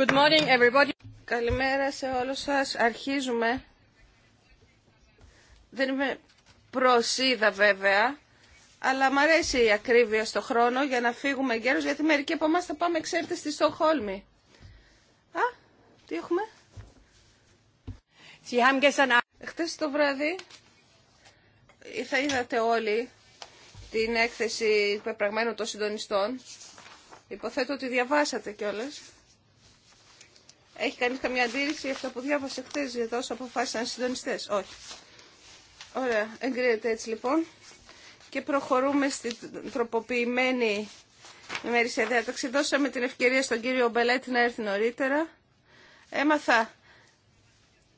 Good morning everybody. Καλημέρα σε όλους σας. Αρχίζουμε. Δεν είμαι προσίδα βέβαια, αλλά μ' αρέσει η ακρίβεια στο χρόνο για να φύγουμε γέρος, γιατί μερικοί από εμάς θα πάμε, ξέρετε, στη Στοχόλμη. Α, τι έχουμε. Χτες το βράδυ θα είδατε όλοι την έκθεση πεπραγμένων των συντονιστών. Υποθέτω ότι διαβάσατε κιόλας. Έχει κανεί καμία αντίρρηση για αυτό που διάβασε χθε για τόσο αποφάσισαν οι συντονιστέ. Όχι. Ωραία, εγκρίνεται έτσι λοιπόν. Και προχωρούμε στην τροποποιημένη ημερήσια διάταξη. Δώσαμε την ευκαιρία στον κύριο Μπελέτη να έρθει νωρίτερα. Έμαθα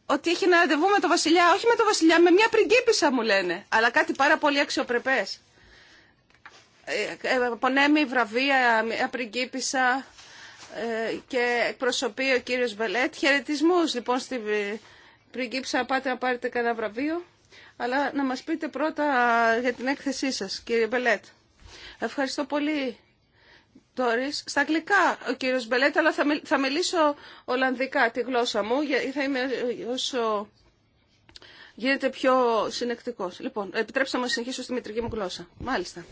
ότι είχε ένα ραντεβού με τον Βασιλιά, όχι με τον Βασιλιά, με μια πριγκίπισσα μου λένε, αλλά κάτι πάρα πολύ αξιοπρεπές. Ε, ε, ε, Πονέμι, βραβεία, μια πριγκίπισσα, ε, και εκπροσωπεί ο κύριος Μπελέτ. Χαιρετισμού λοιπόν στην πριγκίψα, πάτε να πάρετε κανένα βραβείο, αλλά να μας πείτε πρώτα για την έκθεσή σας, κύριε Μπελέτ. Ευχαριστώ πολύ. Doris. Στα αγγλικά ο κύριος Μπελέτ, αλλά θα, μιλήσω ολλανδικά τη γλώσσα μου, γιατί θα είμαι όσο γίνεται πιο συνεκτικός. Λοιπόν, επιτρέψτε μου να συνεχίσω στη μητρική μου γλώσσα. Μάλιστα.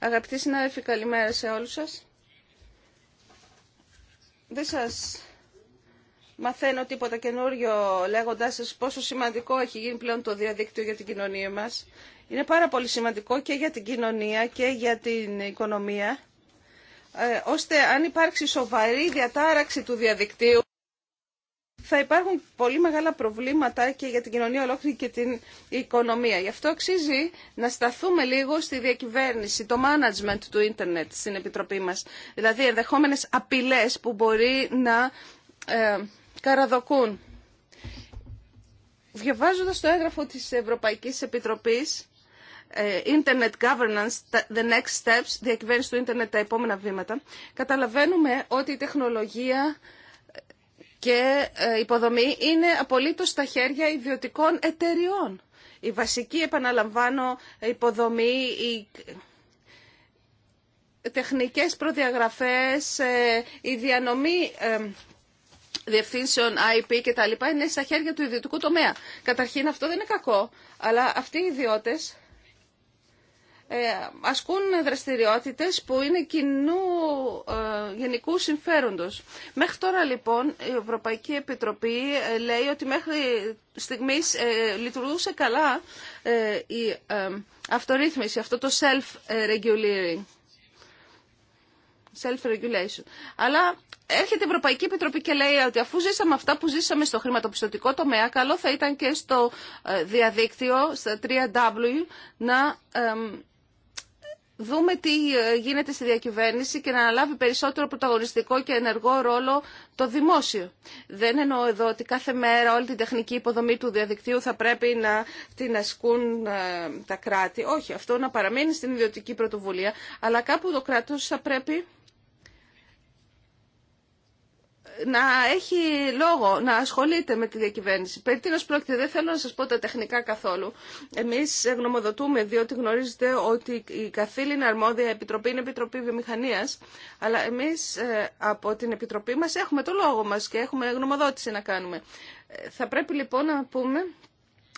Αγαπητοί συνάδελφοι, καλημέρα σε όλους σας. Δεν σας μαθαίνω τίποτα καινούριο λέγοντάς σας πόσο σημαντικό έχει γίνει πλέον το διαδίκτυο για την κοινωνία μας. Είναι πάρα πολύ σημαντικό και για την κοινωνία και για την οικονομία, ε, ώστε αν υπάρξει σοβαρή διατάραξη του διαδικτύου, θα υπάρχουν πολύ μεγάλα προβλήματα και για την κοινωνία ολόκληρη και την οικονομία. Γι' αυτό αξίζει να σταθούμε λίγο στη διακυβέρνηση, το management του ίντερνετ στην Επιτροπή μας. Δηλαδή ενδεχόμενες απειλές που μπορεί να ε, καραδοκούν. Διαβάζοντας το έγγραφο της Ευρωπαϊκής Επιτροπής, ε, Internet Governance, the next steps, διακυβέρνηση του ίντερνετ, τα επόμενα βήματα, καταλαβαίνουμε ότι η τεχνολογία και ε, υποδομή είναι απολύτως στα χέρια ιδιωτικών εταιριών. Η βασική, επαναλαμβάνω, υποδομή, οι τεχνικές προδιαγραφές, ε, η διανομή ε, διευθύνσεων IP και τα λοιπά είναι στα χέρια του ιδιωτικού τομέα. Καταρχήν αυτό δεν είναι κακό, αλλά αυτοί οι ιδιώτες ε, ασκούν δραστηριότητες που είναι κοινού ε, γενικού συμφέροντος. Μέχρι τώρα λοιπόν η Ευρωπαϊκή Επιτροπή ε, λέει ότι μέχρι στιγμής λειτουργούσε καλά η αυτορύθμιση, αυτό το self-regulating. Self-regulation. Αλλά έρχεται η Ευρωπαϊκή Επιτροπή και λέει ότι αφού ζήσαμε αυτά που ζήσαμε στο χρηματοπιστωτικό τομέα, καλό θα ήταν και στο διαδίκτυο, στα 3W, να δούμε τι ε, γίνεται στη διακυβέρνηση και να αναλάβει περισσότερο πρωταγωνιστικό και ενεργό ρόλο το δημόσιο. Δεν εννοώ εδώ ότι κάθε μέρα όλη την τεχνική υποδομή του διαδικτύου θα πρέπει να την ασκούν ε, τα κράτη. Όχι, αυτό να παραμείνει στην ιδιωτική πρωτοβουλία, αλλά κάπου το κράτος θα πρέπει να έχει λόγο, να ασχολείται με τη διακυβέρνηση. Περί τίνος πρόκειται, δεν θέλω να σας πω τα τεχνικά καθόλου. Εμείς γνωμοδοτούμε, διότι γνωρίζετε ότι η καθήλυνα αρμόδια επιτροπή είναι επιτροπή βιομηχανίας, αλλά εμείς ε, από την επιτροπή μας έχουμε το λόγο μας και έχουμε γνωμοδότηση να κάνουμε. Ε, θα πρέπει λοιπόν να πούμε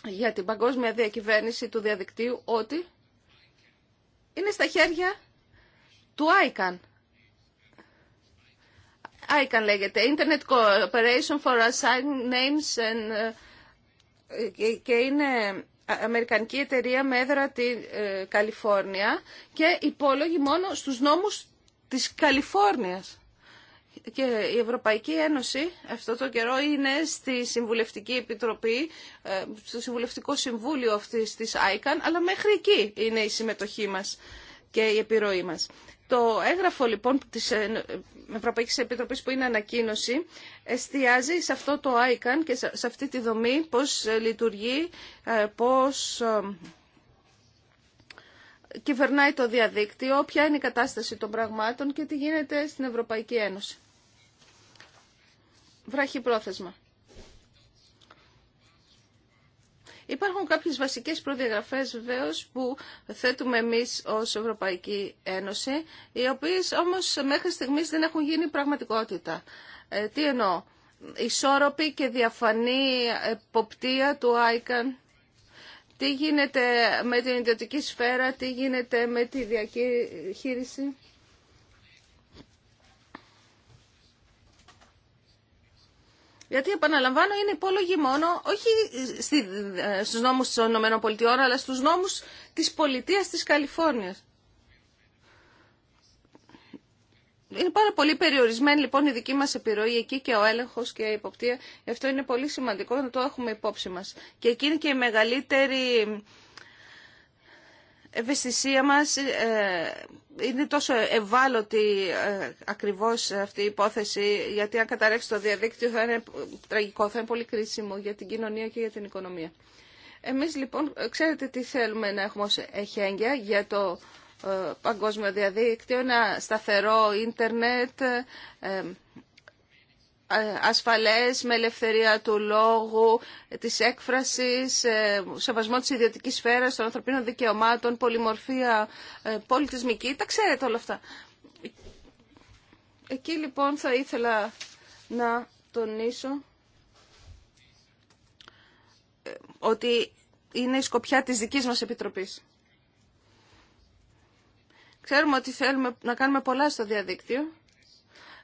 για την παγκόσμια διακυβέρνηση του διαδικτύου ότι είναι στα χέρια του ICANN. ICAN λέγεται, Internet Cooperation for Assigned Names and, ε, και είναι αμερικανική εταιρεία με έδρα τη ε, Καλιφόρνια και υπόλογη μόνο στους νόμους της Καλιφόρνιας. Και η Ευρωπαϊκή Ένωση αυτό το καιρό είναι στη Συμβουλευτική Επιτροπή, ε, στο Συμβουλευτικό Συμβούλιο αυτής της ICAN, αλλά μέχρι εκεί είναι η συμμετοχή μας και η επιρροή μας. Το έγγραφο λοιπόν της ε, Ευρωπαϊκής Επιτροπής που είναι ανακοίνωση εστιάζει σε αυτό το ICAN και σε αυτή τη δομή πώς ε, λειτουργεί, ε, πώς κυβερνάει το διαδίκτυο, ποια είναι η κατάσταση των πραγμάτων και τι γίνεται στην Ευρωπαϊκή Ένωση. Βράχει πρόθεσμα. Υπάρχουν κάποιες βασικές προδιαγραφές βεβαίω που θέτουμε εμείς ως Ευρωπαϊκή Ένωση, οι οποίες όμως μέχρι στιγμής δεν έχουν γίνει πραγματικότητα. Ε, τι εννοώ, ισόρροπη και διαφανή εποπτεία του ICAN, τι γίνεται με την ιδιωτική σφαίρα, τι γίνεται με τη διαχείριση Γιατί, επαναλαμβάνω, είναι υπόλογη μόνο όχι ε, στους νόμους των ΗΠΑ, αλλά στους νόμους της πολιτείας της Καλιφόρνιας. Είναι πάρα πολύ περιορισμένη λοιπόν η δική μας επιρροή εκεί και ο έλεγχος και η υποπτία. Αυτό είναι πολύ σημαντικό να το έχουμε υπόψη μας. Και εκεί είναι και η μεγαλύτερη ευαισθησία μας ε, είναι τόσο ευάλωτη ε, ακριβώς αυτή η υπόθεση, γιατί αν καταρρεύσει το διαδίκτυο θα είναι τραγικό, θα είναι πολύ κρίσιμο για την κοινωνία και για την οικονομία. Εμείς λοιπόν, ξέρετε τι θέλουμε να έχουμε ως εχέγγυα για το ε, παγκόσμιο διαδίκτυο, ένα σταθερό ίντερνετ, ε, ασφαλές, με ελευθερία του λόγου, της έκφρασης, ε, σεβασμό της ιδιωτικής σφαίρας, των ανθρωπίνων δικαιωμάτων, πολυμορφία ε, πολιτισμική. Τα ξέρετε όλα αυτά. Εκεί λοιπόν θα ήθελα να τονίσω ότι είναι η σκοπιά της δικής μας Επιτροπής. Ξέρουμε ότι θέλουμε να κάνουμε πολλά στο διαδίκτυο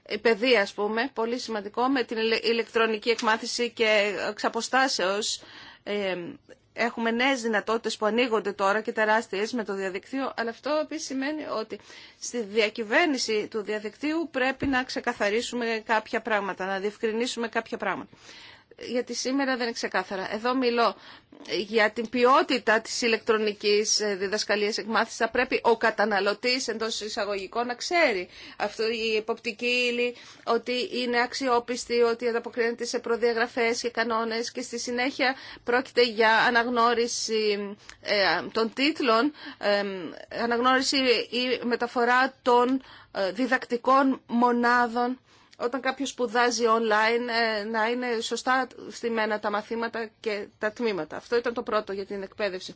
η παιδεία ας πούμε, πολύ σημαντικό, με την ηλεκτρονική εκμάθηση και εξ αποστάσεως ε, έχουμε νέες δυνατότητες που ανοίγονται τώρα και τεράστιες με το διαδικτύο, αλλά αυτό επίσης σημαίνει ότι στη διακυβέρνηση του διαδικτύου πρέπει να ξεκαθαρίσουμε κάποια πράγματα, να διευκρινίσουμε κάποια πράγματα γιατί σήμερα δεν είναι ξεκάθαρα. Εδώ μιλώ για την ποιότητα της ηλεκτρονικής ε, διδασκαλίας εκμάθησης. Θα πρέπει ο καταναλωτής εντός εισαγωγικών να ξέρει αυτό η υποπτική ύλη ότι είναι αξιόπιστη, ότι ανταποκρίνεται σε προδιαγραφές και κανόνες και στη συνέχεια πρόκειται για αναγνώριση ε, των τίτλων, ε, αναγνώριση ή μεταφορά των διδακτικών μονάδων όταν κάποιος σπουδάζει online ε, να είναι σωστά στημένα τα μαθήματα και τα τμήματα. Αυτό ήταν το πρώτο για την εκπαίδευση.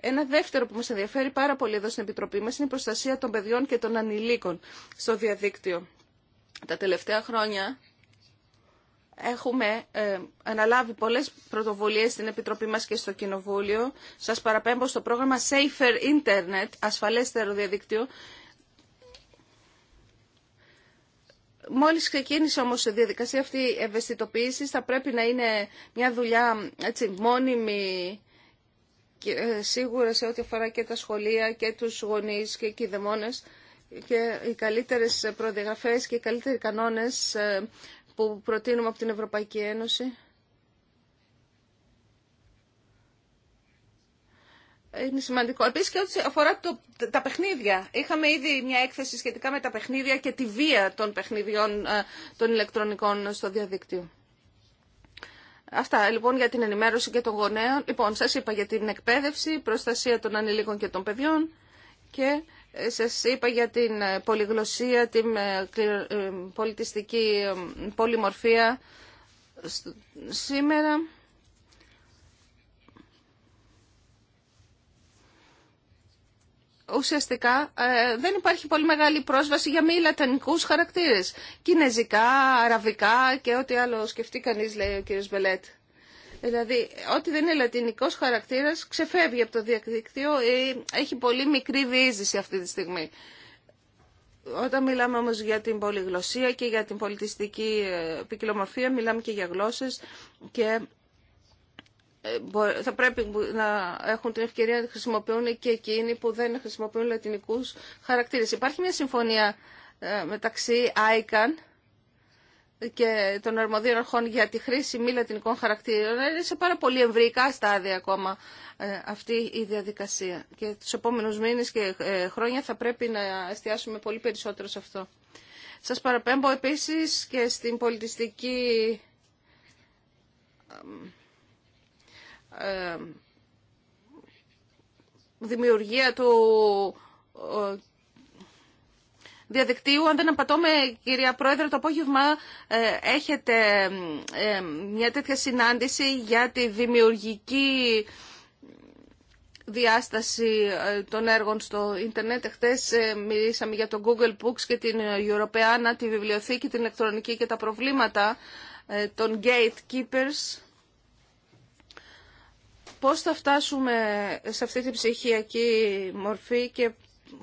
Ένα δεύτερο που μας ενδιαφέρει πάρα πολύ εδώ στην Επιτροπή μας είναι η προστασία των παιδιών και των ανηλίκων στο διαδίκτυο. Τα τελευταία χρόνια έχουμε ε, αναλάβει πολλές πρωτοβουλίες στην Επιτροπή μας και στο Κοινοβούλιο. Σας παραπέμπω στο πρόγραμμα Safer Internet, ασφαλέστερο διαδίκτυο, Μόλις ξεκίνησε όμως η διαδικασία αυτή η ευαισθητοποίηση θα πρέπει να είναι μια δουλειά έτσι, μόνιμη και ε, σίγουρα σε ό,τι αφορά και τα σχολεία και τους γονείς και οι δαιμόνες και οι καλύτερες προδιαγραφές και οι καλύτεροι κανόνες ε, που προτείνουμε από την Ευρωπαϊκή Ένωση είναι σημαντικό. Επίση και ό,τι αφορά τα παιχνίδια. Είχαμε ήδη μια έκθεση σχετικά με τα παιχνίδια και τη βία των παιχνιδιών ε, των ηλεκτρονικών στο διαδίκτυο. Αυτά λοιπόν για την ενημέρωση και των γονέων. Λοιπόν, σα είπα για την εκπαίδευση, προστασία των ανηλίκων και των παιδιών και ε, σα είπα για την ε, πολυγλωσία, την πολιτιστική πολυμορφία σήμερα. ουσιαστικά ε, δεν υπάρχει πολύ μεγάλη πρόσβαση για μη λατανικούς χαρακτήρες. Κινέζικα, αραβικά και ό,τι άλλο σκεφτεί κανείς, λέει ο κύριος Μπελέτ. Δηλαδή, ό,τι δεν είναι λατινικός χαρακτήρας ξεφεύγει από το διαδίκτυο ή έχει πολύ μικρή διείζηση αυτή τη στιγμή. Όταν μιλάμε όμως για την πολυγλωσία και για την πολιτιστική ε, ποικιλομορφία, μιλάμε και για γλώσσες και ε, θα πρέπει να έχουν την ευκαιρία να χρησιμοποιούν και εκείνοι που δεν χρησιμοποιούν λατινικούς χαρακτήρες. Υπάρχει μια συμφωνία ε, μεταξύ ICAN και των αρμοδίων αρχών για τη χρήση μη λατινικών χαρακτήρων. Ε, είναι σε πάρα πολύ ευρυϊκά στάδια ακόμα αυτή η διαδικασία. Και του επόμενους μήνες και χρόνια θα πρέπει να εστιάσουμε πολύ περισσότερο σε αυτό. Σας παραπέμπω επίσης και στην πολιτιστική ε, δημιουργία του ε, διαδικτύου. Αν δεν απατώμε, κυρία Πρόεδρε, το απόγευμα ε, έχετε μια τέτοια συνάντηση για τη δημιουργική διάσταση των έργων στο ίντερνετ. Εχθές μιλήσαμε για το Google Books και την Europeana, τη βιβλιοθήκη, την ηλεκτρονική και τα προβλήματα των gatekeepers πώς θα φτάσουμε σε αυτή την ψυχιακή μορφή και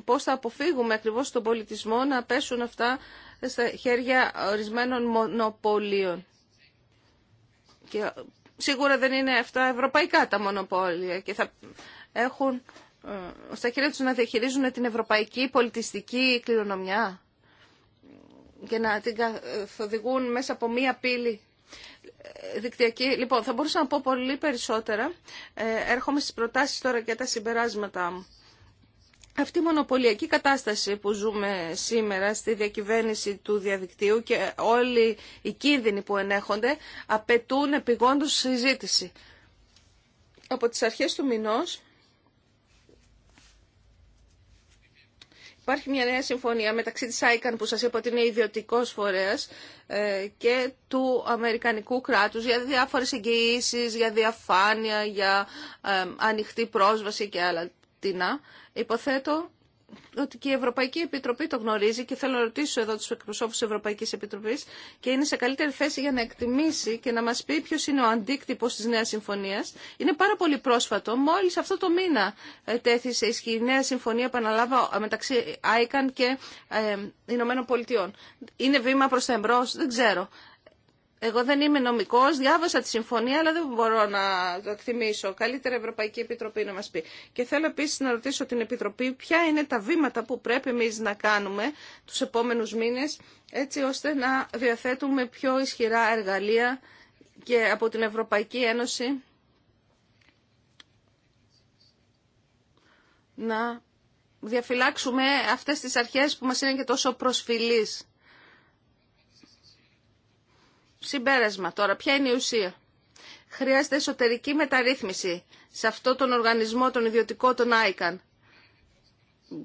πώς θα αποφύγουμε ακριβώς τον πολιτισμό να πέσουν αυτά στα χέρια ορισμένων μονοπωλίων. Και σίγουρα δεν είναι αυτά ευρωπαϊκά τα μονοπόλια και θα έχουν ε, στα χέρια τους να διαχειρίζουν την ευρωπαϊκή πολιτιστική κληρονομιά και να την καθοδηγούν μέσα από μία πύλη δικτυακή. Λοιπόν, θα μπορούσα να πω πολύ περισσότερα. Ε, έρχομαι στις προτάσεις τώρα και τα συμπεράσματα μου. Αυτή η μονοπωλιακή κατάσταση που ζούμε σήμερα στη διακυβέρνηση του διαδικτύου και όλοι οι κίνδυνοι που ενέχονται απαιτούν επιγόντως συζήτηση. Από τις αρχές του μηνός Υπάρχει μια νέα συμφωνία μεταξύ της ICAN που σας είπα ότι είναι ιδιωτικός φορέας ε, και του Αμερικανικού κράτους για διάφορες εγγυήσει, για διαφάνεια, για ε, ανοιχτή πρόσβαση και άλλα. Υποθέτω ότι και η Ευρωπαϊκή Επιτροπή το γνωρίζει και θέλω να ρωτήσω εδώ τους εκπροσώπους της Ευρωπαϊκής Επιτροπής και είναι σε καλύτερη θέση για να εκτιμήσει και να μας πει ποιο είναι ο αντίκτυπος της νέας συμφωνίας. Είναι πάρα πολύ πρόσφατο. Μόλις αυτό το μήνα ε, τέθησε η νέα συμφωνία επαναλάβα ε, μεταξύ ICAN και ε, Ηνωμένων Πολιτειών. Είναι βήμα προς τα εμπρός, δεν ξέρω. Εγώ δεν είμαι νομικός, διάβασα τη συμφωνία, αλλά δεν μπορώ να το εκτιμήσω. Καλύτερα Ευρωπαϊκή Επιτροπή να μας πει. Και θέλω επίσης να ρωτήσω την Επιτροπή ποια είναι τα βήματα που πρέπει εμεί να κάνουμε τους επόμενους μήνες, έτσι ώστε να διαθέτουμε πιο ισχυρά εργαλεία και από την Ευρωπαϊκή Ένωση να διαφυλάξουμε αυτές τις αρχές που μας είναι και τόσο προσφυλείς. Συμπέρασμα τώρα, ποια είναι η ουσία. Χρειάζεται εσωτερική μεταρρύθμιση σε αυτό τον οργανισμό, τον ιδιωτικό, τον ICAN,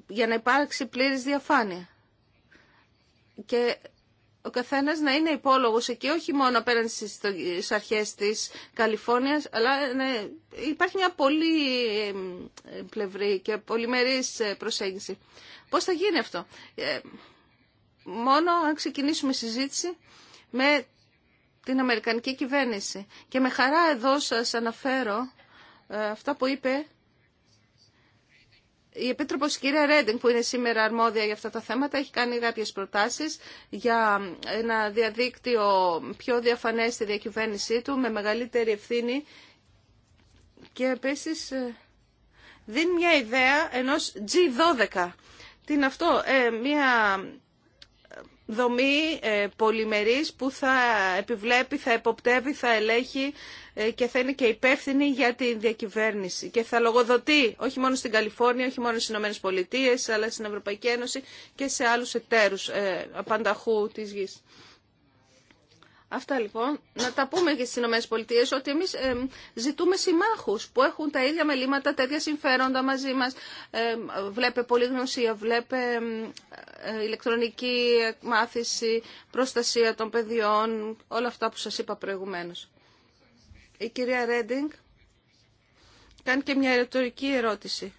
για να υπάρξει πλήρης διαφάνεια. Και ο καθένας να είναι υπόλογο εκεί, όχι μόνο απέναντι στι αρχέ της Καλιφόρνιας, αλλά ναι, υπάρχει μια πολύ πλευρή και πολυμερής ε, προσέγγιση. Πώς θα γίνει αυτό. Ε, μόνο αν ξεκινήσουμε συζήτηση με την Αμερικανική κυβέρνηση. Και με χαρά εδώ σας αναφέρω ε, αυτά που είπε η Επίτροπος κυρία Ρέντινγκ που είναι σήμερα αρμόδια για αυτά τα θέματα έχει κάνει κάποιες προτάσεις για ένα διαδίκτυο πιο διαφανές στη διακυβέρνησή του με μεγαλύτερη ευθύνη και επίση ε, δίνει μια ιδέα ενός G12. Τι είναι αυτό, ε, μια δομή ε, πολυμερής που θα επιβλέπει, θα εποπτεύει, θα ελέγχει ε, και θα είναι και υπεύθυνη για τη διακυβέρνηση και θα λογοδοτεί όχι μόνο στην Καλιφόρνια, όχι μόνο στις Ηνωμένες Πολιτείες αλλά στην Ευρωπαϊκή Ένωση και σε άλλους εταίρους ε, απανταχού της γης. Αυτά λοιπόν, να τα πούμε και στι ΗΠΑ ότι εμεί ζητούμε συμμάχου που έχουν τα ίδια μελήματα, τέτοια συμφέροντα μαζί μα. Ε, βλέπε γνωσία, βλέπε ηλεκτρονική μάθηση, προστασία των παιδιών, όλα αυτά που σα είπα προηγουμένω. Η κυρία Ρέντινγκ κάνει και μια ρητορική ερώτηση.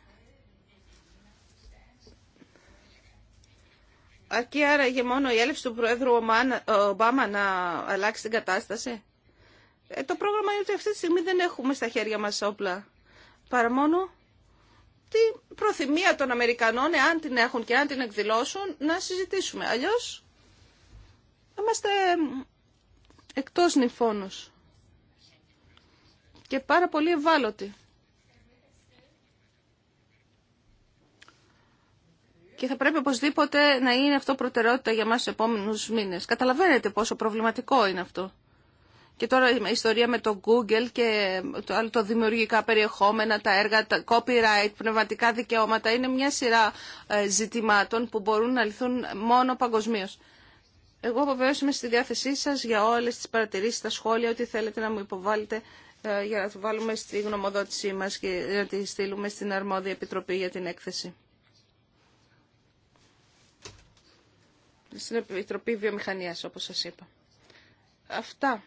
Αρκεί άραγε μόνο η έλευση του Προέδρου Ομπάμα να αλλάξει την κατάσταση. Ε, το πρόγραμμα είναι ότι αυτή τη στιγμή δεν έχουμε στα χέρια μας όπλα. Παρά μόνο την προθυμία των Αμερικανών, εάν την έχουν και αν την εκδηλώσουν, να συζητήσουμε. Αλλιώς είμαστε εκτός νηφόνους; και πάρα πολύ ευάλωτοι. και θα πρέπει οπωσδήποτε να είναι αυτό προτεραιότητα για μας στους επόμενους μήνες. Καταλαβαίνετε πόσο προβληματικό είναι αυτό. Και τώρα η ιστορία με το Google και το άλλο το δημιουργικά περιεχόμενα, τα έργα, τα copyright, πνευματικά δικαιώματα είναι μια σειρά ε, ζητημάτων που μπορούν να λυθούν μόνο παγκοσμίω. Εγώ βεβαίω είμαι στη διάθεσή σα για όλε τι παρατηρήσει, τα σχόλια, ό,τι θέλετε να μου υποβάλλετε ε, για να το βάλουμε στη γνωμοδότησή μα και να τη στείλουμε στην αρμόδια επιτροπή για την έκθεση. στην Επιτροπή Βιομηχανίας, όπως σας είπα. Αυτά.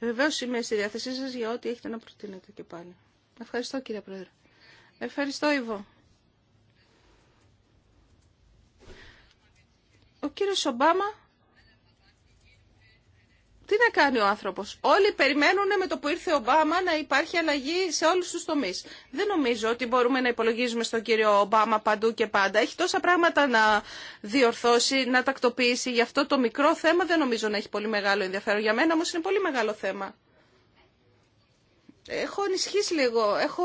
Βεβαίω είμαι στη διάθεσή σας για ό,τι έχετε να προτείνετε και πάλι. Ευχαριστώ κύριε Πρόεδρε. Ευχαριστώ Ιβο. Ο κύριος Ομπάμα τι να κάνει ο άνθρωπο. Όλοι περιμένουν με το που ήρθε ο Ομπάμα να υπάρχει αλλαγή σε όλου του τομεί. Δεν νομίζω ότι μπορούμε να υπολογίζουμε στον κύριο Ομπάμα παντού και πάντα. Έχει τόσα πράγματα να διορθώσει, να τακτοποιήσει. Γι' αυτό το μικρό θέμα δεν νομίζω να έχει πολύ μεγάλο ενδιαφέρον. Για μένα όμω είναι πολύ μεγάλο θέμα. Έχω ανισχύσει λίγο, έχω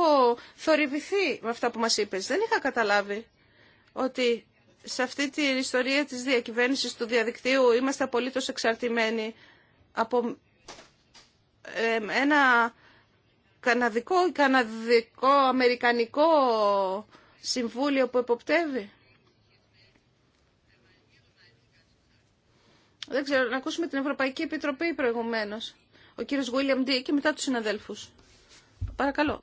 θορυβηθεί με αυτά που μα είπε. Δεν είχα καταλάβει ότι σε αυτή την ιστορία της διακυβέρνηση του διαδικτύου είμαστε απολύτως εξαρτημένοι από ένα καναδικό καναδικό αμερικανικό συμβούλιο που εποπτεύει. Δεν ξέρω, να ακούσουμε την Ευρωπαϊκή Επιτροπή προηγουμένως. Ο κύριος Βίλιαμ Ντί και μετά τους συναδέλφους. Παρακαλώ.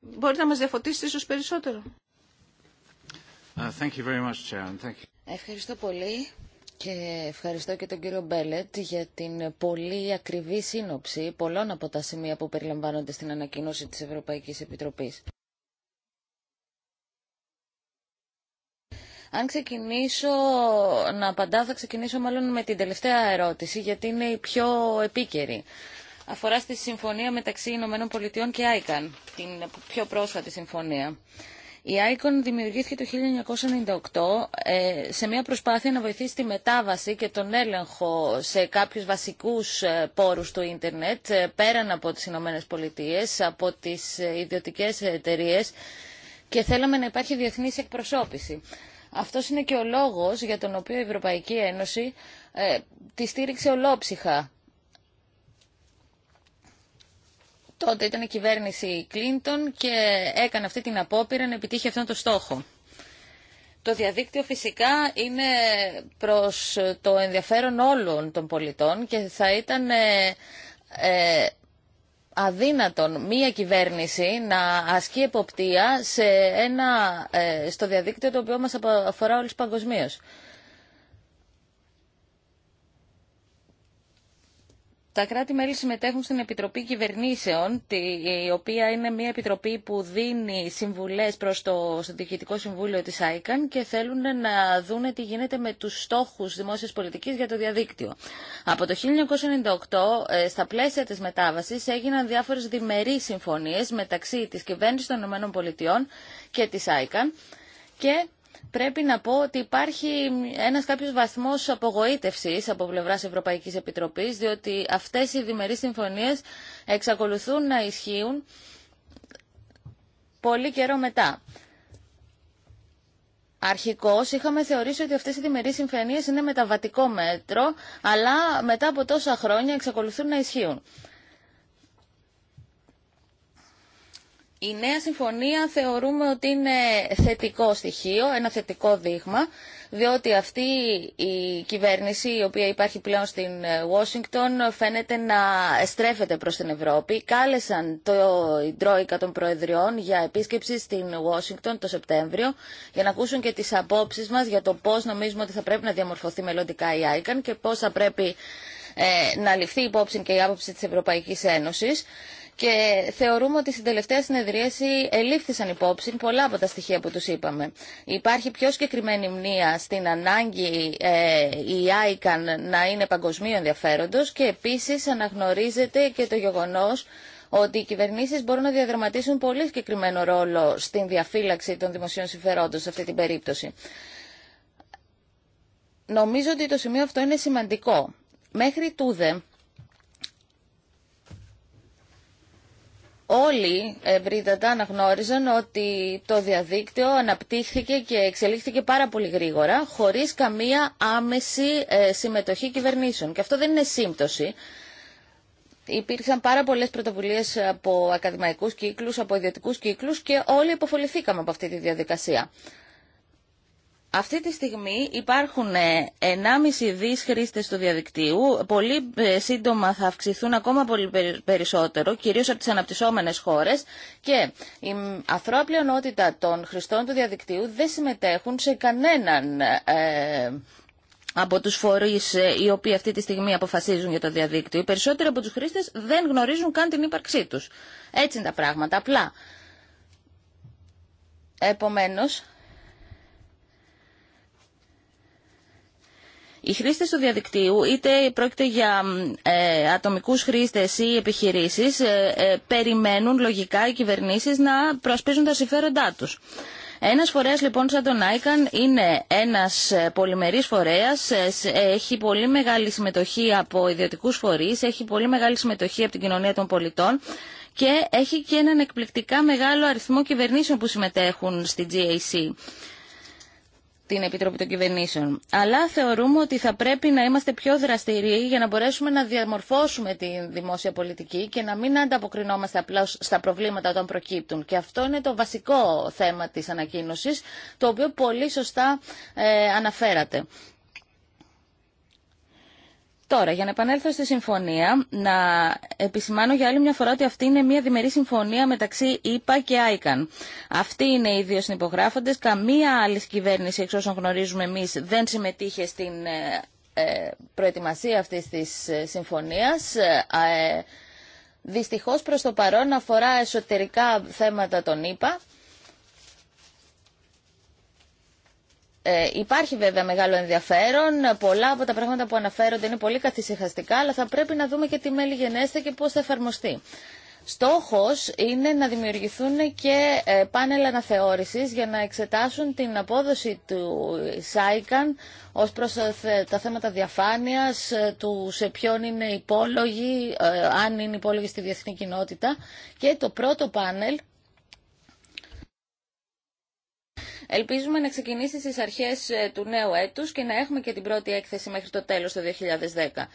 Μπορείτε να μας διαφωτίσετε ίσως περισσότερο. Uh, thank you very much, Chair. Thank you. Ευχαριστώ πολύ και ευχαριστώ και τον κύριο Μπέλετ για την πολύ ακριβή σύνοψη πολλών από τα σημεία που περιλαμβάνονται στην ανακοίνωση της Ευρωπαϊκής Επιτροπής. Αν ξεκινήσω να απαντάω, θα ξεκινήσω μάλλον με την τελευταία ερώτηση, γιατί είναι η πιο επίκαιρη. Αφορά στη συμφωνία μεταξύ Ηνωμένων Πολιτειών και ICAN, την πιο πρόσφατη συμφωνία. Η ICON δημιουργήθηκε το 1998 ε, σε μια προσπάθεια να βοηθήσει τη μετάβαση και τον έλεγχο σε κάποιους βασικούς ε, πόρους του ίντερνετ ε, πέραν από τις Ηνωμένες Πολιτείες, από τις ιδιωτικές εταιρείε και θέλαμε να υπάρχει διεθνής εκπροσώπηση. Αυτός είναι και ο λόγος για τον οποίο η Ευρωπαϊκή Ένωση τη στήριξε ολόψυχα Τότε ήταν η κυβέρνηση Κλίντον και έκανε αυτή την απόπειρα να επιτύχει αυτόν τον στόχο. Το διαδίκτυο φυσικά είναι προς το ενδιαφέρον όλων των πολιτών και θα ήταν ε, ε αδύνατον μία κυβέρνηση να ασκεί εποπτεία σε ένα, ε, στο διαδίκτυο το οποίο μας αφορά όλους παγκοσμίως. Τα κράτη-μέλη συμμετέχουν στην Επιτροπή Κυβερνήσεων, η οποία είναι μια επιτροπή που δίνει συμβουλές προς το Διοικητικό Συμβούλιο της ICAN και θέλουν να δούνε τι γίνεται με τους στόχους δημόσιας Πολιτική για το διαδίκτυο. Από το 1998, ε, στα πλαίσια της μετάβασης, έγιναν διάφορες διμερείς συμφωνίε μεταξύ τη κυβέρνηση των ΗΠΑ και τη ICAN και πρέπει να πω ότι υπάρχει ένας κάποιος βαθμός απογοήτευσης από πλευράς Ευρωπαϊκής Επιτροπής, διότι αυτές οι διμερείς συμφωνίες εξακολουθούν να ισχύουν πολύ καιρό μετά. Αρχικώ είχαμε θεωρήσει ότι αυτέ οι διμερεί συμφωνίε είναι μεταβατικό μέτρο, αλλά μετά από τόσα χρόνια εξακολουθούν να ισχύουν. Η νέα συμφωνία θεωρούμε ότι είναι θετικό στοιχείο, ένα θετικό δείγμα, διότι αυτή η κυβέρνηση η οποία υπάρχει πλέον στην Ουάσιγκτον ε, φαίνεται να στρέφεται προς την Ευρώπη. Κάλεσαν το Ιντρόικα των Προεδριών για επίσκεψη στην Ουάσιγκτον το Σεπτέμβριο για να ακούσουν και τις απόψεις μας για το πώς νομίζουμε ότι θα πρέπει να διαμορφωθεί μελλοντικά η ICAN και πώς θα πρέπει ε, να ληφθεί υπόψη και η άποψη της Ευρωπαϊκής Ένωσης και θεωρούμε ότι στην τελευταία συνεδρίαση ελήφθησαν υπόψη πολλά από τα στοιχεία που τους είπαμε. Υπάρχει πιο συγκεκριμένη μνήμα στην ανάγκη ε, η ICAN να είναι παγκοσμίου ενδιαφέροντος και επίσης αναγνωρίζεται και το γεγονός ότι οι κυβερνήσεις μπορούν να διαδραματίσουν πολύ συγκεκριμένο ρόλο στην διαφύλαξη των δημοσίων συμφερόντων σε αυτή την περίπτωση. Νομίζω ότι το σημείο αυτό είναι σημαντικό. Μέχρι τούδε όλοι ε, ευρύτατα αναγνώριζαν ότι το διαδίκτυο αναπτύχθηκε και εξελίχθηκε πάρα πολύ γρήγορα, χωρίς καμία άμεση ε, συμμετοχή κυβερνήσεων. Και αυτό δεν είναι σύμπτωση. Υπήρξαν πάρα πολλές πρωτοβουλίε από ακαδημαϊκούς κύκλους, από ιδιωτικούς κύκλους και όλοι υποφοληθήκαμε από αυτή τη διαδικασία. Αυτή τη στιγμή υπάρχουν 1,5 ε, δις χρήστες του διαδικτύου. Πολύ ε, σύντομα θα αυξηθούν ακόμα πολύ περισσότερο, κυρίως από τις αναπτυσσόμενες χώρες. Και η αθρώα πλειονότητα των χρηστών του διαδικτύου δεν συμμετέχουν σε κανέναν ε, από τους φορείς οι οποίοι αυτή τη στιγμή αποφασίζουν για το διαδίκτυο. Οι περισσότεροι από τους χρήστες δεν γνωρίζουν καν την ύπαρξή τους. Έτσι είναι τα πράγματα, απλά. Επομένως, Οι χρήστε του διαδικτύου, είτε πρόκειται για ε, ατομικού χρήστε ή επιχειρήσει, ε, ε, περιμένουν λογικά οι κυβερνήσει να προασπίζουν τα συμφέροντά του. Ένα φορέα λοιπόν σαν τον ICAN είναι ένα ε, πολυμερή φορέα, έχει πολύ μεγάλη συμμετοχή από ιδιωτικού φορεί, έχει πολύ μεγάλη συμμετοχή από την κοινωνία των πολιτών και έχει και έναν εκπληκτικά μεγάλο αριθμό κυβερνήσεων που συμμετέχουν στη GAC την Επιτροπή των Κυβερνήσεων. Αλλά θεωρούμε ότι θα πρέπει να είμαστε πιο δραστηριοί για να μπορέσουμε να διαμορφώσουμε τη δημόσια πολιτική και να μην ανταποκρινόμαστε απλά στα προβλήματα όταν προκύπτουν. Και αυτό είναι το βασικό θέμα της ανακοίνωσης, το οποίο πολύ σωστά ε, αναφέρατε. Τώρα, για να επανέλθω στη συμφωνία, να επισημάνω για άλλη μια φορά ότι αυτή είναι μια διμερή συμφωνία μεταξύ ΙΠΑ και ΆΙΚΑΝ. Αυτοί είναι οι δύο συνυπογράφοντε. Καμία άλλη κυβέρνηση, εξ όσων γνωρίζουμε εμεί, δεν συμμετείχε στην ε, ε, προετοιμασία αυτής της ε, συμφωνίας. Δυστυχώ προς το παρόν αφορά εσωτερικά θέματα των ΙΠΑ Ε, υπάρχει βέβαια μεγάλο ενδιαφέρον. Πολλά από τα πράγματα που αναφέρονται είναι πολύ καθησυχαστικά, αλλά θα πρέπει να δούμε και τι μέλη γενέστε και πώς θα εφαρμοστεί. Στόχος είναι να δημιουργηθούν και ε, πάνελ αναθεώρησης για να εξετάσουν την απόδοση του ΣΑΙΚΑΝ ως προς τα θέματα διαφάνειας, ε, του σε ποιον είναι υπόλογοι, αν είναι υπόλογοι στη διεθνή κοινότητα. Και το πρώτο πάνελ Ελπίζουμε να ξεκινήσει στις αρχές ε, του νέου έτους και να έχουμε και την πρώτη έκθεση μέχρι το τέλος του 2010.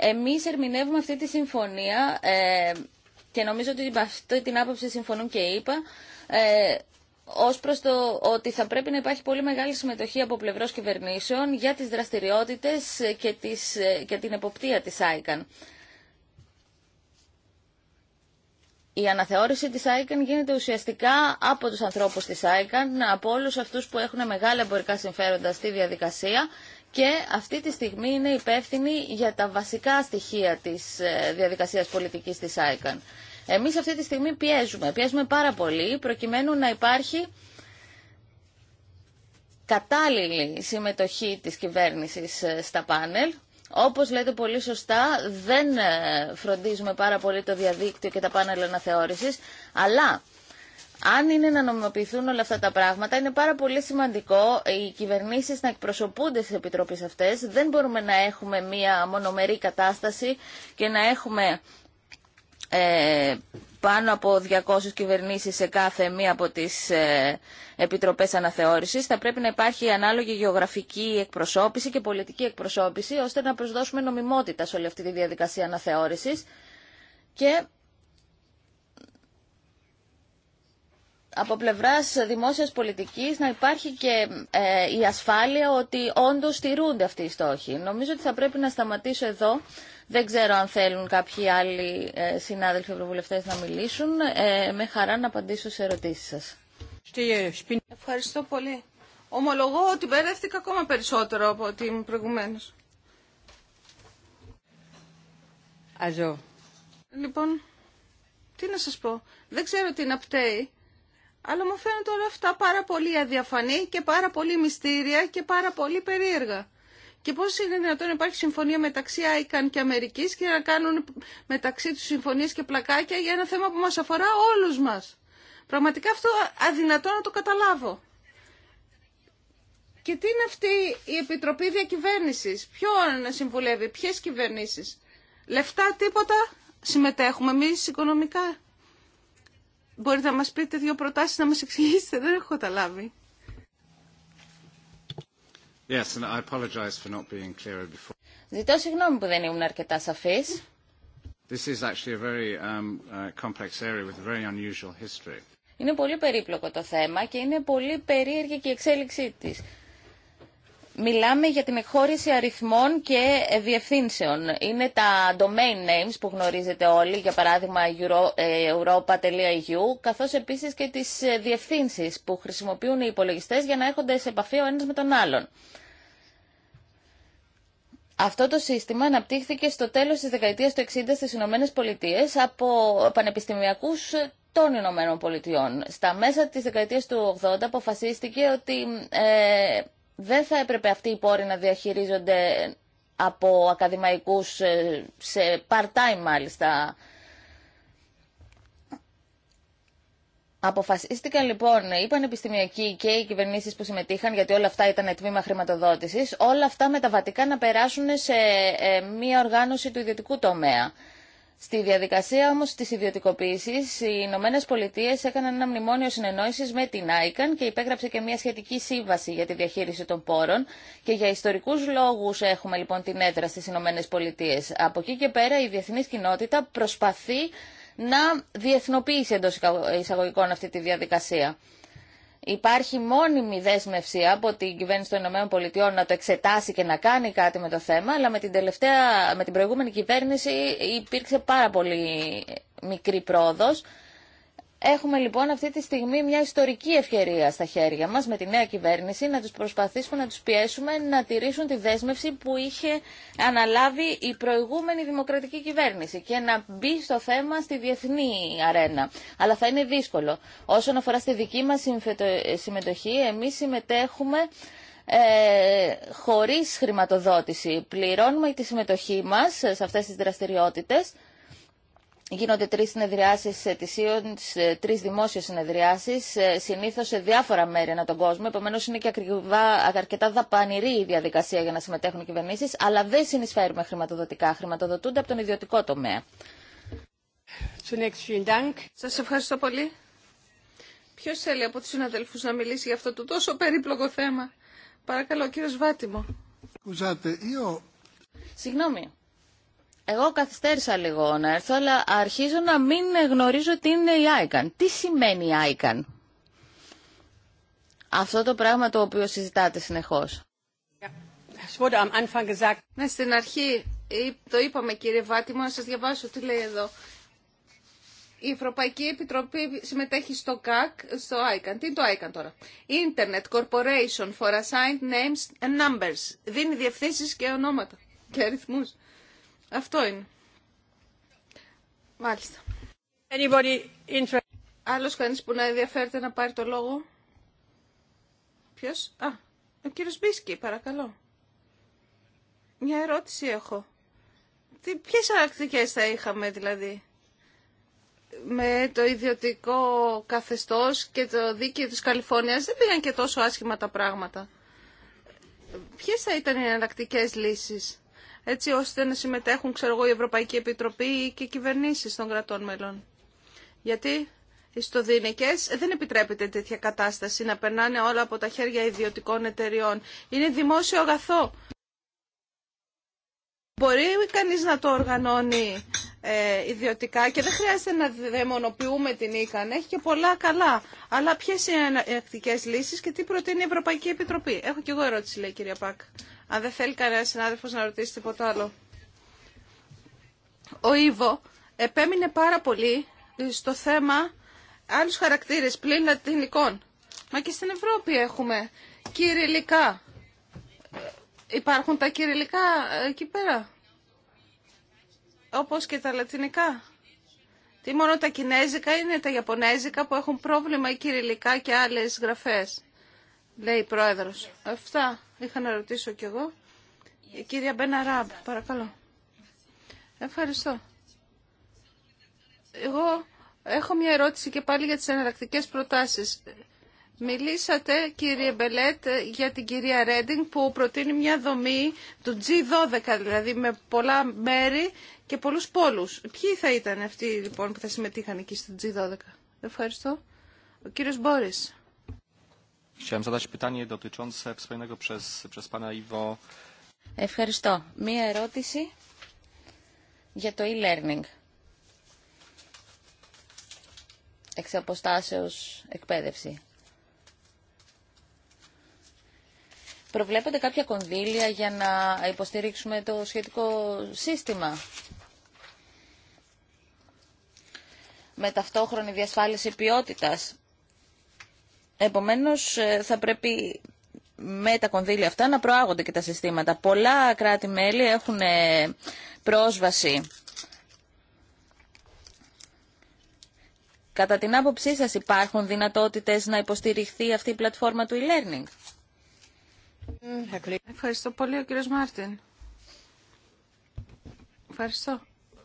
Εμείς ερμηνεύουμε αυτή τη συμφωνία ε, και νομίζω ότι αυτή την άποψη συμφωνούν και είπα, ε, ω προ το ότι θα πρέπει να υπάρχει πολύ μεγάλη συμμετοχή από πλευρό κυβερνήσεων για τι δραστηριότητε και, και την εποπτεία τη ICAN. η αναθεώρηση της ICAN γίνεται ουσιαστικά από τους ανθρώπους της ICAN, από όλους αυτούς που έχουν μεγάλα εμπορικά συμφέροντα στη διαδικασία και αυτή τη στιγμή είναι υπεύθυνη για τα βασικά στοιχεία της ε, διαδικασίας πολιτικής της ICAN. Εμείς αυτή τη στιγμή πιέζουμε, πιέζουμε πάρα πολύ προκειμένου να υπάρχει κατάλληλη συμμετοχή της κυβέρνησης ε, στα πάνελ όπως λέτε πολύ σωστά, δεν ε, φροντίζουμε πάρα πολύ το διαδίκτυο και τα πάνελ αναθεώρησης, αλλά αν είναι να νομιμοποιηθούν όλα αυτά τα πράγματα, είναι πάρα πολύ σημαντικό οι κυβερνήσεις να εκπροσωπούνται στι επιτροπές αυτές. Δεν μπορούμε να έχουμε μία μονομερή κατάσταση και να έχουμε ε, πάνω από 200 κυβερνήσεις σε κάθε μία από τις ε, επιτροπές αναθεώρησης, θα πρέπει να υπάρχει ανάλογη γεωγραφική εκπροσώπηση και πολιτική εκπροσώπηση, ώστε να προσδώσουμε νομιμότητα σε όλη αυτή τη διαδικασία αναθεώρησης και από πλευράς δημόσιας πολιτικής να υπάρχει και ε, η ασφάλεια ότι όντως στηρούνται αυτοί οι στόχοι. Νομίζω ότι θα πρέπει να σταματήσω εδώ. Δεν ξέρω αν θέλουν κάποιοι άλλοι ε, συνάδελφοι ευρωβουλευτέ να μιλήσουν. Ε, με χαρά να απαντήσω σε ερωτήσεις σας. Ευχαριστώ πολύ. Ομολογώ ότι μπερδεύτηκα ακόμα περισσότερο από ότι ήμουν προηγουμένω. Λοιπόν, τι να σας πω. Δεν ξέρω τι να πταίει. Αλλά μου φαίνονται όλα αυτά πάρα πολύ αδιαφανή και πάρα πολύ μυστήρια και πάρα πολύ περίεργα. Και πώς είναι δυνατόν να υπάρχει συμφωνία μεταξύ ΆΙΚΑΝ και Αμερικής και να κάνουν μεταξύ τους συμφωνίες και πλακάκια για ένα θέμα που μας αφορά όλους μας. Πραγματικά αυτό αδυνατό να το καταλάβω. Και τι είναι αυτή η Επιτροπή Διακυβέρνησης. Ποιο να συμβουλεύει, ποιε κυβερνήσεις. Λεφτά τίποτα συμμετέχουμε Εμεί οικονομικά. Μπορείτε να μας πείτε δύο προτάσεις να μας εξηγήσετε. Δεν έχω καταλάβει. Yes, and I apologize for not being clearer before. Ζητώ συγγνώμη που δεν ήμουν αρκετά σαφής. This is actually a very um, uh, complex area with a very unusual history. Είναι πολύ περίπλοκο το θέμα και είναι πολύ περίεργη και η εξέλιξή της. Μιλάμε για την εκχώρηση αριθμών και διευθύνσεων. Είναι τα domain names που γνωρίζετε όλοι, για παράδειγμα ε, europa.eu, καθώς επίσης και τις ε, διευθύνσεις που χρησιμοποιούν οι υπολογιστές για να έχονται σε επαφή ο ένας με τον άλλον. Αυτό το σύστημα αναπτύχθηκε στο τέλος της δεκαετίας του 60 στις Ηνωμένες Πολιτείες από πανεπιστημιακούς των Ηνωμένων Πολιτειών. Στα μέσα της δεκαετίας του 80 αποφασίστηκε ότι... Ε, δεν θα έπρεπε αυτοί οι πόροι να διαχειρίζονται από ακαδημαϊκούς ε, σε part-time μάλιστα. Αποφασίστηκαν λοιπόν οι πανεπιστημιακοί και οι κυβερνήσει που συμμετείχαν, γιατί όλα αυτά ήταν τμήμα χρηματοδότηση, όλα αυτά μεταβατικά να περάσουν σε ε, μια οργάνωση του ιδιωτικού τομέα. Στη διαδικασία όμως της ιδιωτικοποίησης, οι Ηνωμένε Πολιτείε έκαναν ένα μνημόνιο συνεννόησης με την ICAN και υπέγραψε και μια σχετική σύμβαση για τη διαχείριση των πόρων και για ιστορικούς λόγους έχουμε λοιπόν την έδρα στις Ηνωμένε Πολιτείε. Από εκεί και πέρα η διεθνής κοινότητα προσπαθεί να διεθνοποιήσει εντός εισαγωγικών αυτή τη διαδικασία. Υπάρχει μόνιμη δέσμευση από την κυβέρνηση των ΗΠΑ να το εξετάσει και να κάνει κάτι με το θέμα, αλλά με την, τελευταία, με την προηγούμενη κυβέρνηση υπήρξε πάρα πολύ μικρή πρόοδος Έχουμε λοιπόν αυτή τη στιγμή μια ιστορική ευκαιρία στα χέρια μας με τη νέα κυβέρνηση να τους προσπαθήσουμε να τους πιέσουμε να τηρήσουν τη δέσμευση που είχε αναλάβει η προηγούμενη δημοκρατική κυβέρνηση και να μπει στο θέμα στη διεθνή αρένα. Αλλά θα είναι δύσκολο. Όσον αφορά στη δική μας συμμετοχή, εμείς συμμετέχουμε ε, χωρίς χρηματοδότηση. Πληρώνουμε τη συμμετοχή μας σε αυτές τις δραστηριότητες Γίνονται τρεις συνεδριάσεις ετησίων, τρεις δημόσιες συνεδριάσεις, ε, συνήθως σε διάφορα μέρη ανά τον κόσμο. Επομένως είναι και ακριβά, αρκετά δαπανηρή η διαδικασία για να συμμετέχουν οι κυβερνήσεις, αλλά δεν συνεισφέρουμε χρηματοδοτικά, χρηματοδοτούνται από τον ιδιωτικό τομέα. Σας ευχαριστώ πολύ. Ποιο θέλει από τους συναδέλφους να μιλήσει για αυτό το τόσο περίπλοκο θέμα. Παρακαλώ, κύριος Βάτιμο. Συγγνώμη. Εγώ καθυστέρησα λίγο να έρθω, αλλά αρχίζω να μην γνωρίζω τι είναι η ICAN. Τι σημαίνει η ICAN. Αυτό το πράγμα το οποίο συζητάτε συνεχώς. Ναι, στην αρχή το είπαμε κύριε Βάτιμο, να σας διαβάσω τι λέει εδώ. Η Ευρωπαϊκή Επιτροπή συμμετέχει στο ΚΑΚ, στο ICAN. Τι είναι το ICAN τώρα. Internet Corporation for Assigned Names and Numbers. Δίνει διευθύνσεις και ονόματα και αριθμούς. Αυτό είναι. Μάλιστα. Anybody interested? Άλλος κανείς που να ενδιαφέρεται να πάρει το λόγο. Ποιος? Α, ο κύριος Μπίσκι, παρακαλώ. Μια ερώτηση έχω. Τι, ποιες αρακτικές θα είχαμε δηλαδή με το ιδιωτικό καθεστώς και το δίκαιο της Καλιφόρνιας δεν πήγαν και τόσο άσχημα τα πράγματα. Ποιες θα ήταν οι εναλλακτικέ λύσεις έτσι ώστε να συμμετέχουν, ξέρω εγώ, η Ευρωπαϊκή Επιτροπή και οι κυβερνήσεις των κρατών μελών. Γιατί στο Δίνεκες δεν επιτρέπεται τέτοια κατάσταση να περνάνε όλα από τα χέρια ιδιωτικών εταιριών. Είναι δημόσιο αγαθό. Μπορεί κανείς να το οργανώνει ε, ιδιωτικά και δεν χρειάζεται να δαιμονοποιούμε την ΙΚΑΝ. Έχει και πολλά καλά. Αλλά ποιε είναι οι εναλλακτικέ λύσει και τι προτείνει η Ευρωπαϊκή Επιτροπή. Έχω και εγώ ερώτηση, λέει η κυρία Πακ. Αν δεν θέλει κανένα συνάδελφο να ρωτήσει τίποτα άλλο. Ο Ήβο επέμεινε πάρα πολύ στο θέμα άλλου χαρακτήρε, πλην λατινικών. Μα και στην Ευρώπη έχουμε κυριλικά. Ε, υπάρχουν τα κυριλικά ε, εκεί πέρα όπως και τα λατινικά. Τι μόνο τα κινέζικα είναι τα ιαπωνέζικα που έχουν πρόβλημα η κυριλικά και άλλες γραφές, λέει η πρόεδρος. Αυτά είχα να ρωτήσω κι εγώ. Η κυρία Ράμπ, παρακαλώ. Ευχαριστώ. Εγώ έχω μια ερώτηση και πάλι για τις εναλλακτικέ προτάσεις. Μιλήσατε, κύριε Μπελέτ, για την κυρία Ρέντινγκ που προτείνει μια δομή του G12, δηλαδή με πολλά μέρη και πολλού πόλου, Ποιοι θα ήταν αυτοί λοιπόν που θα συμμετείχαν εκεί στην G12. Ευχαριστώ. Ο κύριος Μπόρις. Ευχαριστώ. Μία ερώτηση για το e-learning. Εξ εκπαίδευση. Προβλέπονται κάποια κονδύλια για να υποστηρίξουμε το σχετικό σύστημα. Με ταυτόχρονη διασφάλιση ποιότητας. Επομένως, ε, θα πρέπει με τα κονδύλια αυτά να προάγονται και τα συστήματα. Πολλά κράτη-μέλη έχουν ε, πρόσβαση. Κατά την άποψή σας υπάρχουν δυνατότητες να υποστηριχθεί αυτή η πλατφόρμα του e-learning. Ευχαριστώ πολύ, ο κύριος Μάρτιν. Ευχαριστώ.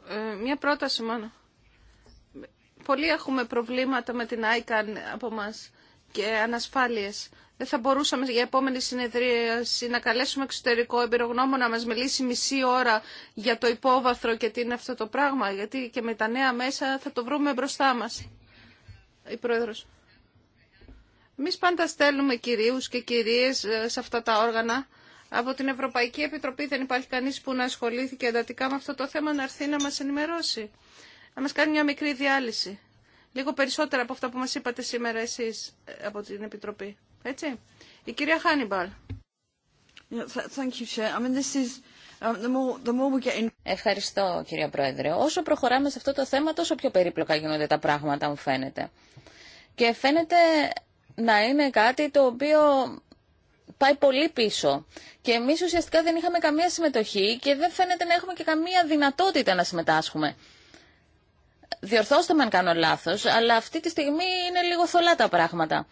Ε, μια πρόταση μόνο. Πολλοί έχουμε προβλήματα με την ICAN από μας και ανασφάλειες. Δεν θα μπορούσαμε για επόμενη συνεδρίαση να καλέσουμε εξωτερικό εμπειρογνώμο να μας μιλήσει μισή ώρα για το υπόβαθρο και τι είναι αυτό το πράγμα, γιατί και με τα νέα μέσα θα το βρούμε μπροστά μας. Η Πρόεδρος. Εμεί πάντα στέλνουμε κυρίους και κυρίες ε, σε αυτά τα όργανα. Από την Ευρωπαϊκή Επιτροπή δεν υπάρχει κανείς που να ασχολήθηκε εντατικά με αυτό το θέμα να έρθει να μας ενημερώσει. Να μας κάνει μια μικρή διάλυση. Λίγο περισσότερα από αυτά που μας είπατε σήμερα εσείς ε, από την Επιτροπή. Έτσι. Η κυρία Χάνιμπαλ. Ευχαριστώ κυρία Πρόεδρε. Όσο προχωράμε σε αυτό το θέμα τόσο πιο περίπλοκα γίνονται τα πράγματα μου φαίνεται. Και φαίνεται να είναι κάτι το οποίο πάει πολύ πίσω. Και εμεί ουσιαστικά δεν είχαμε καμία συμμετοχή και δεν φαίνεται να έχουμε και καμία δυνατότητα να συμμετάσχουμε. Διορθώστε με αν κάνω λάθο, αλλά αυτή τη στιγμή είναι λίγο θολά τα πράγματα.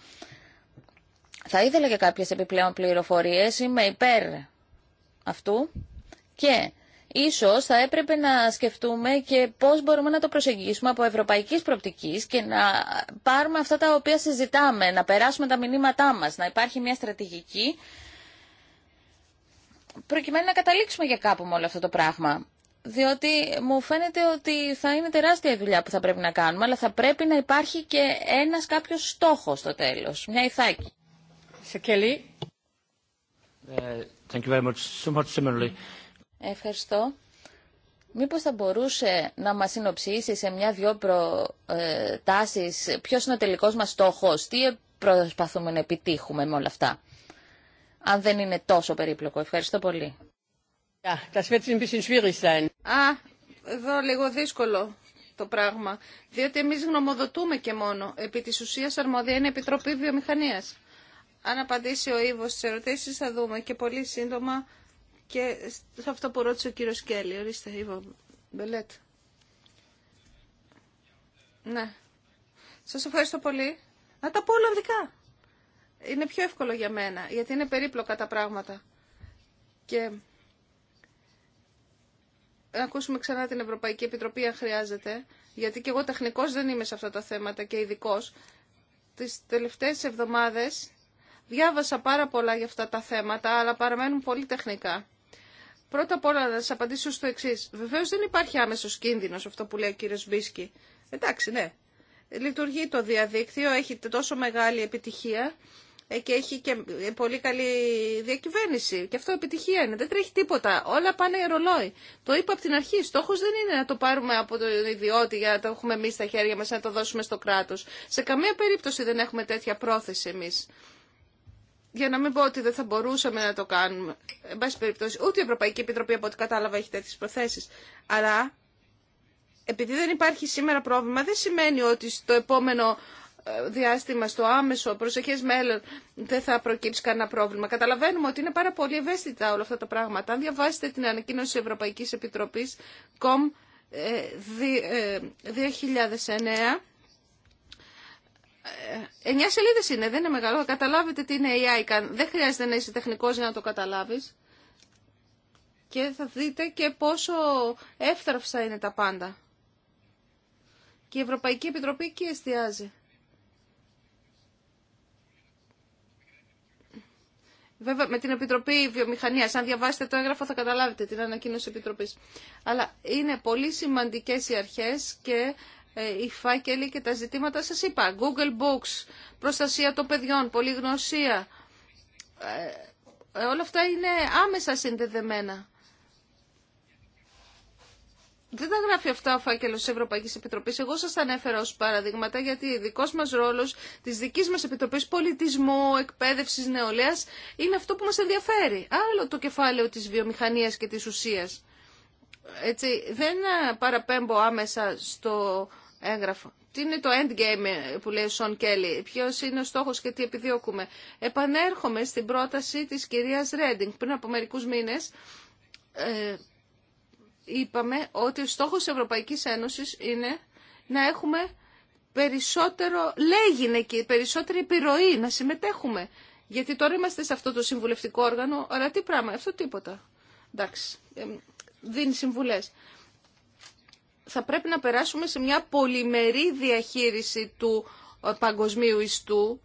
Θα ήθελα και κάποιε επιπλέον πληροφορίε, είμαι υπέρ αυτού και ίσως θα έπρεπε να σκεφτούμε και πώς μπορούμε να το προσεγγίσουμε από ευρωπαϊκής προπτικής και να πάρουμε αυτά τα οποία συζητάμε, να περάσουμε τα μηνύματά μας, να υπάρχει μια στρατηγική προκειμένου να καταλήξουμε για κάπου με όλο αυτό το πράγμα. Διότι μου φαίνεται ότι θα είναι τεράστια η δουλειά που θα πρέπει να κάνουμε, αλλά θα πρέπει να υπάρχει και ένας κάποιος στόχος στο τέλος, μια ηθάκη. Σε ε, thank you very much. similarly. Ευχαριστώ. Μήπως θα μπορούσε να μας συνοψίσει σε μια-δυο προτάσεις ε, ποιος είναι ο τελικός μας στόχος, τι προσπαθούμε να επιτύχουμε με όλα αυτά, αν δεν είναι τόσο περίπλοκο. Ευχαριστώ πολύ. das wird ein bisschen schwierig Α, εδώ λίγο δύσκολο το πράγμα, διότι εμείς γνωμοδοτούμε και μόνο. Επί της ουσίας αρμόδια είναι Επιτροπή Βιομηχανίας. Αν απαντήσει ο Ήβος στις ερωτήσεις θα δούμε και πολύ σύντομα και σε αυτό που ρώτησε ο κύριο Κέλλη. Ορίστε, Ιβο Μπελέτ. Ναι. Σα ευχαριστώ πολύ. Να τα πω δικά. Είναι πιο εύκολο για μένα, γιατί είναι περίπλοκα τα πράγματα. Και να ακούσουμε ξανά την Ευρωπαϊκή Επιτροπή αν χρειάζεται, γιατί και εγώ τεχνικός δεν είμαι σε αυτά τα θέματα και ειδικό. Τις τελευταίες εβδομάδες διάβασα πάρα πολλά για αυτά τα θέματα, αλλά παραμένουν πολύ τεχνικά. Πρώτα απ' όλα να σα απαντήσω στο εξή. Βεβαίω δεν υπάρχει άμεσο κίνδυνο αυτό που λέει ο κύριο Μπίσκι. Εντάξει, ναι. Λειτουργεί το διαδίκτυο, έχει τόσο μεγάλη επιτυχία ε, και έχει και ε, πολύ καλή διακυβέρνηση. Και αυτό επιτυχία είναι. Δεν τρέχει τίποτα. Όλα πάνε ρολόι. Το είπα από την αρχή. Στόχο δεν είναι να το πάρουμε από τον ιδιώτη για να το έχουμε εμεί στα χέρια μα, να το δώσουμε στο κράτο. Σε καμία περίπτωση δεν έχουμε τέτοια πρόθεση εμεί για να μην πω ότι δεν θα μπορούσαμε να το κάνουμε. Εν πάση περιπτώσει, ούτε η Ευρωπαϊκή Επιτροπή από ό,τι κατάλαβα έχει τέτοιε προθέσει. Αλλά επειδή δεν υπάρχει σήμερα πρόβλημα, δεν σημαίνει ότι στο επόμενο ε, διάστημα, στο άμεσο, προσεχέ μέλλον, δεν θα προκύψει κανένα πρόβλημα. Καταλαβαίνουμε ότι είναι πάρα πολύ ευαίσθητα όλα αυτά τα πράγματα. Αν διαβάσετε την ανακοίνωση τη Ευρωπαϊκή Επιτροπή, COM 2009, ε, ε, εννιά σελίδε είναι, δεν είναι μεγάλο. Καταλάβετε τι είναι AI. Δεν χρειάζεται να είσαι τεχνικό για να το καταλάβει. Και θα δείτε και πόσο εύθραυστα είναι τα πάντα. Και η Ευρωπαϊκή Επιτροπή εκεί εστιάζει. Βέβαια, με την Επιτροπή Βιομηχανία, αν διαβάσετε το έγγραφο, θα καταλάβετε την ανακοίνωση Επιτροπή. Αλλά είναι πολύ σημαντικέ οι αρχέ και ε, οι φάκελοι και τα ζητήματα σας είπα. Google Books, προστασία των παιδιών, πολυγνωσία. Ε, ε, όλα αυτά είναι άμεσα συνδεδεμένα. Δεν τα γράφει αυτά ο φάκελο τη Ευρωπαϊκή Επιτροπή. Εγώ σα τα ανέφερα ω παραδείγματα γιατί δικό μα ρόλο τη δική μα Επιτροπή Πολιτισμού, Εκπαίδευση, Νεολαία είναι αυτό που μα ενδιαφέρει. Άλλο το κεφάλαιο τη βιομηχανία και τη ουσία. Έτσι, δεν παραπέμπω άμεσα στο έγγραφο. Τι είναι το endgame που λέει ο Σον Κέλλη, Ποιο είναι ο στόχο και τι επιδιώκουμε. Επανέρχομαι στην πρόταση της κυρίας Ρέντινγκ πριν από μερικού μήνε. Ε, είπαμε ότι ο στόχος της Ευρωπαϊκής Ένωσης είναι να έχουμε περισσότερο λέγινε και περισσότερη επιρροή, να συμμετέχουμε. Γιατί τώρα είμαστε σε αυτό το συμβουλευτικό όργανο, αλλά τι πράγμα, αυτό τίποτα. Εντάξει, δίνει συμβουλές θα πρέπει να περάσουμε σε μια πολυμερή διαχείριση του ε, παγκοσμίου ιστού.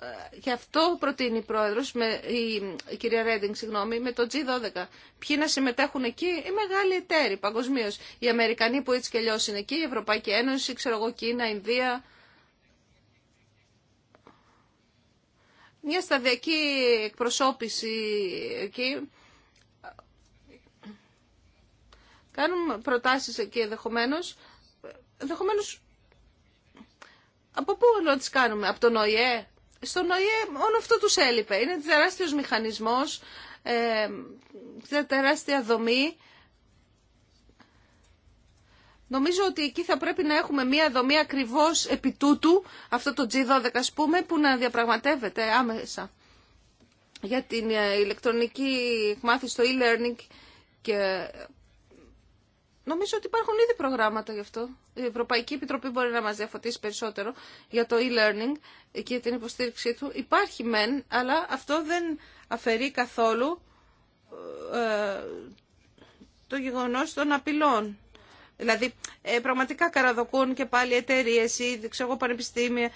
Ε, γι' αυτό προτείνει η, πρόεδρος, με, η, κυρία Ρέντινγκ συγγνώμη, με το G12. Ποιοι να συμμετέχουν εκεί, οι μεγάλοι εταίροι παγκοσμίω. Οι Αμερικανοί που έτσι και αλλιώ είναι εκεί, η Ευρωπαϊκή Ένωση, ξέρω εγώ, Κίνα, Ινδία. Μια σταδιακή εκπροσώπηση εκεί Κάνουν προτάσει εκεί ενδεχομένω. Ενδεχομένω. Από πού να τι κάνουμε, από τον ΟΗΕ. Στον ΟΗΕ μόνο αυτό του έλειπε. Είναι τεράστιο μηχανισμό, ε, τεράστια δομή. Νομίζω ότι εκεί θα πρέπει να έχουμε μία δομή ακριβώς επί τούτου, αυτό το G12 ας πούμε, που να διαπραγματεύεται άμεσα για την ε, ηλεκτρονική εκμάθηση, το e-learning και Νομίζω ότι υπάρχουν ήδη προγράμματα γι' αυτό. Η Ευρωπαϊκή Επιτροπή μπορεί να μας διαφωτίσει περισσότερο για το e-learning και την υποστήριξή του. Υπάρχει μεν, αλλά αυτό δεν αφαιρεί καθόλου ε, το γεγονό των απειλών. Δηλαδή, ε, πραγματικά καραδοκούν και πάλι εταιρείε ή ξέρω, πανεπιστήμια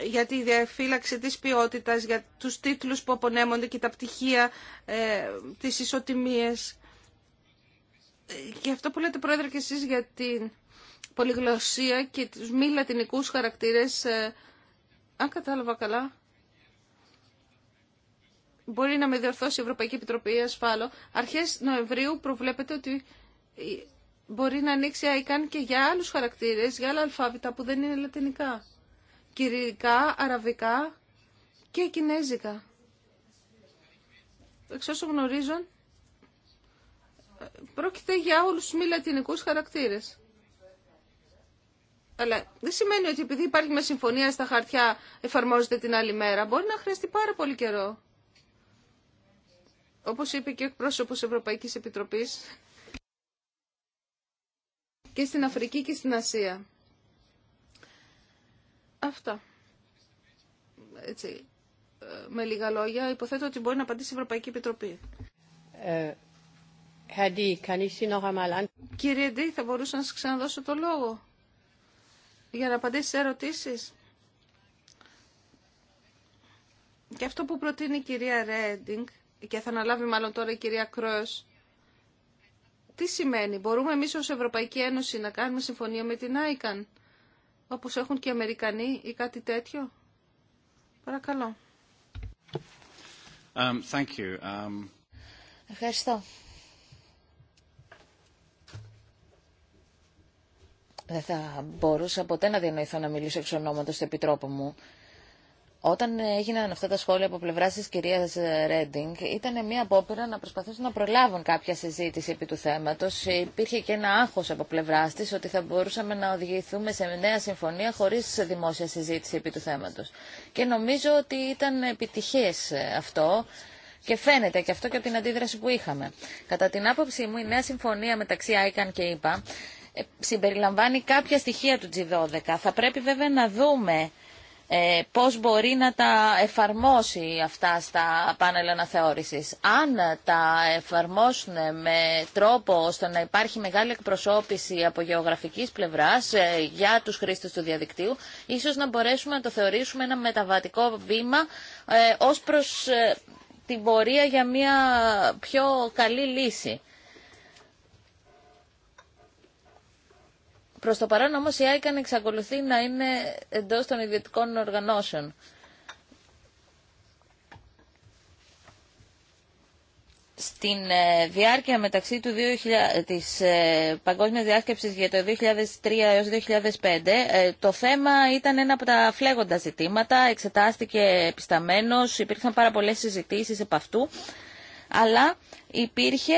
για τη διαφύλαξη της ποιότητας, για τους τίτλους που απονέμονται και τα πτυχία, ε, τις ισοτιμίες και αυτό που λέτε πρόεδρε και εσείς για την πολυγλωσία και τους μη λατινικούς χαρακτήρες, ε, αν κατάλαβα καλά, μπορεί να με διορθώσει η Ευρωπαϊκή Επιτροπή, ασφάλω, αρχές Νοεμβρίου προβλέπετε ότι μπορεί να ανοίξει ICAN και για άλλους χαρακτήρες, για άλλα αλφάβητα που δεν είναι λατινικά. Κυρικά, αραβικά και κινέζικα. Εξ όσων γνωρίζουν, πρόκειται για όλους τους μη λατινικούς χαρακτήρες. Αλλά δεν σημαίνει ότι επειδή υπάρχει μια συμφωνία στα χαρτιά εφαρμόζεται την άλλη μέρα. Μπορεί να χρειαστεί πάρα πολύ καιρό. Όπως είπε και ο εκπρόσωπος Ευρωπαϊκής Επιτροπής και στην Αφρική και στην Ασία. Αυτά. Έτσι, ε, με λίγα λόγια, υποθέτω ότι μπορεί να απαντήσει η Ευρωπαϊκή Επιτροπή. Ε, Κύριε Ντί, θα μπορούσα να σας ξαναδώσω το λόγο για να απαντήσει σε ερωτήσεις. Και αυτό που προτείνει η κυρία Ρέντινγκ και θα αναλάβει μάλλον τώρα η κυρία Κρός, τι σημαίνει, μπορούμε εμείς ως Ευρωπαϊκή Ένωση να κάνουμε συμφωνία με την ICAN, όπως έχουν και οι Αμερικανοί ή κάτι τέτοιο. Παρακαλώ. Um, thank you. Um... Ευχαριστώ. Δεν θα μπορούσα ποτέ να διανοηθώ να μιλήσω εξ ονόματος του Επιτρόπου μου. Όταν έγιναν αυτά τα σχόλια από πλευρά τη κυρία Ρέντινγκ, ήταν μια απόπειρα να προσπαθήσουν να προλάβουν κάποια συζήτηση επί του θέματο. Υπήρχε και ένα άγχο από πλευρά τη ότι θα μπορούσαμε να οδηγηθούμε σε νέα συμφωνία χωρί δημόσια συζήτηση επί του θέματο. Και νομίζω ότι ήταν επιτυχέ αυτό. Και φαίνεται και αυτό και από την αντίδραση που είχαμε. Κατά την άποψή μου, η νέα συμφωνία μεταξύ ICAN και ΙΠΑ ε, συμπεριλαμβάνει κάποια στοιχεία του G12. Θα πρέπει βέβαια να δούμε ε, πώς μπορεί να τα εφαρμόσει αυτά στα πάνελ αναθεώρησης. Αν τα εφαρμόσουν με τρόπο ώστε να υπάρχει μεγάλη εκπροσώπηση από γεωγραφικής πλευράς ε, για τους χρήστες του διαδικτύου, ίσως να μπορέσουμε να το θεωρήσουμε ένα μεταβατικό βήμα ως προς την πορεία για μια πιο καλή λύση. Προς το παρόν όμως η ICAN εξακολουθεί να είναι εντός των ιδιωτικών οργανώσεων. Στην ε, διάρκεια μεταξύ του 2000, της ε, Παγκόσμιας Διάσκεψης για το 2003 έως 2005 ε, το θέμα ήταν ένα από τα φλέγοντα ζητήματα, εξετάστηκε επισταμένος, υπήρχαν πάρα πολλές συζητήσεις επ' αυτού, αλλά υπήρχε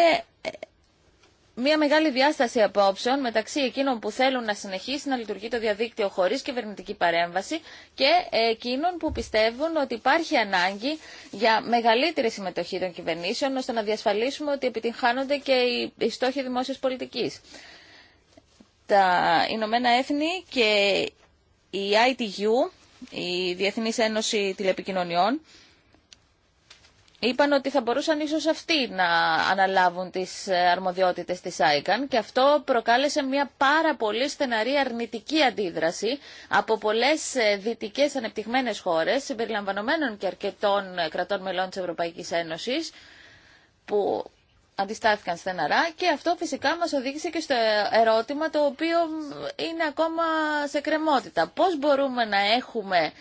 μια μεγάλη διάσταση απόψεων μεταξύ εκείνων που θέλουν να συνεχίσει να λειτουργεί το διαδίκτυο χωρίς κυβερνητική παρέμβαση και εκείνων που πιστεύουν ότι υπάρχει ανάγκη για μεγαλύτερη συμμετοχή των κυβερνήσεων ώστε να διασφαλίσουμε ότι επιτυγχάνονται και οι στόχοι δημόσιας πολιτικής. Τα Ηνωμένα Έθνη και η ITU, η Διεθνής Ένωση Τηλεπικοινωνιών, είπαν ότι θα μπορούσαν ίσως αυτοί να αναλάβουν τις ε, αρμοδιότητες της ICAN και αυτό προκάλεσε μια πάρα πολύ στεναρή αρνητική αντίδραση από πολλές ε, δυτικές ανεπτυγμένες χώρες, συμπεριλαμβανομένων και αρκετών ε, κρατών μελών της Ευρωπαϊκής Ένωσης, που αντιστάθηκαν στεναρά και αυτό φυσικά μας οδήγησε και στο ερώτημα το οποίο είναι ακόμα σε κρεμότητα. Πώς μπορούμε να έχουμε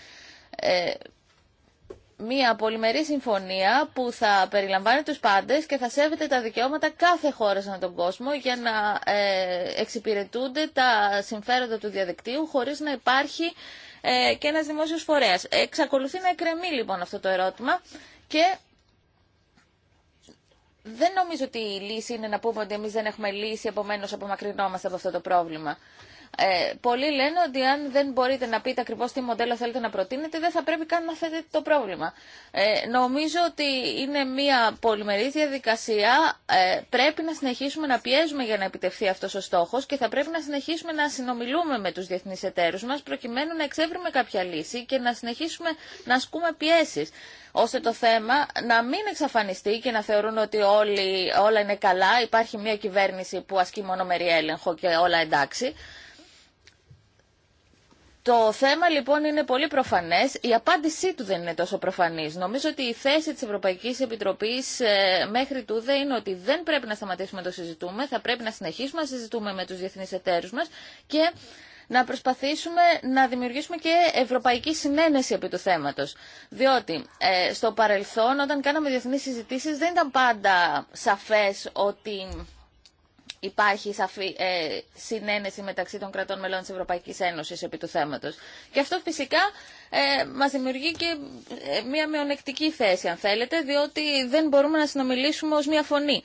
μία πολυμερή συμφωνία που θα περιλαμβάνει τους πάντες και θα σέβεται τα δικαιώματα κάθε χώρα ανά τον κόσμο για να ε, εξυπηρετούνται τα συμφέροντα του διαδικτύου χωρίς να υπάρχει ε, και ένας δημόσιος φορέας. Εξακολουθεί να εκκρεμεί λοιπόν αυτό το ερώτημα και δεν νομίζω ότι η λύση είναι να πούμε ότι εμείς δεν έχουμε λύση, επομένως απομακρυνόμαστε από αυτό το πρόβλημα. Ε, πολλοί λένε ότι αν δεν μπορείτε να πείτε ακριβώς τι μοντέλο θέλετε να προτείνετε, δεν θα πρέπει καν να θέτετε το πρόβλημα. Ε, νομίζω ότι είναι μια πολυμερή διαδικασία. Ε, πρέπει να συνεχίσουμε να πιέζουμε για να επιτευχθεί αυτός ο στόχος και θα πρέπει να συνεχίσουμε να συνομιλούμε με τους διεθνείς εταίρους μας προκειμένου να εξεύρουμε κάποια λύση και να συνεχίσουμε να ασκούμε πιέσεις ώστε το θέμα να μην εξαφανιστεί και να θεωρούν ότι όλοι, όλα είναι καλά, υπάρχει μια κυβέρνηση που ασκεί μονομερή έλεγχο και όλα εντάξει. Το θέμα λοιπόν είναι πολύ προφανές, η απάντησή του δεν είναι τόσο προφανής. Νομίζω ότι η θέση της Ευρωπαϊκής Επιτροπής ε, μέχρι τούδε είναι ότι δεν πρέπει να σταματήσουμε να το συζητούμε, θα πρέπει να συνεχίσουμε να συζητούμε με τους διεθνείς εταίρους μας και να προσπαθήσουμε να δημιουργήσουμε και ευρωπαϊκή συνένεση επί του θέματος. Διότι ε, στο παρελθόν όταν κάναμε διεθνείς συζητήσεις δεν ήταν πάντα σαφές ότι υπάρχει σαφή, ε, συνένεση μεταξύ των κρατών μελών της Ευρωπαϊκής Ένωσης επί του θέματος. Και αυτό φυσικά ε, μας δημιουργεί και ε, μια μειονεκτική θέση, αν θέλετε, διότι δεν μπορούμε να συνομιλήσουμε ως μια φωνή.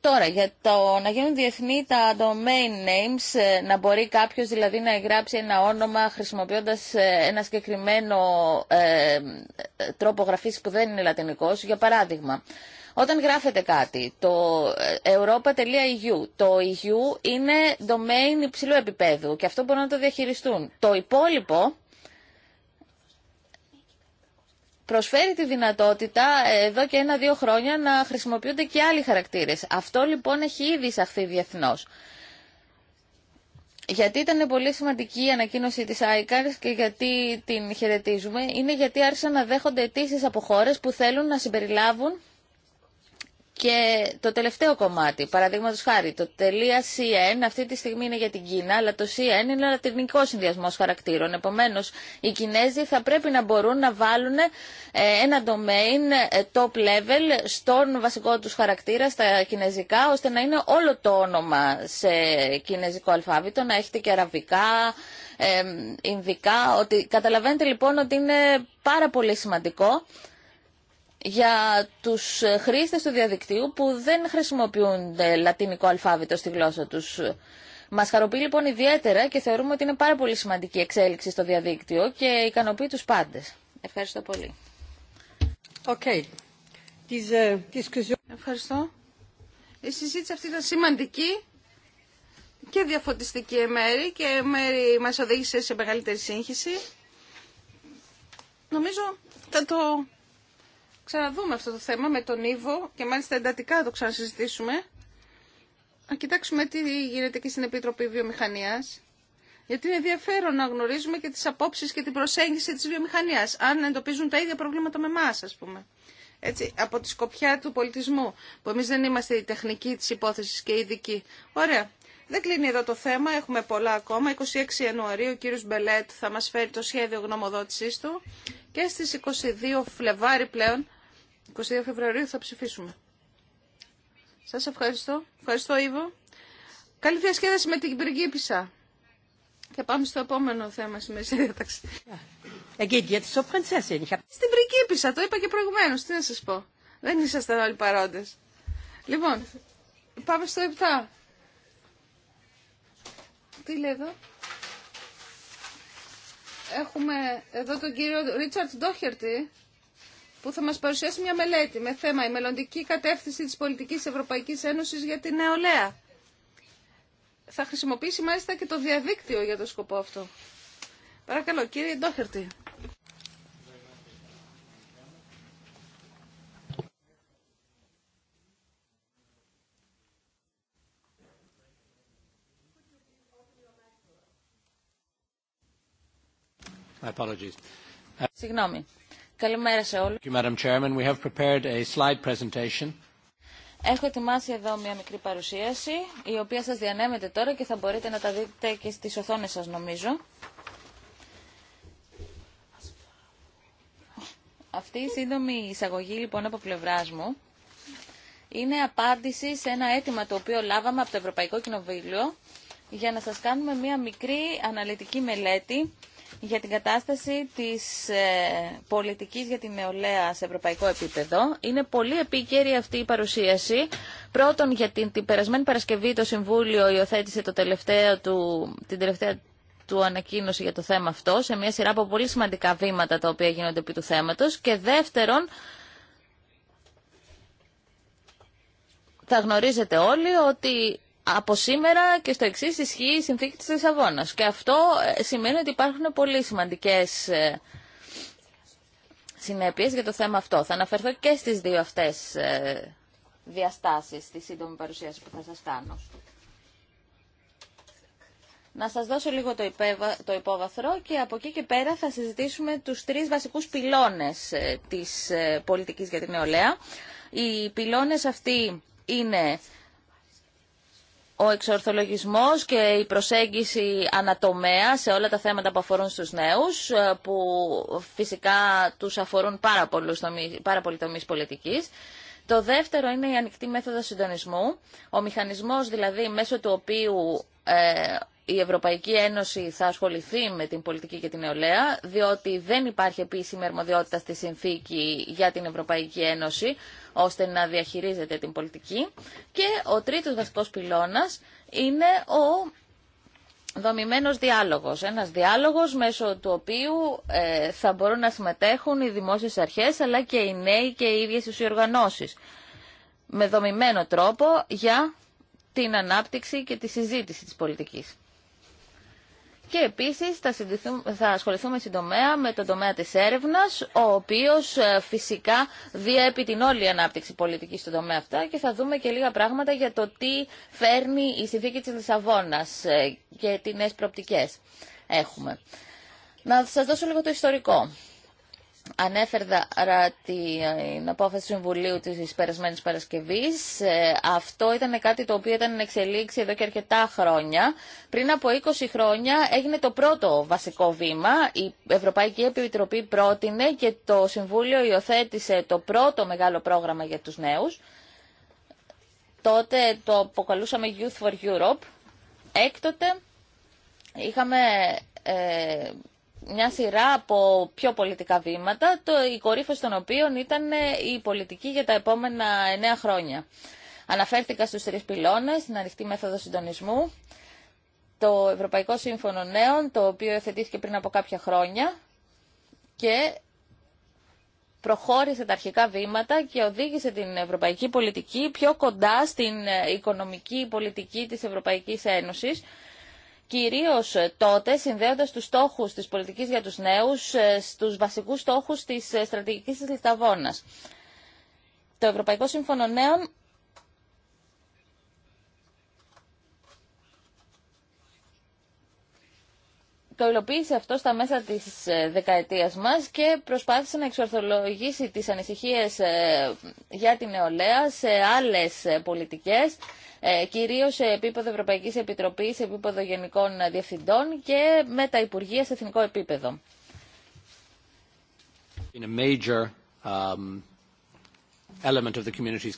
Τώρα, για το να γίνουν διεθνή τα domain names, ε, να μπορεί κάποιος δηλαδή να εγγράψει ένα όνομα χρησιμοποιώντας ένα συγκεκριμένο τρόπο γραφής που δεν είναι λατινικός, για παράδειγμα. Όταν γράφετε κάτι, το ε, europa.eu, το EU είναι domain υψηλού επίπεδου και αυτό μπορούν να το διαχειριστούν. Το υπόλοιπο προσφέρει τη δυνατότητα ε, εδώ και ένα-δύο χρόνια να χρησιμοποιούνται και άλλοι χαρακτήρες. Αυτό λοιπόν έχει ήδη εισαχθεί διεθνώς. Γιατί ήταν πολύ σημαντική η ανακοίνωση της ICARS και γιατί την χαιρετίζουμε, είναι γιατί άρχισαν να δέχονται αιτήσει από χώρε που θέλουν να συμπεριλάβουν και το τελευταίο κομμάτι, παραδείγματο χάρη, το τελεία CN αυτή τη στιγμή είναι για την Κίνα, αλλά το CN είναι ένα λατινικό συνδυασμό χαρακτήρων. Επομένω, οι Κινέζοι θα πρέπει να μπορούν να βάλουν ε, ένα domain ε, top level στον βασικό του χαρακτήρα στα κινέζικα, ώστε να είναι όλο το όνομα σε κινέζικο αλφάβητο, να έχετε και αραβικά, ε, ινδικά. Ότι... Καταλαβαίνετε λοιπόν ότι είναι πάρα πολύ σημαντικό για τους χρήστες του διαδικτύου που δεν χρησιμοποιούν λατινικό αλφάβητο στη γλώσσα τους. Μα χαροποιεί λοιπόν ιδιαίτερα και θεωρούμε ότι είναι πάρα πολύ σημαντική εξέλιξη στο διαδίκτυο και ικανοποιεί τους πάντες. Ευχαριστώ πολύ. Okay. Ε, Ευχαριστώ. Η συζήτηση αυτή ήταν σημαντική και διαφωτιστική μέρη και μέρη μας οδήγησε σε μεγαλύτερη σύγχυση. Νομίζω θα το ξαναδούμε αυτό το θέμα με τον Ήβο και μάλιστα εντατικά το ξανασυζητήσουμε. Να κοιτάξουμε τι γίνεται και στην Επιτροπή Βιομηχανίας. Γιατί είναι ενδιαφέρον να γνωρίζουμε και τις απόψεις και την προσέγγιση της βιομηχανίας, αν εντοπίζουν τα ίδια προβλήματα με εμά, ας πούμε. Έτσι, από τη σκοπιά του πολιτισμού, που εμείς δεν είμαστε η τεχνική της υπόθεσης και η ειδική. Ωραία. Δεν κλείνει εδώ το θέμα, έχουμε πολλά ακόμα. 26 Ιανουαρίου ο κύριος Μπελέτ θα μας φέρει το σχέδιο γνωμοδότησή του και στις 22 Φλεβάρι πλέον 22 Φεβρουαρίου θα ψηφίσουμε. Σας ευχαριστώ. Ευχαριστώ Ήβο. Καλή διασκέδαση με την πριγκίπισσα. Και πάμε στο επόμενο θέμα στη Μέση διάταξη. Er Στην πριγκίπισσα, το είπα και προηγουμένως. Τι να σας πω. Δεν ήσασταν όλοι παρόντες. Λοιπόν, πάμε στο 7. Τι λέει εδώ. Έχουμε εδώ τον κύριο Ρίτσαρτ Ντόχερτη που θα μας παρουσιάσει μια μελέτη με θέμα η μελλοντική κατεύθυνση της πολιτικής Ευρωπαϊκής Ένωσης για την νεολαία. Θα χρησιμοποιήσει μάλιστα και το διαδίκτυο για το σκοπό αυτό. Παρακαλώ, κύριε Ντόχερτη. Συγγνώμη. Καλημέρα σε όλους. Έχω ετοιμάσει εδώ μια μικρή παρουσίαση, η οποία σας διανέμεται τώρα και θα μπορείτε να τα δείτε και στις οθόνες σας νομίζω. Αυτή η σύντομη εισαγωγή λοιπόν από πλευρά μου είναι απάντηση σε ένα αίτημα το οποίο λάβαμε από το Ευρωπαϊκό Κοινοβούλιο για να σας κάνουμε μια μικρή αναλυτική μελέτη για την κατάσταση της ε, πολιτικής για τη νεολαία σε ευρωπαϊκό επίπεδο. Είναι πολύ επίκαιρη αυτή η παρουσίαση. Πρώτον, για την περασμένη Παρασκευή το Συμβούλιο υιοθέτησε το τελευταίο του, την τελευταία του ανακοίνωση για το θέμα αυτό, σε μια σειρά από πολύ σημαντικά βήματα τα οποία γίνονται επί του θέματος. Και δεύτερον, θα γνωρίζετε όλοι ότι από σήμερα και στο εξή ισχύει η συνθήκη της Λισαβόνα. Και αυτό ε, σημαίνει ότι υπάρχουν πολύ σημαντικές ε, συνέπειες για το θέμα αυτό. Θα αναφερθώ και στις δύο αυτές ε, διαστάσεις στη σύντομη παρουσίαση που θα σας κάνω. Να σας δώσω λίγο το, το υπόβαθρο και από εκεί και πέρα θα συζητήσουμε τους τρεις βασικούς πυλώνες της πολιτικής για την νεολαία. Οι πυλώνες αυτοί είναι ο εξορθολογισμός και η προσέγγιση ανατομέα σε όλα τα θέματα που αφορούν στους νέους, ε, που φυσικά τους αφορούν πάρα, πολλούς, πάρα πολλοί τομείς πολιτικής. Το δεύτερο είναι η ανοιχτή μέθοδο συντονισμού, ο μηχανισμός δηλαδή μέσω του οποίου ε, η Ευρωπαϊκή Ένωση θα ασχοληθεί με την πολιτική και την νεολαία, διότι δεν υπάρχει επίσημη αρμοδιότητα στη συνθήκη για την Ευρωπαϊκή Ένωση, ώστε να διαχειρίζεται την πολιτική. Και ο τρίτος βασικός πυλώνας είναι ο δομημένος διάλογος. Ένας διάλογος μέσω του οποίου ε, θα μπορούν να συμμετέχουν οι δημόσιες αρχές, αλλά και οι νέοι και οι ίδιες οι Με δομημένο τρόπο για την ανάπτυξη και τη συζήτηση της πολιτικής. Και επίσης θα, θα ασχοληθούμε στην τομέα με τον τομέα της έρευνας, ο οποίος ε, φυσικά διέπει την όλη ανάπτυξη πολιτικής στον τομέα αυτά και θα δούμε και λίγα πράγματα για το τι φέρνει η συνθήκη της Λισαβόνα ε, και τι νέες προοπτικές έχουμε. Να σας δώσω λίγο το ιστορικό ανέφερα την απόφαση του Συμβουλίου της περασμένης Παρασκευής. Ε, αυτό ήταν κάτι το οποίο ήταν εξελίξει εδώ και αρκετά χρόνια. Πριν από 20 χρόνια έγινε το πρώτο βασικό βήμα. Η Ευρωπαϊκή Επιτροπή πρότεινε και το Συμβούλιο υιοθέτησε το πρώτο μεγάλο πρόγραμμα για τους νέους. Τότε το αποκαλούσαμε Youth for Europe. Έκτοτε είχαμε ε, μια σειρά από πιο πολιτικά βήματα, το, η κορύφωση των οποίων ήταν ε, η πολιτική για τα επόμενα εννέα χρόνια. Αναφέρθηκα στους τρεις πυλώνες, την ανοιχτή μέθοδο συντονισμού, το Ευρωπαϊκό Σύμφωνο Νέων, το οποίο εθετήθηκε πριν από κάποια χρόνια και προχώρησε τα αρχικά βήματα και οδήγησε την ευρωπαϊκή πολιτική πιο κοντά στην ε, οικονομική πολιτική της Ευρωπαϊκής Ένωσης κυρίως τότε συνδέοντας τους στόχους της πολιτικής για τους νέους ε, στους βασικούς στόχους της ε, στρατηγικής της Λισαβόνας. Το Ευρωπαϊκό Σύμφωνο Νέων το υλοποίησε αυτό στα μέσα της ε, δεκαετίας μας και προσπάθησε να εξορθολογήσει τις ανησυχίες ε, για την νεολαία σε άλλες ε, πολιτικές, κυρίως σε επίπεδο Ευρωπαϊκής Επιτροπής, σε επίπεδο Γενικών Διευθυντών και με τα Υπουργεία σε εθνικό επίπεδο. In a major, um, element of the community's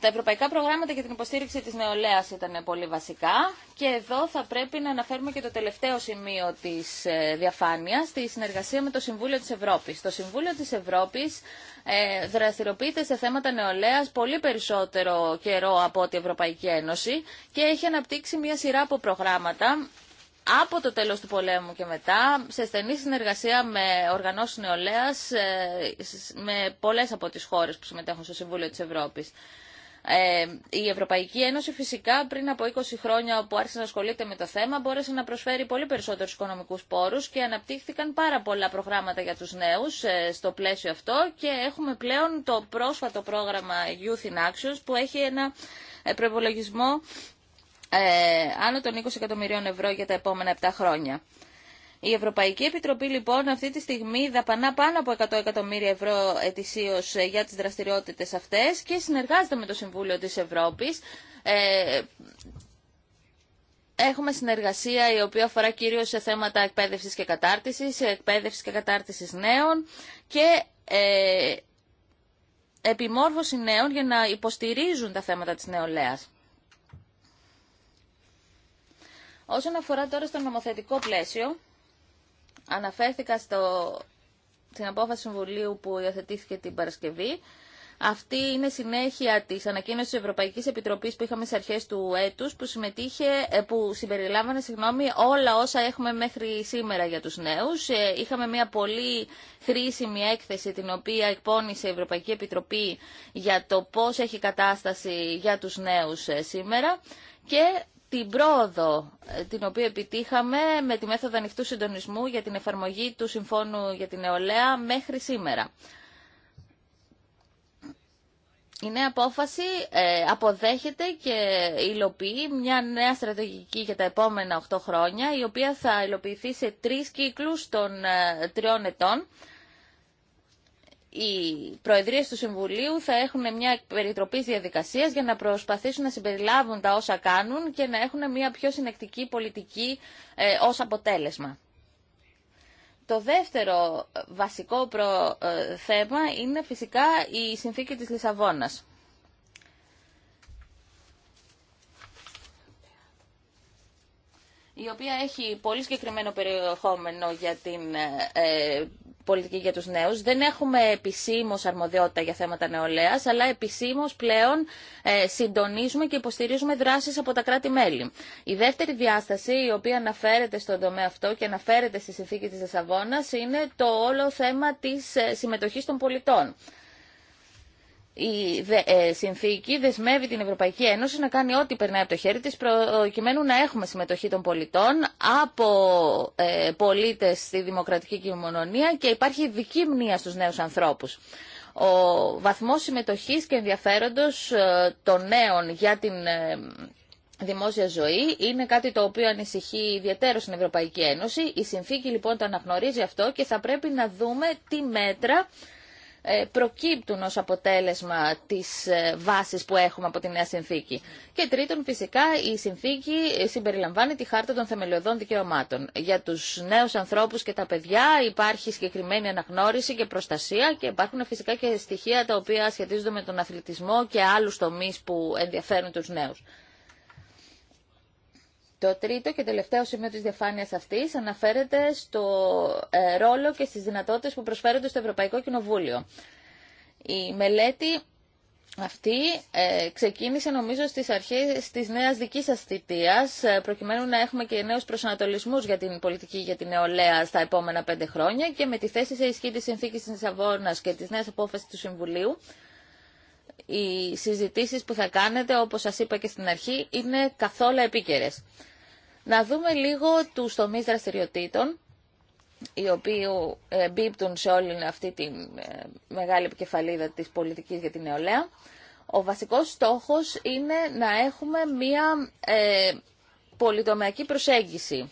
τα ευρωπαϊκά προγράμματα για την υποστήριξη της νεολαίας ήταν πολύ βασικά και εδώ θα πρέπει να αναφέρουμε και το τελευταίο σημείο της ε, διαφάνειας, τη συνεργασία με το Συμβούλιο της Ευρώπης. Το Συμβούλιο της Ευρώπης ε, δραστηριοποιείται σε θέματα νεολαίας πολύ περισσότερο καιρό από την Ευρωπαϊκή Ένωση και έχει αναπτύξει μια σειρά από προγράμματα από το τέλος του πολέμου και μετά, σε στενή συνεργασία με οργανώσεις νεολαίας, ε, με πολλές από τις χώρες που συμμετέχουν στο Συμβούλιο της Ευρώπης. Ε, η Ευρωπαϊκή Ένωση φυσικά πριν από 20 χρόνια που άρχισε να ασχολείται με το θέμα μπόρεσε να προσφέρει πολύ περισσότερους οικονομικούς πόρους και αναπτύχθηκαν πάρα πολλά προγράμματα για τους νέους ε, στο πλαίσιο αυτό και έχουμε πλέον το πρόσφατο πρόγραμμα Youth in Actions που έχει ένα ε, προπολογισμό άνω των 20 εκατομμυρίων ευρώ για τα επόμενα 7 χρόνια. Η Ευρωπαϊκή Επιτροπή λοιπόν αυτή τη στιγμή δαπανά πάνω από 100 εκατομμύρια ευρώ ετησίως ε, για τις δραστηριότητες αυτές και συνεργάζεται με το Συμβούλιο της Ευρώπης. Ε, έχουμε συνεργασία η οποία αφορά κυρίως σε θέματα εκπαίδευσης και κατάρτισης, εκπαίδευσης και κατάρτισης νέων και ε, επιμόρφωση νέων για να υποστηρίζουν τα θέματα της νεολαίας. Όσον αφορά τώρα στο νομοθετικό πλαίσιο, Αναφέρθηκα στο, στην απόφαση Συμβουλίου που υιοθετήθηκε την Παρασκευή. Αυτή είναι συνέχεια τη ανακοίνωση τη Ευρωπαϊκή Επιτροπή που είχαμε στι αρχέ του έτου, που, ε, που συμπεριλάμβανε συγγνώμη, όλα όσα έχουμε μέχρι σήμερα για του νέου. Ε, είχαμε μια πολύ χρήσιμη έκθεση, την οποία εκπώνησε η Ευρωπαϊκή Επιτροπή για το πώ έχει κατάσταση για του νέου ε, σήμερα. Και την πρόοδο ε, την οποία επιτύχαμε με τη μέθοδο ανοιχτού συντονισμού για την εφαρμογή του Συμφώνου για την Νεολαία μέχρι σήμερα. Η νέα απόφαση ε, αποδέχεται και υλοποιεί μια νέα στρατηγική για τα επόμενα 8 χρόνια, η οποία θα υλοποιηθεί σε τρεις κύκλους των ε, τριών ετών οι προεδρίες του Συμβουλίου θα έχουν μια περιτροπή διαδικασία για να προσπαθήσουν να συμπεριλάβουν τα όσα κάνουν και να έχουν μια πιο συνεκτική πολιτική ε, ως αποτέλεσμα. Το δεύτερο βασικό προ, ε, θέμα είναι φυσικά η συνθήκη της Λισαβόνας. η οποία έχει πολύ συγκεκριμένο περιεχόμενο για την ε, ε, πολιτική για τους νέους. Δεν έχουμε επισήμως αρμοδιότητα για θέματα νεολαίας, αλλά επισήμως πλέον ε, συντονίζουμε και υποστηρίζουμε δράσεις από τα κράτη-μέλη. Η δεύτερη διάσταση, η οποία αναφέρεται στον τομέα αυτό και αναφέρεται στη συνθήκη της Δεσσαβόνας, είναι το όλο θέμα της ε, συμμετοχής των πολιτών η ε, συνθήκη δεσμεύει την Ευρωπαϊκή Ένωση να κάνει ό,τι περνάει από το χέρι της προκειμένου να έχουμε συμμετοχή των πολιτών από ε, πολίτες στη δημοκρατική κοινωνία και υπάρχει δική μνήμα στους νέους ανθρώπους. Ο βαθμός συμμετοχής και ενδιαφέροντος ε, των νέων για την δημόσια ζωή είναι κάτι το οποίο ανησυχεί ιδιαίτερο στην Ευρωπαϊκή Ένωση. Η συνθήκη λοιπόν το αναγνωρίζει αυτό και θα πρέπει να δούμε τι μέτρα ε, προκύπτουν ως αποτέλεσμα της ε, βάσης που έχουμε από τη Νέα Συνθήκη. Και τρίτον, φυσικά, η Συνθήκη συμπεριλαμβάνει τη Χάρτα των Θεμελιωδών Δικαιωμάτων. Για τους νέους ανθρώπους και τα παιδιά υπάρχει συγκεκριμένη αναγνώριση και προστασία και υπάρχουν φυσικά και στοιχεία τα οποία σχετίζονται με τον αθλητισμό και άλλους τομείς που ενδιαφέρουν τους νέους. Το τρίτο και τελευταίο σημείο της διαφάνειας αυτής αναφέρεται στο ε, ρόλο και στις δυνατότητες που προσφέρονται στο Ευρωπαϊκό Κοινοβούλιο. Η μελέτη αυτή ε, ξεκίνησε νομίζω στις αρχές της νέας δικής σας ε, προκειμένου να έχουμε και νέους προσανατολισμούς για την πολιτική για την νεολαία στα επόμενα πέντε χρόνια και με τη θέση σε ισχύ της συνθήκης της Αβώνας και της νέας απόφασης του Συμβουλίου, οι συζητήσεις που θα κάνετε, όπως σας είπα και στην αρχή, είναι καθόλου επίκαιρες. Να δούμε λίγο του τομεί δραστηριοτήτων οι οποίοι ε, μπίπτουν σε όλη αυτή τη ε, μεγάλη επικεφαλίδα της πολιτικής για την νεολαία. Ο βασικός στόχος είναι να έχουμε μία ε, πολυτομιακή προσέγγιση.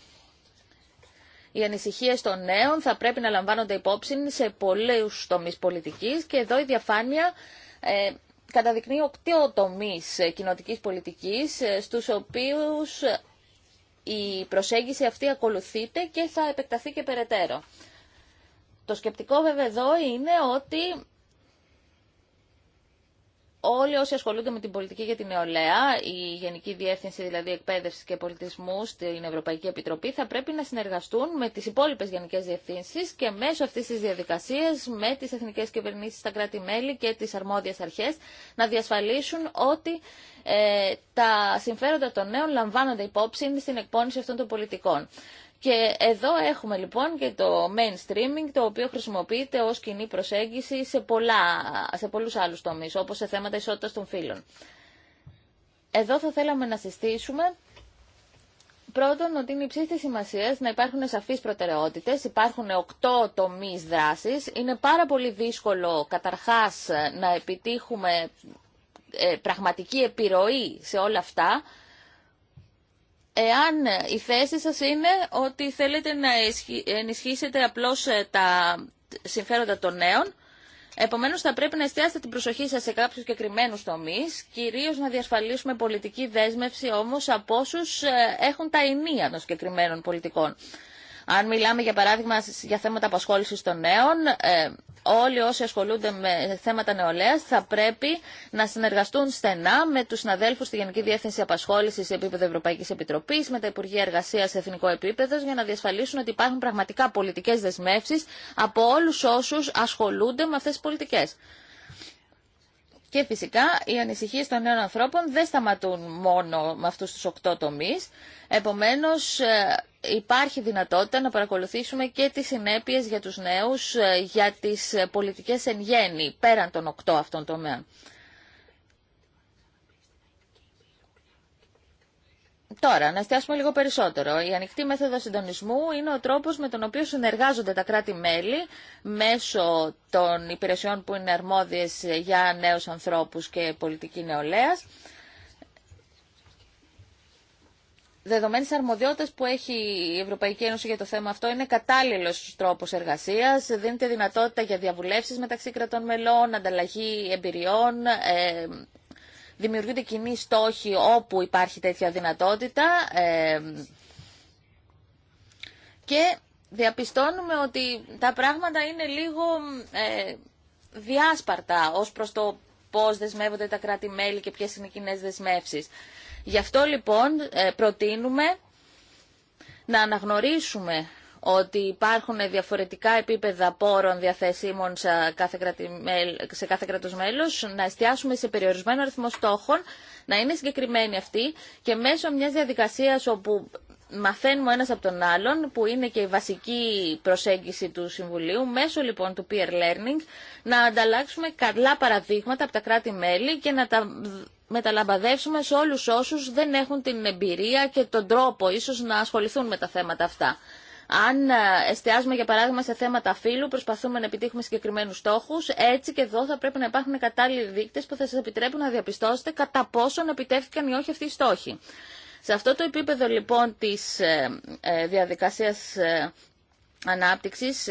Οι ανησυχίε των νέων θα πρέπει να λαμβάνονται υπόψη σε πολλούς τομείς πολιτικής και εδώ η διαφάνεια ε, καταδεικνύει οκτώ τομείς ε, κοινοτικής πολιτικής στους οποίους η προσέγγιση αυτή ακολουθείται και θα επεκταθεί και περαιτέρω. Το σκεπτικό βέβαια εδώ είναι ότι όλοι όσοι ασχολούνται με την πολιτική για την νεολαία, η Γενική Διεύθυνση δηλαδή Εκπαίδευση και Πολιτισμού στην Ευρωπαϊκή Επιτροπή, θα πρέπει να συνεργαστούν με τι υπόλοιπε Γενικέ Διευθύνσει και μέσω αυτή τη διαδικασία με τι εθνικέ κυβερνήσει, τα κράτη-μέλη και τι αρμόδιε αρχέ να διασφαλίσουν ότι ε, τα συμφέροντα των νέων λαμβάνονται υπόψη στην εκπόνηση αυτών των πολιτικών. Και εδώ έχουμε λοιπόν και το mainstreaming, το οποίο χρησιμοποιείται ως κοινή προσέγγιση σε, πολλά, σε πολλούς άλλους τομείς, όπως σε θέματα ισότητας των φύλων. Εδώ θα θέλαμε να συστήσουμε Πρώτον, ότι είναι υψή τη σημασία να υπάρχουν σαφεί προτεραιότητε. Υπάρχουν οκτώ τομεί δράση. Είναι πάρα πολύ δύσκολο, καταρχά, να επιτύχουμε ε, πραγματική επιρροή σε όλα αυτά εάν η θέση σας είναι ότι θέλετε να ενισχύσετε απλώς ε, τα συμφέροντα των νέων, επομένως θα πρέπει να εστιάσετε την προσοχή σας σε κάποιου συγκεκριμένου τομείς, κυρίως να διασφαλίσουμε πολιτική δέσμευση όμως από όσου ε, έχουν τα ενία των συγκεκριμένων πολιτικών. Αν μιλάμε, για παράδειγμα, για θέματα απασχόλησης των νέων, ε, όλοι όσοι ασχολούνται με θέματα νεολαία θα πρέπει να συνεργαστούν στενά με του συναδέλφου στη Γενική Διεύθυνση Απασχόληση σε επίπεδο Ευρωπαϊκή Επιτροπή, με τα Υπουργεία Εργασία σε εθνικό επίπεδο, για να διασφαλίσουν ότι υπάρχουν πραγματικά πολιτικέ δεσμεύσει από όλου όσου ασχολούνται με αυτέ τι πολιτικέ. Και φυσικά οι ανησυχίε των νέων ανθρώπων δεν σταματούν μόνο με αυτού τους οκτώ τομεί. Επομένως ε, υπάρχει δυνατότητα να παρακολουθήσουμε και τις συνέπειες για τους νέου ε, για τις ε, πολιτικές εν γέννη πέραν των οκτώ αυτών τομέων. Τώρα, να εστιάσουμε λίγο περισσότερο. Η ανοιχτή μέθοδο συντονισμού είναι ο τρόπο με τον οποίο συνεργάζονται τα κράτη-μέλη μέσω των υπηρεσιών που είναι αρμόδιε για νέου ανθρώπου και πολιτική νεολαία. Δεδομένη αρμοδιότητα που έχει η Ευρωπαϊκή Ένωση για το θέμα αυτό, είναι κατάλληλο τρόπο εργασία. Δίνεται δυνατότητα για διαβουλεύσει μεταξύ κρατών μελών, ανταλλαγή εμπειριών, ε, δημιουργούνται κοινοί στόχοι όπου υπάρχει τέτοια δυνατότητα και διαπιστώνουμε ότι τα πράγματα είναι λίγο ε, διάσπαρτα ως προς το πώς δεσμεύονται τα κράτη-μέλη και ποιες είναι οι κοινέ δεσμεύσεις. Γι' αυτό λοιπόν ε, προτείνουμε να αναγνωρίσουμε ότι υπάρχουν διαφορετικά επίπεδα πόρων διαθέσιμων σε κάθε, σε κάθε κράτος να εστιάσουμε σε περιορισμένο αριθμό στόχων, να είναι συγκεκριμένοι αυτοί και μέσω μιας διαδικασίας όπου μαθαίνουμε ένας από τον άλλον, που είναι και η βασική προσέγγιση του Συμβουλίου, μέσω λοιπόν του peer learning, να ανταλλάξουμε καλά παραδείγματα από τα κράτη-μέλη και να τα μεταλαμπαδεύσουμε σε όλους όσους δεν έχουν την εμπειρία και τον τρόπο ίσως να ασχοληθούν με τα θέματα αυτά. Αν ε, εστιάζουμε για παράδειγμα σε θέματα φύλου, προσπαθούμε να επιτύχουμε συγκεκριμένου στόχου, έτσι και εδώ θα πρέπει να υπάρχουν κατάλληλοι δείκτε που θα σα επιτρέπουν να διαπιστώσετε κατά πόσον επιτεύχθηκαν ή όχι αυτοί οι στόχοι. Σε αυτό το επίπεδο λοιπόν της ε, ε, διαδικασίας ανάπτυξης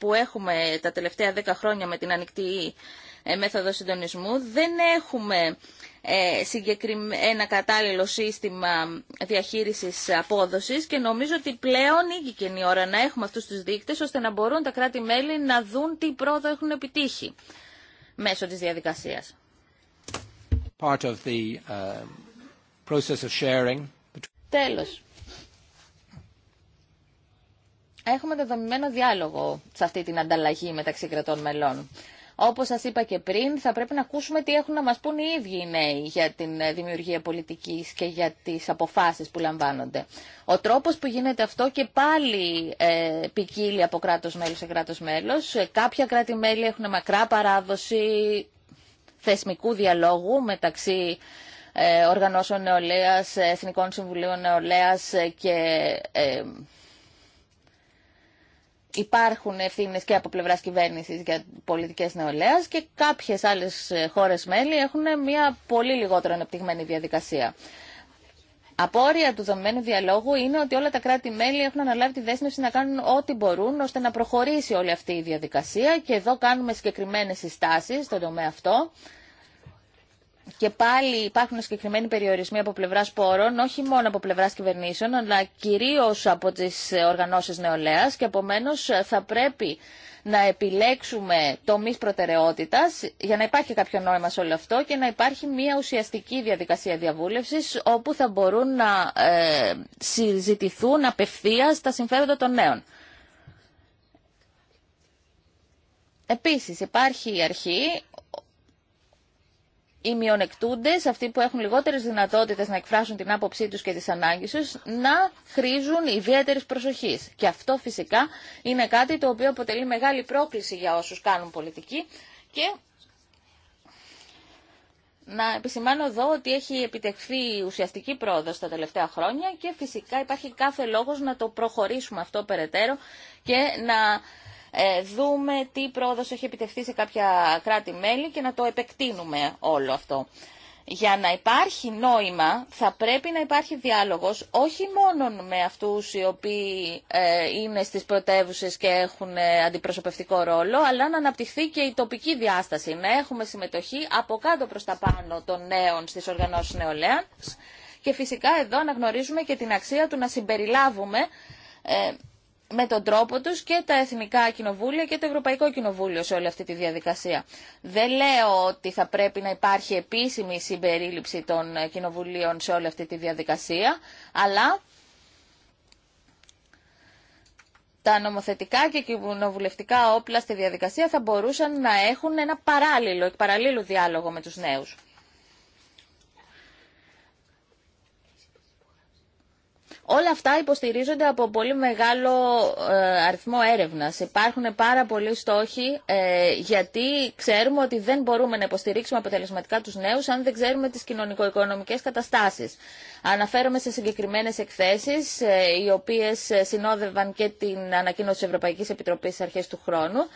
που έχουμε τα τελευταία 10 χρόνια με την ανοιχτή ε, μέθοδο συντονισμού. Δεν έχουμε ε, ένα κατάλληλο σύστημα διαχείρισης απόδοσης και νομίζω ότι πλέον ήγηκε και η ώρα να έχουμε αυτούς τους δείκτες ώστε να μπορούν τα κράτη-μέλη να δουν τι πρόοδο έχουν επιτύχει μέσω της διαδικασίας. Part ε, Τέλος. Έχουμε δεδομημένο διάλογο σε αυτή την ανταλλαγή μεταξύ κρατών μελών. Όπως σας είπα και πριν, θα πρέπει να ακούσουμε τι έχουν να μας πούν οι ίδιοι οι νέοι για την ε, δημιουργία πολιτικής και για τις αποφάσεις που λαμβάνονται. Ο τρόπος που γίνεται αυτό και πάλι ε, ποικίλει από κράτος μέλος σε κράτος μέλος. Ε, κάποια κράτη-μέλη έχουν μακρά παράδοση θεσμικού διαλόγου μεταξύ ε, οργανώσεων νεολαίας, εθνικών συμβουλίων νεολαίας και υπάρχουν ευθύνε και από πλευρά κυβέρνηση για πολιτικέ νεολαία και κάποιε άλλε χώρε μέλη έχουν μια πολύ λιγότερο αναπτυγμένη διαδικασία. Απόρρια του δομημένου διαλόγου είναι ότι όλα τα κράτη-μέλη έχουν αναλάβει τη δέσμευση να κάνουν ό,τι μπορούν ώστε να προχωρήσει όλη αυτή η διαδικασία και εδώ κάνουμε συγκεκριμένε συστάσει στον τομέα αυτό. Και πάλι υπάρχουν συγκεκριμένοι περιορισμοί από πλευρά πόρων, όχι μόνο από πλευρά κυβερνήσεων, αλλά κυρίω από τι οργανώσει νεολαία. Και επομένω ε, θα πρέπει να επιλέξουμε τομεί προτεραιότητα για να υπάρχει κάποιο νόημα σε όλο αυτό και να υπάρχει μια ουσιαστική διαδικασία διαβούλευση όπου θα μπορούν να ε, συζητηθούν απευθεία τα συμφέροντα των νέων. Επίσης υπάρχει η αρχή οι μειονεκτούντε, αυτοί που έχουν λιγότερες δυνατότητες να εκφράσουν την άποψή τους και τις ανάγκες τους, να χρήζουν ιδιαίτερη προσοχή. Και αυτό φυσικά είναι κάτι το οποίο αποτελεί μεγάλη πρόκληση για όσους κάνουν πολιτική και να επισημάνω εδώ ότι έχει επιτευχθεί ουσιαστική πρόοδος τα τελευταία χρόνια και φυσικά υπάρχει κάθε λόγος να το προχωρήσουμε αυτό περαιτέρω και να ε, δούμε τι πρόοδος έχει επιτευχθεί σε κάποια κράτη-μέλη και να το επεκτείνουμε όλο αυτό. Για να υπάρχει νόημα θα πρέπει να υπάρχει διάλογος όχι μόνο με αυτούς οι οποίοι ε, είναι στις πρωτεύουσε και έχουν ε, αντιπροσωπευτικό ρόλο αλλά να αναπτυχθεί και η τοπική διάσταση, να έχουμε συμμετοχή από κάτω προς τα πάνω των νέων στις οργανώσεις νεολαίας και φυσικά εδώ αναγνωρίζουμε και την αξία του να συμπεριλάβουμε με τον τρόπο τους και τα Εθνικά Κοινοβούλια και το Ευρωπαϊκό Κοινοβούλιο σε όλη αυτή τη διαδικασία. Δεν λέω ότι θα πρέπει να υπάρχει επίσημη συμπερίληψη των κοινοβουλίων σε όλη αυτή τη διαδικασία, αλλά τα νομοθετικά και κοινοβουλευτικά όπλα στη διαδικασία θα μπορούσαν να έχουν ένα παράλληλο, παράλληλο διάλογο με τους νέους. Όλα αυτά υποστηρίζονται από πολύ μεγάλο ε, αριθμό έρευνας. Υπάρχουν πάρα πολλοί στόχοι ε, γιατί ξέρουμε ότι δεν μπορούμε να υποστηρίξουμε αποτελεσματικά τους νέους αν δεν ξέρουμε τις κοινωνικο-οικονομικές καταστάσεις. Αναφέρομαι σε συγκεκριμένες εκθέσεις ε, οι οποίες συνόδευαν και την ανακοίνωση της Ευρωπαϊκής Επιτροπής αρχές του χρόνου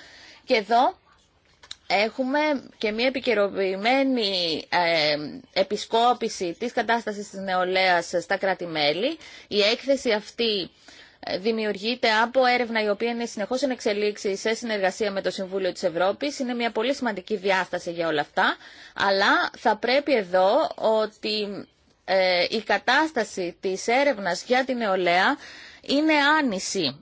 και εδώ έχουμε και μια επικαιροποιημένη ε, επισκόπηση της κατάστασης της νεολαίας στα κράτη-μέλη. Η έκθεση αυτή ε, δημιουργείται από έρευνα η οποία είναι συνεχώς εν εξελίξη σε συνεργασία με το Συμβούλιο της Ευρώπης. Είναι μια πολύ σημαντική διάσταση για όλα αυτά, αλλά θα πρέπει εδώ ότι ε, η κατάσταση της έρευνας για τη νεολαία είναι άνηση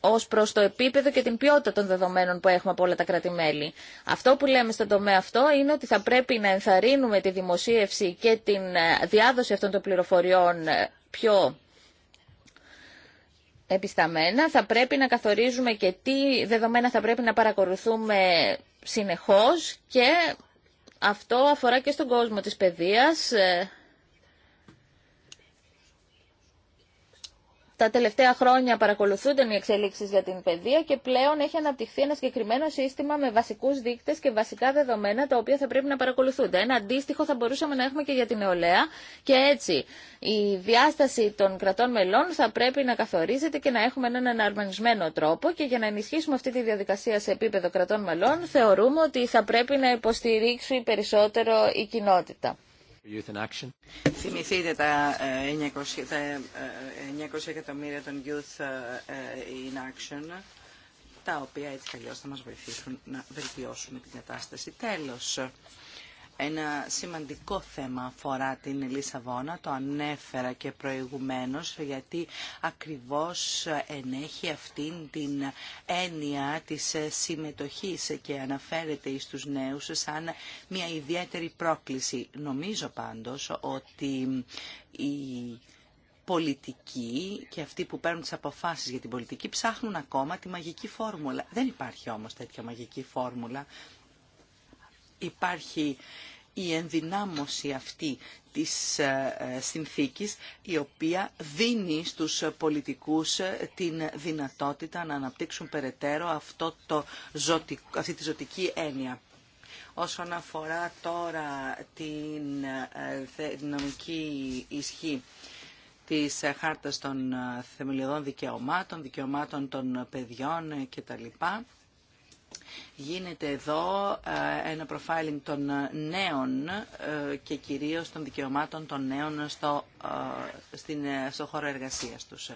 Ω προ το επίπεδο και την ποιότητα των δεδομένων που έχουμε από όλα τα κράτη-μέλη. Αυτό που λέμε στον τομέα αυτό είναι ότι θα πρέπει να ενθαρρύνουμε τη δημοσίευση και την ε, διάδοση αυτών των πληροφοριών ε, πιο επισταμένα. Θα πρέπει να καθορίζουμε και τι δεδομένα θα πρέπει να παρακολουθούμε συνεχώς και αυτό αφορά και στον κόσμο της παιδείας ε, Τα τελευταία χρόνια παρακολουθούνται οι εξελίξει για την παιδεία και πλέον έχει αναπτυχθεί ένα συγκεκριμένο σύστημα με βασικού δείκτε και βασικά δεδομένα τα οποία θα πρέπει να παρακολουθούνται. Ένα αντίστοιχο θα μπορούσαμε να έχουμε και για την νεολαία και έτσι η διάσταση των κρατών μελών θα πρέπει να καθορίζεται και να έχουμε έναν εναρμονισμένο τρόπο και για να ενισχύσουμε αυτή τη διαδικασία σε επίπεδο κρατών μελών θεωρούμε ότι θα πρέπει να υποστηρίξει περισσότερο η κοινότητα. Θυμηθείτε τα 900, ε, ε, εκατομμύρια των Youth ε, in Action, τα οποία έτσι καλώς θα μας βοηθήσουν να βελτιώσουμε την κατάσταση. Τέλος. Ένα σημαντικό θέμα αφορά την Λισαβόνα, το ανέφερα και προηγουμένως, γιατί ακριβώς ενέχει αυτήν την έννοια της συμμετοχής και αναφέρεται τους νέους σαν μια ιδιαίτερη πρόκληση. Νομίζω πάντως ότι η πολιτικοί και αυτοί που παίρνουν τις αποφάσεις για την πολιτική ψάχνουν ακόμα τη μαγική φόρμουλα. Δεν υπάρχει όμως τέτοια μαγική φόρμουλα υπάρχει η ενδυνάμωση αυτή της ε, ε, συνθήκης η οποία δίνει στους πολιτικούς ε, την δυνατότητα να αναπτύξουν περαιτέρω αυτό το ζωτικό, αυτή τη ζωτική έννοια. Όσον αφορά τώρα την νομική ισχύ της χάρτας των θεμελιωδών δικαιωμάτων, δικαιωμάτων των παιδιών κτλ. Γίνεται εδώ ε, ένα προφάιλινγκ των ε, νέων ε, και κυρίως των δικαιωμάτων των νέων στο, στο χώρο εργασίας τους.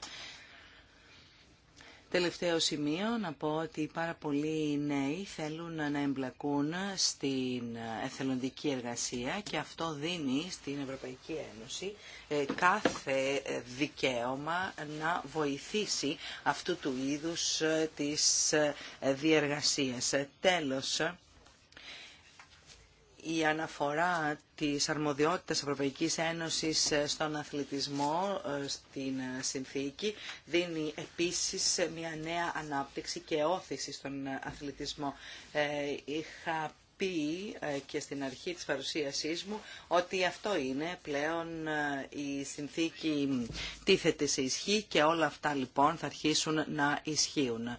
Τελευταίο σημείο να πω ότι πάρα πολλοί νέοι θέλουν να εμπλακούν στην εθελοντική εργασία και αυτό δίνει στην Ευρωπαϊκή Ένωση ε, κάθε δικαίωμα να βοηθήσει αυτού του είδους ε, της ε, διεργασίας. Τέλος, η αναφορά της αρμοδιότητας Ευρωπαϊκής Ένωσης ε, στον αθλητισμό ε, στην ε, συνθήκη δίνει επίσης μια νέα ανάπτυξη και όθηση στον αθλητισμό. Είχα πει και στην αρχή της παρουσίασής μου ότι αυτό είναι πλέον η συνθήκη τίθεται σε ισχύ και όλα αυτά λοιπόν θα αρχίσουν να ισχύουν.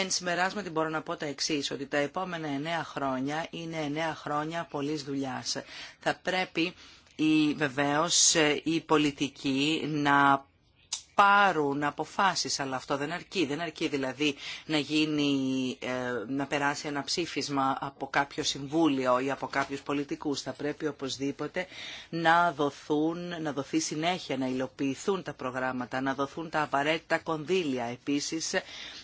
Εν συμπεράσματι μπορώ να πω τα εξή, ότι τα επόμενα εννέα χρόνια είναι εννέα χρόνια πολλή δουλειά. Θα πρέπει η, βεβαίως η πολιτική να πάρουν αποφάσεις, αλλά αυτό δεν αρκεί. Δεν αρκεί δηλαδή να, γίνει, ε, να περάσει ένα ψήφισμα από κάποιο συμβούλιο ή από κάποιους πολιτικούς. Θα πρέπει οπωσδήποτε να, δοθούν, να δοθεί συνέχεια, να υλοποιηθούν τα προγράμματα, να δοθούν τα απαραίτητα κονδύλια. Επίσης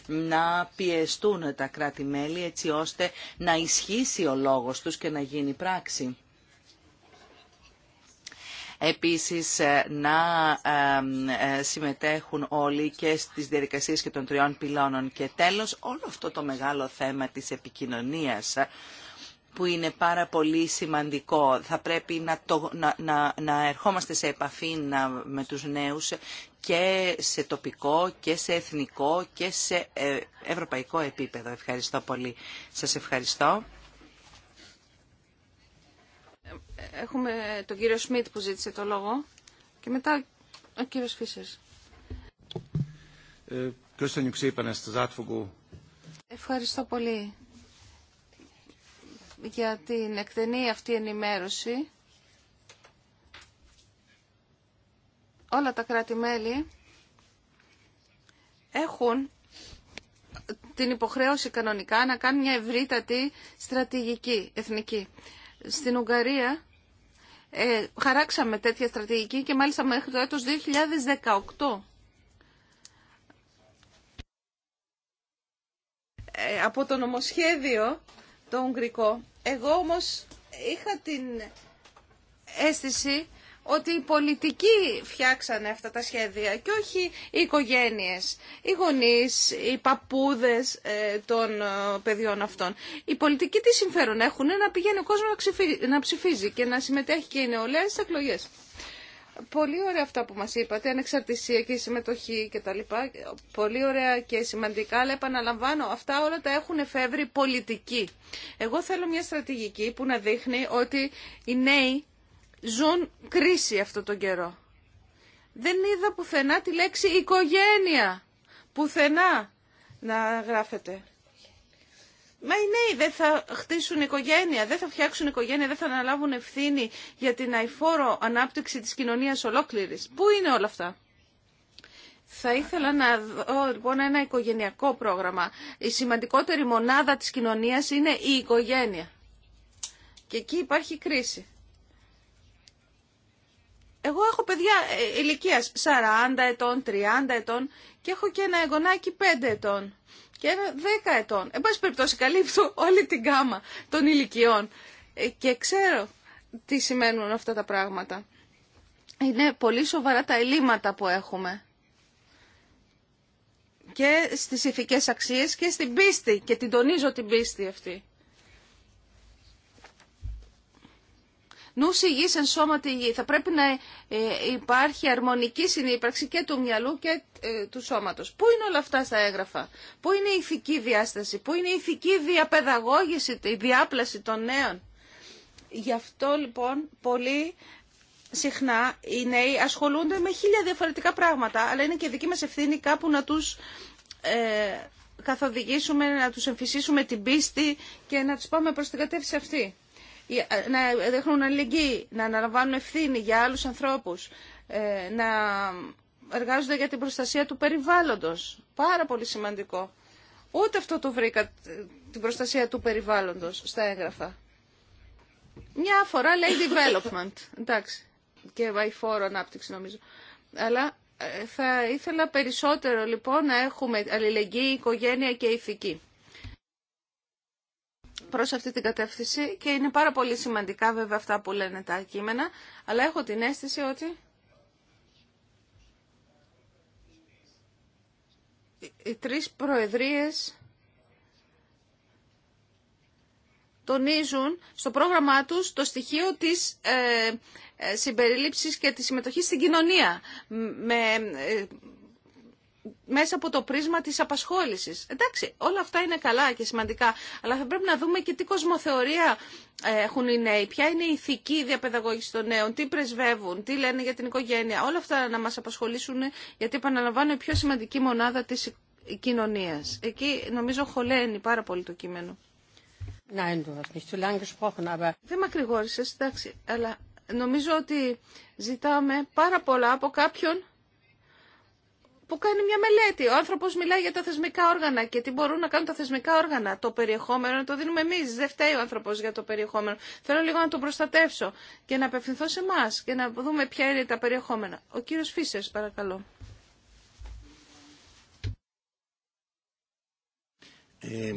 να πιεστούν τα κράτη-μέλη έτσι ώστε να ισχύσει ο λόγος τους και να γίνει πράξη επίσης ε, να ε, ε, συμμετέχουν όλοι και στις διαδικασίες και των τριών πυλώνων. Και τέλος, όλο αυτό το μεγάλο θέμα της επικοινωνίας που είναι πάρα πολύ σημαντικό. Θα πρέπει να, ερχόμαστε σε επαφή να, με τους νέους και σε τοπικό και σε εθνικό και σε ευρωπαϊκό επίπεδο. Ευχαριστώ πολύ. Σας ευχαριστώ. Έχουμε τον κύριο Σμιτ που ζήτησε το λόγο και μετά ο κύριος Φίσερς. Ε, Ευχαριστώ πολύ για την εκτενή αυτή ενημέρωση. Όλα τα κράτη-μέλη έχουν την υποχρέωση κανονικά να κάνουν μια ευρύτατη στρατηγική εθνική. Στην Ουγγαρία ε, χαράξαμε τέτοια στρατηγική και μάλιστα μέχρι το έτος 2018. Ε, από το νομοσχέδιο το Ουγγρικό. Εγώ όμως είχα την αίσθηση ότι οι πολιτικοί φτιάξανε αυτά τα σχέδια και όχι οι οικογένειες, οι γονείς, οι παππούδες ε, των ε, παιδιών αυτών. Οι πολιτικοί τι συμφέρον έχουν ε, να πηγαίνει ο κόσμος να ψηφίζει και να συμμετέχει και η νεολαία στις εκλογές. Πολύ ωραία αυτά που μας είπατε, ανεξαρτησία και η συμμετοχή και τα λοιπά. Πολύ ωραία και σημαντικά, αλλά επαναλαμβάνω, αυτά όλα τα έχουν εφεύρει πολιτικοί. Εγώ θέλω μια στρατηγική που να δείχνει ότι οι νέοι ζουν κρίση αυτό τον καιρό. Δεν είδα πουθενά τη λέξη οικογένεια. Πουθενά να γράφεται. Μα οι νέοι δεν θα χτίσουν οικογένεια, δεν θα φτιάξουν οικογένεια, δεν θα αναλάβουν ευθύνη για την αηφόρο ανάπτυξη της κοινωνίας ολόκληρης. Πού είναι όλα αυτά. Θα ήθελα να δω λοιπόν ένα οικογενειακό πρόγραμμα. Η σημαντικότερη μονάδα της κοινωνίας είναι η οικογένεια. Και εκεί υπάρχει κρίση. Εγώ έχω παιδιά ε, ηλικία 40 ετών, 30 ετών και έχω και ένα εγγονάκι 5 ετών και ένα 10 ετών. Εν πάση περιπτώσει καλύπτω όλη την γάμα των ηλικιών ε, και ξέρω τι σημαίνουν αυτά τα πράγματα. Είναι πολύ σοβαρά τα ελλείμματα που έχουμε και στις ηθικές αξίες και στην πίστη και την τονίζω την πίστη αυτή. Νους υγιής εν σώματι υγιή. Θα πρέπει να ε, υπάρχει αρμονική συνύπαρξη και του μυαλού και ε, του σώματος. Πού είναι όλα αυτά στα έγγραφα. Πού είναι η ηθική διάσταση. Πού είναι η ηθική διαπαιδαγώγηση, η διάπλαση των νέων. Γι' αυτό λοιπόν πολύ συχνά οι νέοι ασχολούνται με χίλια διαφορετικά πράγματα, αλλά είναι και δική μας ευθύνη κάπου να τους ε, καθοδηγήσουμε, να τους εμφυσίσουμε την πίστη και να τους πάμε προς την κατεύθυνση αυτή. Ε, να έχουν αλληλεγγύη, να αναλαμβάνουν ευθύνη για άλλους ανθρώπους, ε, να εργάζονται για την προστασία του περιβάλλοντος. Πάρα πολύ σημαντικό. Ούτε αυτό το βρήκα, ε, την προστασία του περιβάλλοντος, στα έγγραφα. Μια φορά λέει development, εντάξει, και for ανάπτυξη νομίζω. Αλλά θα ήθελα περισσότερο λοιπόν να έχουμε αλληλεγγύη, οικογένεια και ηθική προς αυτή την κατεύθυνση και είναι πάρα πολύ σημαντικά βέβαια αυτά που λένε τα κείμενα, αλλά έχω την αίσθηση ότι οι τρεις προεδρίες τονίζουν στο πρόγραμμά τους το στοιχείο της ε, ε, συμπεριλήψης και της συμμετοχής στην κοινωνία με ε, μέσα από το πρίσμα της απασχόλησης. Εντάξει, όλα αυτά είναι καλά και σημαντικά, αλλά θα πρέπει να δούμε και τι κοσμοθεωρία ε, έχουν οι νέοι, ποια είναι η ηθική διαπαιδαγώγηση των νέων, τι πρεσβεύουν, τι λένε για την οικογένεια. Όλα αυτά να μας απασχολήσουν, γιατί επαναλαμβάνω η πιο σημαντική μονάδα της κοινωνίας. Εκεί νομίζω χωλαίνει πάρα πολύ το κείμενο. Nein, du hast nicht zu gesprochen, aber... Δεν εντάξει, αλλά νομίζω ότι ζητάμε πάρα πολλά από κάποιον που κάνει μια μελέτη. Ο άνθρωπος μιλάει για τα θεσμικά όργανα και τι μπορούν να κάνουν τα θεσμικά όργανα. Το περιεχόμενο να το δίνουμε εμείς. Δεν φταίει ο άνθρωπος για το περιεχόμενο. Θέλω λίγο να τον προστατεύσω και να απευθυνθώ σε εμά και να δούμε ποια είναι τα περιεχόμενα. Ο κύριος Φίσε, παρακαλώ. Ε,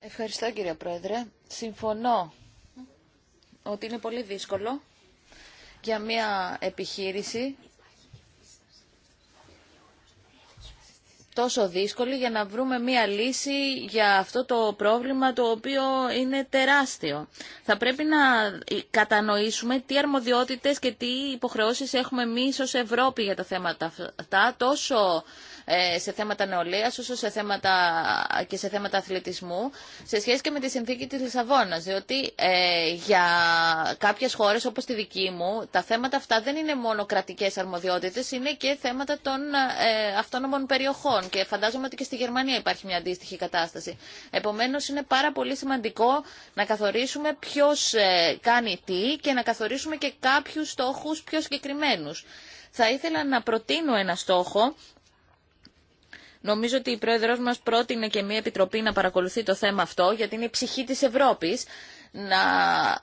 Ευχαριστώ κύριε Πρόεδρε. Συμφωνώ ότι είναι πολύ δύσκολο για μια επιχείρηση τόσο δύσκολη για να βρούμε μία λύση για αυτό το πρόβλημα το οποίο είναι τεράστιο. Θα πρέπει να κατανοήσουμε τι αρμοδιότητες και τι υποχρεώσεις έχουμε εμείς ως Ευρώπη για τα θέματα αυτά τόσο ε, σε θέματα νεολαία όσο σε θέματα και σε θέματα αθλητισμού σε σχέση και με τη συνθήκη τη Λισαβόνα. Διότι ε, για κάποιε χώρε όπω τη δική μου τα θέματα αυτά δεν είναι μόνο κρατικέ αρμοδιότητε, είναι και θέματα των ε, αυτόνομων περιοχών. Και φαντάζομαι ότι και στη Γερμανία υπάρχει μια αντίστοιχη κατάσταση. Επομένω είναι πάρα πολύ σημαντικό να καθορίσουμε ποιο ε, κάνει τι και να καθορίσουμε και κάποιου στόχου πιο συγκεκριμένου. Θα ήθελα να προτείνω ένα στόχο Νομίζω ότι η πρόεδρος μας πρότεινε και μια επιτροπή να παρακολουθεί το θέμα αυτό, γιατί είναι η ψυχή της Ευρώπης. Να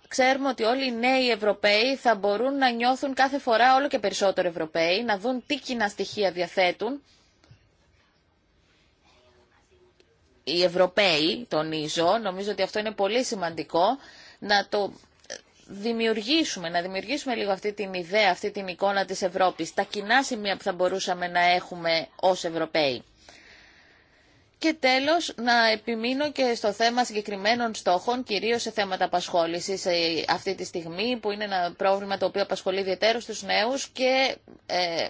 ξέρουμε ότι όλοι οι νέοι Ευρωπαίοι θα μπορούν να νιώθουν κάθε φορά όλο και περισσότερο Ευρωπαίοι, να δουν τι κοινά στοιχεία διαθέτουν οι Ευρωπαίοι, τονίζω, νομίζω ότι αυτό είναι πολύ σημαντικό, να το δημιουργήσουμε, να δημιουργήσουμε λίγο αυτή την ιδέα, αυτή την εικόνα της Ευρώπης, τα κοινά σημεία που θα μπορούσαμε να έχουμε ως Ευρωπαίοι. Και τέλος, να επιμείνω και στο θέμα συγκεκριμένων στόχων, κυρίως σε θέματα απασχόλησης ε, αυτή τη στιγμή, που είναι ένα πρόβλημα το οποίο απασχολεί ιδιαίτερω τους νέους και ε,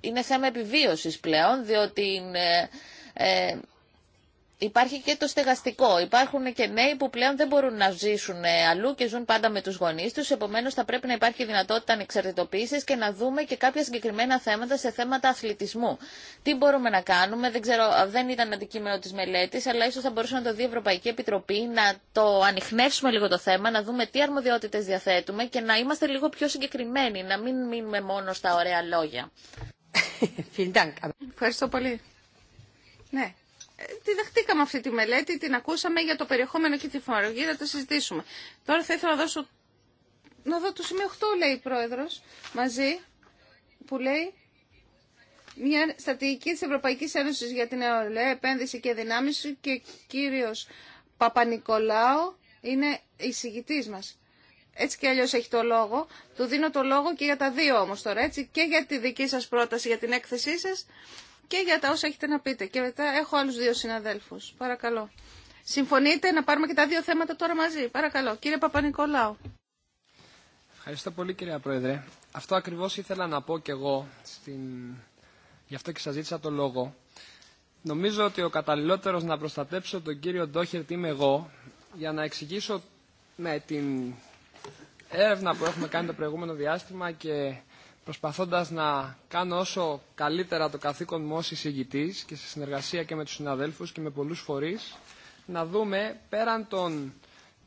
είναι θέμα επιβίωσης πλέον, διότι... Ε, Υπάρχει και το στεγαστικό. Υπάρχουν και νέοι που πλέον δεν μπορούν να ζήσουν ε, αλλού και ζουν πάντα με τους γονείς τους. Επομένως θα πρέπει να υπάρχει δυνατότητα ανεξαρτητοποίησης και να δούμε και κάποια συγκεκριμένα θέματα σε θέματα αθλητισμού. Τι μπορούμε να κάνουμε, δεν, ξέρω, δεν ήταν αντικείμενο της μελέτης, αλλά ίσως θα μπορούσε να το δει η Ευρωπαϊκή Επιτροπή, να το ανοιχνεύσουμε λίγο το θέμα, να δούμε τι αρμοδιότητες διαθέτουμε και να είμαστε λίγο πιο συγκεκριμένοι, να μην μείνουμε μόνο στα ωραία λόγια. Ευχαριστώ πολύ. Ναι τη δεχτήκαμε αυτή τη μελέτη, την ακούσαμε για το περιεχόμενο και τη φορολογία, να τα συζητήσουμε. Τώρα θα ήθελα να δώσω, να δω το σημείο 8, λέει η πρόεδρο μαζί, που λέει μια στρατηγική της Ευρωπαϊκής Ένωσης για την ΕΟΛΕ, επένδυση και δυνάμιση και κύριος Παπα-Νικολάου είναι εισηγητής μας. Έτσι και αλλιώ έχει το λόγο. Του δίνω το λόγο και για τα δύο όμω τώρα, έτσι. Και για τη δική σα πρόταση για την έκθεσή σα και για τα όσα έχετε να πείτε. Και μετά έχω άλλους δύο συναδέλφους. Παρακαλώ. Συμφωνείτε να πάρουμε και τα δύο θέματα τώρα μαζί. Παρακαλώ. Κύριε Παπα-Νικολάου. Ευχαριστώ πολύ κυρία Πρόεδρε. Αυτό ακριβώς ήθελα να πω και εγώ. Στην... Γι' αυτό και σας ζήτησα το λόγο. Νομίζω ότι ο καταλληλότερος να προστατέψω τον κύριο Ντόχερτ είμαι εγώ για να εξηγήσω με την έρευνα που έχουμε κάνει το προηγούμενο διάστημα και προσπαθώντας να κάνω όσο καλύτερα το καθήκον μου ως εισηγητής και σε συνεργασία και με τους συναδέλφους και με πολλούς φορείς, να δούμε πέραν των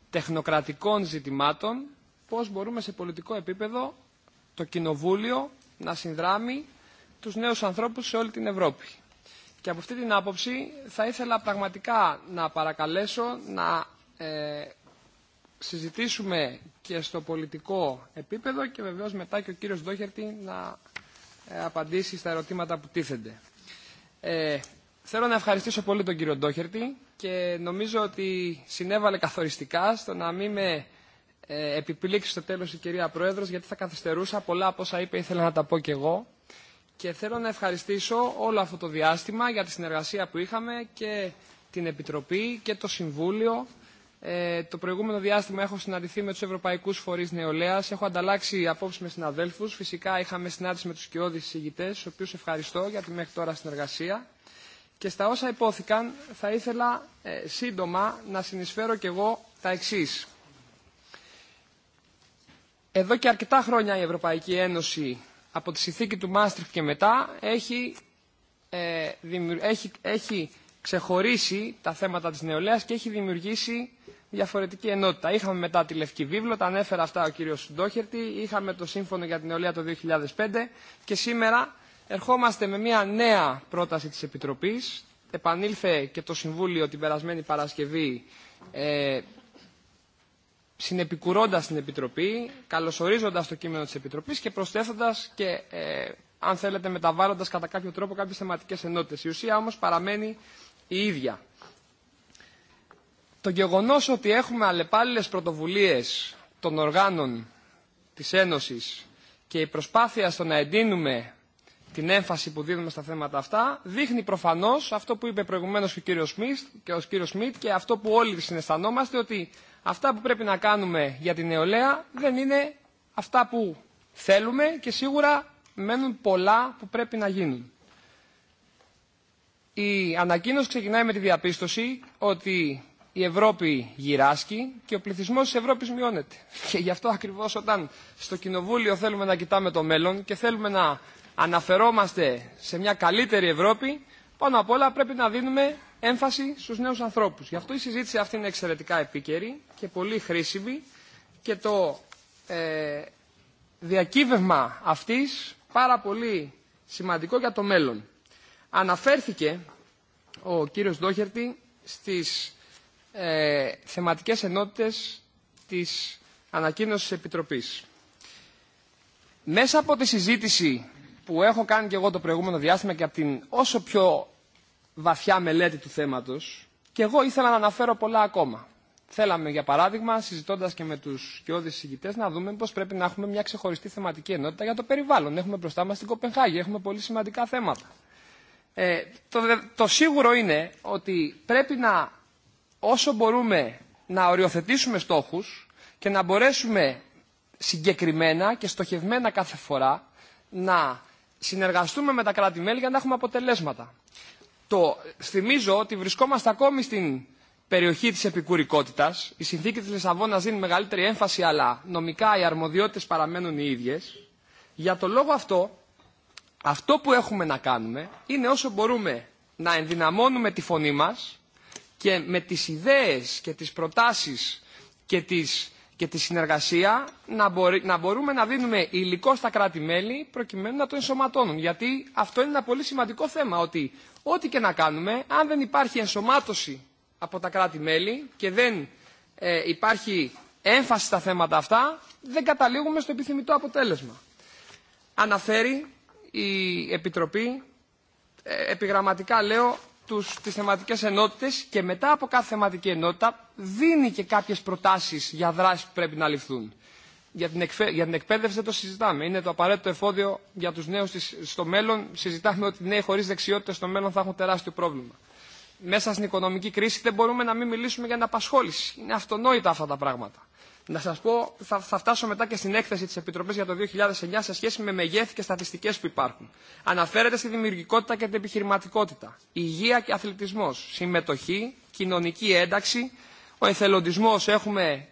τεχνοκρατικών ζητημάτων πώς μπορούμε σε πολιτικό επίπεδο το Κοινοβούλιο να συνδράμει τους νέους ανθρώπους σε όλη την Ευρώπη. Και από αυτή την άποψη θα ήθελα πραγματικά να παρακαλέσω να ε, συζητήσουμε και στο πολιτικό επίπεδο και βεβαίως μετά και ο κύριος Ντόχερτη να ε, απαντήσει στα ερωτήματα που τίθενται. Ε, θέλω να ευχαριστήσω πολύ τον κύριο Ντόχερτη και νομίζω ότι συνέβαλε καθοριστικά στο να μην με ε, επιπλήξει στο τέλος η κυρία Πρόεδρος γιατί θα καθυστερούσα πολλά από όσα είπε ήθελα να τα πω και εγώ και θέλω να ευχαριστήσω όλο αυτό το διάστημα για τη συνεργασία που είχαμε και την Επιτροπή και το Συμβούλιο ε, το προηγούμενο διάστημα έχω συναντηθεί με του Ευρωπαϊκού Φορεί Νεολαία. Έχω ανταλλάξει απόψει με συναδέλφου. Φυσικά είχαμε συνάντηση με του κοιόδη συζητητέ, του οποίου ευχαριστώ για τη μέχρι τώρα συνεργασία. Και στα όσα υπόθηκαν, θα ήθελα ε, σύντομα να συνεισφέρω κι εγώ τα εξή. Εδώ και αρκετά χρόνια η Ευρωπαϊκή Ένωση από τη συνθήκη του Μάστριχ και μετά έχει, ε, έχει, έχει ξεχωρίσει τα θέματα της νεολαίας και έχει δημιουργήσει διαφορετική ενότητα. Είχαμε μετά τη Λευκή Βίβλο, τα ανέφερα αυτά ο κύριος Σουντόχερτη, είχαμε το Σύμφωνο για την Νεολαία το 2005 και σήμερα ερχόμαστε με μια νέα πρόταση της Επιτροπής. Επανήλθε και το Συμβούλιο την περασμένη Παρασκευή ε, συνεπικουρώντας την Επιτροπή, καλωσορίζοντας το κείμενο της Επιτροπής και προσθέτοντας και ε, αν θέλετε μεταβάλλοντας κατά κάποιο τρόπο κάποιες θεματικές ενότητες. Η ουσία όμω παραμένει η ίδια το γεγονός ότι έχουμε αλλεπάλληλες πρωτοβουλίες των οργάνων της Ένωσης και η προσπάθεια στο να εντείνουμε την έμφαση που δίνουμε στα θέματα αυτά δείχνει προφανώς αυτό που είπε προηγουμένως και ο κύριος Σμιτ και, ο κύριος Σμίτ, και αυτό που όλοι συναισθανόμαστε ότι αυτά που πρέπει να κάνουμε για την νεολαία δεν είναι αυτά που θέλουμε και σίγουρα μένουν πολλά που πρέπει να γίνουν. Η ανακοίνωση ξεκινάει με τη διαπίστωση ότι η Ευρώπη γυράσκει και ο πληθυσμό τη Ευρώπη μειώνεται. Και γι' αυτό ακριβώ όταν στο Κοινοβούλιο θέλουμε να κοιτάμε το μέλλον και θέλουμε να αναφερόμαστε σε μια καλύτερη Ευρώπη, πάνω απ' όλα πρέπει να δίνουμε έμφαση στου νέου ανθρώπου. Γι' αυτό η συζήτηση αυτή είναι εξαιρετικά επίκαιρη και πολύ χρήσιμη και το ε, διακύβευμα αυτή πάρα πολύ σημαντικό για το μέλλον. Αναφέρθηκε ο κύριος Ντόχερτη στις ε, θεματικές ενότητες της ανακοίνωσης Επιτροπής. Μέσα από τη συζήτηση που έχω κάνει και εγώ το προηγούμενο διάστημα και από την όσο πιο βαθιά μελέτη του θέματος, και εγώ ήθελα να αναφέρω πολλά ακόμα. Θέλαμε, για παράδειγμα, συζητώντα και με του κοιόδη συγκητέ, να δούμε πώ πρέπει να έχουμε μια ξεχωριστή θεματική ενότητα για το περιβάλλον. Έχουμε μπροστά μα την Κοπενχάγη, έχουμε πολύ σημαντικά θέματα. Ε, το σίγουρο είναι ότι πρέπει να όσο μπορούμε να οριοθετήσουμε στόχους και να μπορέσουμε συγκεκριμένα και στοχευμένα κάθε φορά να συνεργαστούμε με τα κράτη-μέλη για να έχουμε αποτελέσματα. Το θυμίζω ότι βρισκόμαστε ακόμη στην περιοχή της επικουρικότητας. Η συνθήκη της Λισαβόνα δίνει μεγαλύτερη έμφαση, αλλά νομικά οι αρμοδιότητες παραμένουν οι ίδιες. Για το λόγο αυτό, αυτό που έχουμε να κάνουμε είναι όσο μπορούμε να ενδυναμώνουμε τη φωνή μας και με τις ιδέες και τις προτάσεις και, τις, και τη συνεργασία να, μπορεί, να μπορούμε να δίνουμε υλικό στα κράτη-μέλη προκειμένου να το ενσωματώνουν. Γιατί αυτό είναι ένα πολύ σημαντικό θέμα, ότι ό,τι και να κάνουμε, αν δεν υπάρχει ενσωμάτωση από τα κράτη-μέλη και δεν ε, υπάρχει έμφαση στα θέματα αυτά, δεν καταλήγουμε στο επιθυμητό αποτέλεσμα. Αναφέρει η Επιτροπή, ε, επιγραμματικά λέω, τους, τις θεματικές ενότητες και μετά από κάθε θεματική ενότητα δίνει και κάποιες προτάσεις για δράσεις που πρέπει να ληφθούν. Για την, για την εκπαίδευση δεν το συζητάμε. Είναι το απαραίτητο εφόδιο για τους νέους στο μέλλον. Συζητάμε ότι οι νέοι χωρίς δεξιότητες στο μέλλον θα έχουν τεράστιο πρόβλημα. Μέσα στην οικονομική κρίση δεν μπορούμε να μην μιλήσουμε για την απασχόληση. Είναι αυτονόητα αυτά τα πράγματα. Να σας πω, θα, φτάσω μετά και στην έκθεση της Επιτροπής για το 2009 σε σχέση με μεγέθη και στατιστικές που υπάρχουν. Αναφέρεται στη δημιουργικότητα και την επιχειρηματικότητα, υγεία και αθλητισμός, συμμετοχή, κοινωνική ένταξη, ο εθελοντισμός, έχουμε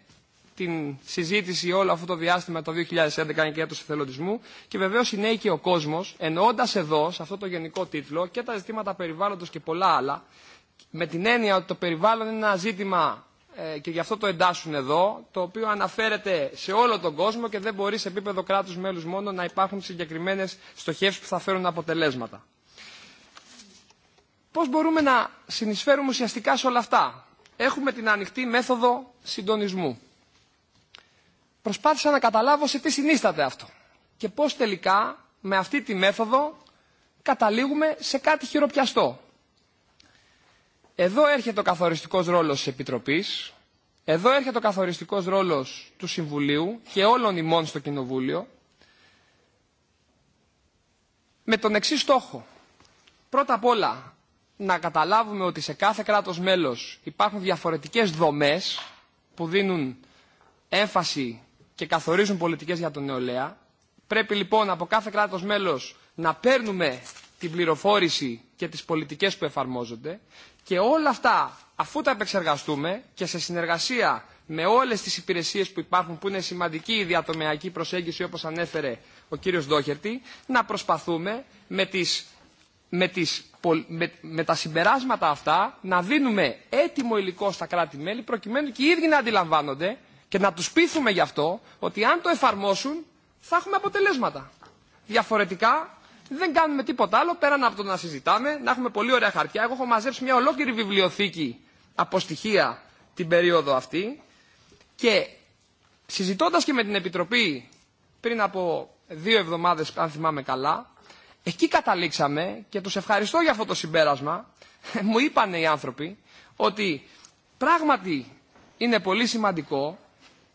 την συζήτηση όλο αυτό το διάστημα το 2011 και του εθελοντισμού και βεβαίως οι νέοι και ο κόσμος, εννοώντα εδώ, σε αυτό το γενικό τίτλο και τα ζητήματα περιβάλλοντος και πολλά άλλα, με την έννοια ότι το περιβάλλον είναι ένα ζήτημα ε, και γι' αυτό το εντάσσουν εδώ, το οποίο αναφέρεται σε όλο τον κόσμο και δεν μπορεί σε επίπεδο κράτους μέλους μόνο να υπάρχουν συγκεκριμένες στοχεύσεις που θα φέρουν αποτελέσματα. Πώς μπορούμε να συνεισφέρουμε ουσιαστικά σε όλα αυτά. Έχουμε την ανοιχτή μέθοδο συντονισμού. Προσπάθησα να καταλάβω σε τι συνίσταται αυτό και πώς τελικά με αυτή τη μέθοδο καταλήγουμε σε κάτι χειροπιαστό. Εδώ έρχεται ο καθοριστικός ρόλος της Επιτροπής, εδώ έρχεται ο καθοριστικός ρόλος του Συμβουλίου και όλων ημών στο Κοινοβούλιο, με τον εξή στόχο. Πρώτα απ' όλα, να καταλάβουμε ότι σε κάθε κράτος μέλος υπάρχουν διαφορετικές δομές που δίνουν έμφαση και καθορίζουν πολιτικές για τον νεολαία. Πρέπει λοιπόν από κάθε κράτος μέλος να παίρνουμε την πληροφόρηση και τις πολιτικές που εφαρμόζονται και όλα αυτά αφού τα επεξεργαστούμε και σε συνεργασία με όλες τις υπηρεσίες που υπάρχουν που είναι σημαντική η διατομεακή προσέγγιση όπως ανέφερε ο κύριος Δόχερτη να προσπαθούμε με, τις, με, τις, με, με τα συμπεράσματα αυτά να δίνουμε έτοιμο υλικό στα κράτη-μέλη προκειμένου και οι ίδιοι να αντιλαμβάνονται και να τους πείθουμε γι' αυτό ότι αν το εφαρμόσουν θα έχουμε αποτελέσματα. Διαφορετικά δεν κάνουμε τίποτα άλλο πέραν από το να συζητάμε, να έχουμε πολύ ωραία χαρτιά. Εγώ έχω μαζέψει μια ολόκληρη βιβλιοθήκη από στοιχεία την περίοδο αυτή και συζητώντας και με την Επιτροπή πριν από δύο εβδομάδες, αν θυμάμαι καλά, εκεί καταλήξαμε και τους ευχαριστώ για αυτό το συμπέρασμα. Μου είπαν οι άνθρωποι ότι πράγματι είναι πολύ σημαντικό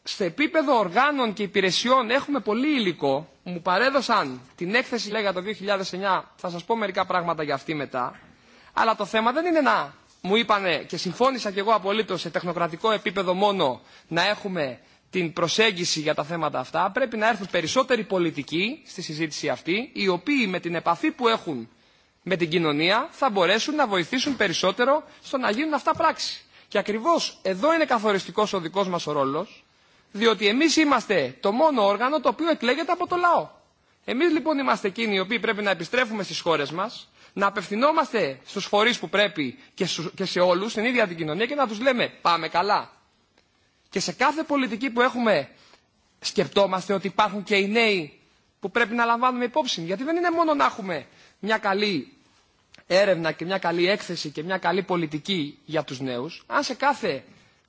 στο επίπεδο οργάνων και υπηρεσιών έχουμε πολύ υλικό. Μου παρέδωσαν την έκθεση λέγα το 2009, θα σας πω μερικά πράγματα για αυτή μετά. Αλλά το θέμα δεν είναι να μου είπανε και συμφώνησα και εγώ απολύτως σε τεχνοκρατικό επίπεδο μόνο να έχουμε την προσέγγιση για τα θέματα αυτά. Πρέπει να έρθουν περισσότεροι πολιτικοί στη συζήτηση αυτή, οι οποίοι με την επαφή που έχουν με την κοινωνία θα μπορέσουν να βοηθήσουν περισσότερο στο να γίνουν αυτά πράξη. Και ακριβώς εδώ είναι καθοριστικός ο δικός μας ο ρόλος, διότι εμείς είμαστε το μόνο όργανο το οποίο εκλέγεται από το λαό. Εμείς λοιπόν είμαστε εκείνοι οι οποίοι πρέπει να επιστρέφουμε στις χώρες μας, να απευθυνόμαστε στους φορείς που πρέπει και σε όλους, στην ίδια την κοινωνία και να τους λέμε πάμε καλά. Και σε κάθε πολιτική που έχουμε σκεπτόμαστε ότι υπάρχουν και οι νέοι που πρέπει να λαμβάνουμε υπόψη. Γιατί δεν είναι μόνο να έχουμε μια καλή έρευνα και μια καλή έκθεση και μια καλή πολιτική για τους νέους. Αν σε κάθε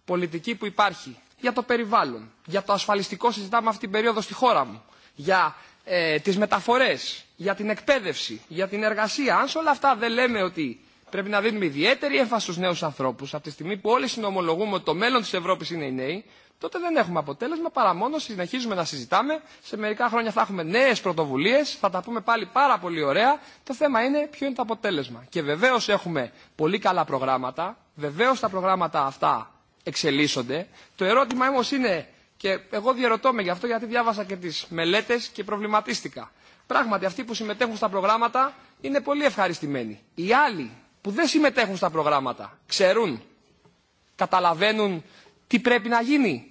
πολιτική που υπάρχει για το περιβάλλον, για το ασφαλιστικό συζητάμε αυτή την περίοδο στη χώρα μου, για ε, τις μεταφορές, για την εκπαίδευση, για την εργασία. Αν σε όλα αυτά δεν λέμε ότι πρέπει να δίνουμε ιδιαίτερη έμφαση στους νέους ανθρώπους, από τη στιγμή που όλοι συνομολογούμε ότι το μέλλον της Ευρώπης είναι οι νέοι, τότε δεν έχουμε αποτέλεσμα παρά μόνο συνεχίζουμε να συζητάμε. Σε μερικά χρόνια θα έχουμε νέε πρωτοβουλίε, θα τα πούμε πάλι πάρα πολύ ωραία. Το θέμα είναι ποιο είναι το αποτέλεσμα. Και βεβαίω έχουμε πολύ καλά προγράμματα. Βεβαίω τα προγράμματα αυτά εξελίσσονται. Το ερώτημα όμω είναι, και εγώ διαρωτώ με γι' αυτό γιατί διάβασα και τι μελέτε και προβληματίστηκα. Πράγματι, αυτοί που συμμετέχουν στα προγράμματα είναι πολύ ευχαριστημένοι. Οι άλλοι που δεν συμμετέχουν στα προγράμματα ξέρουν, καταλαβαίνουν τι πρέπει να γίνει.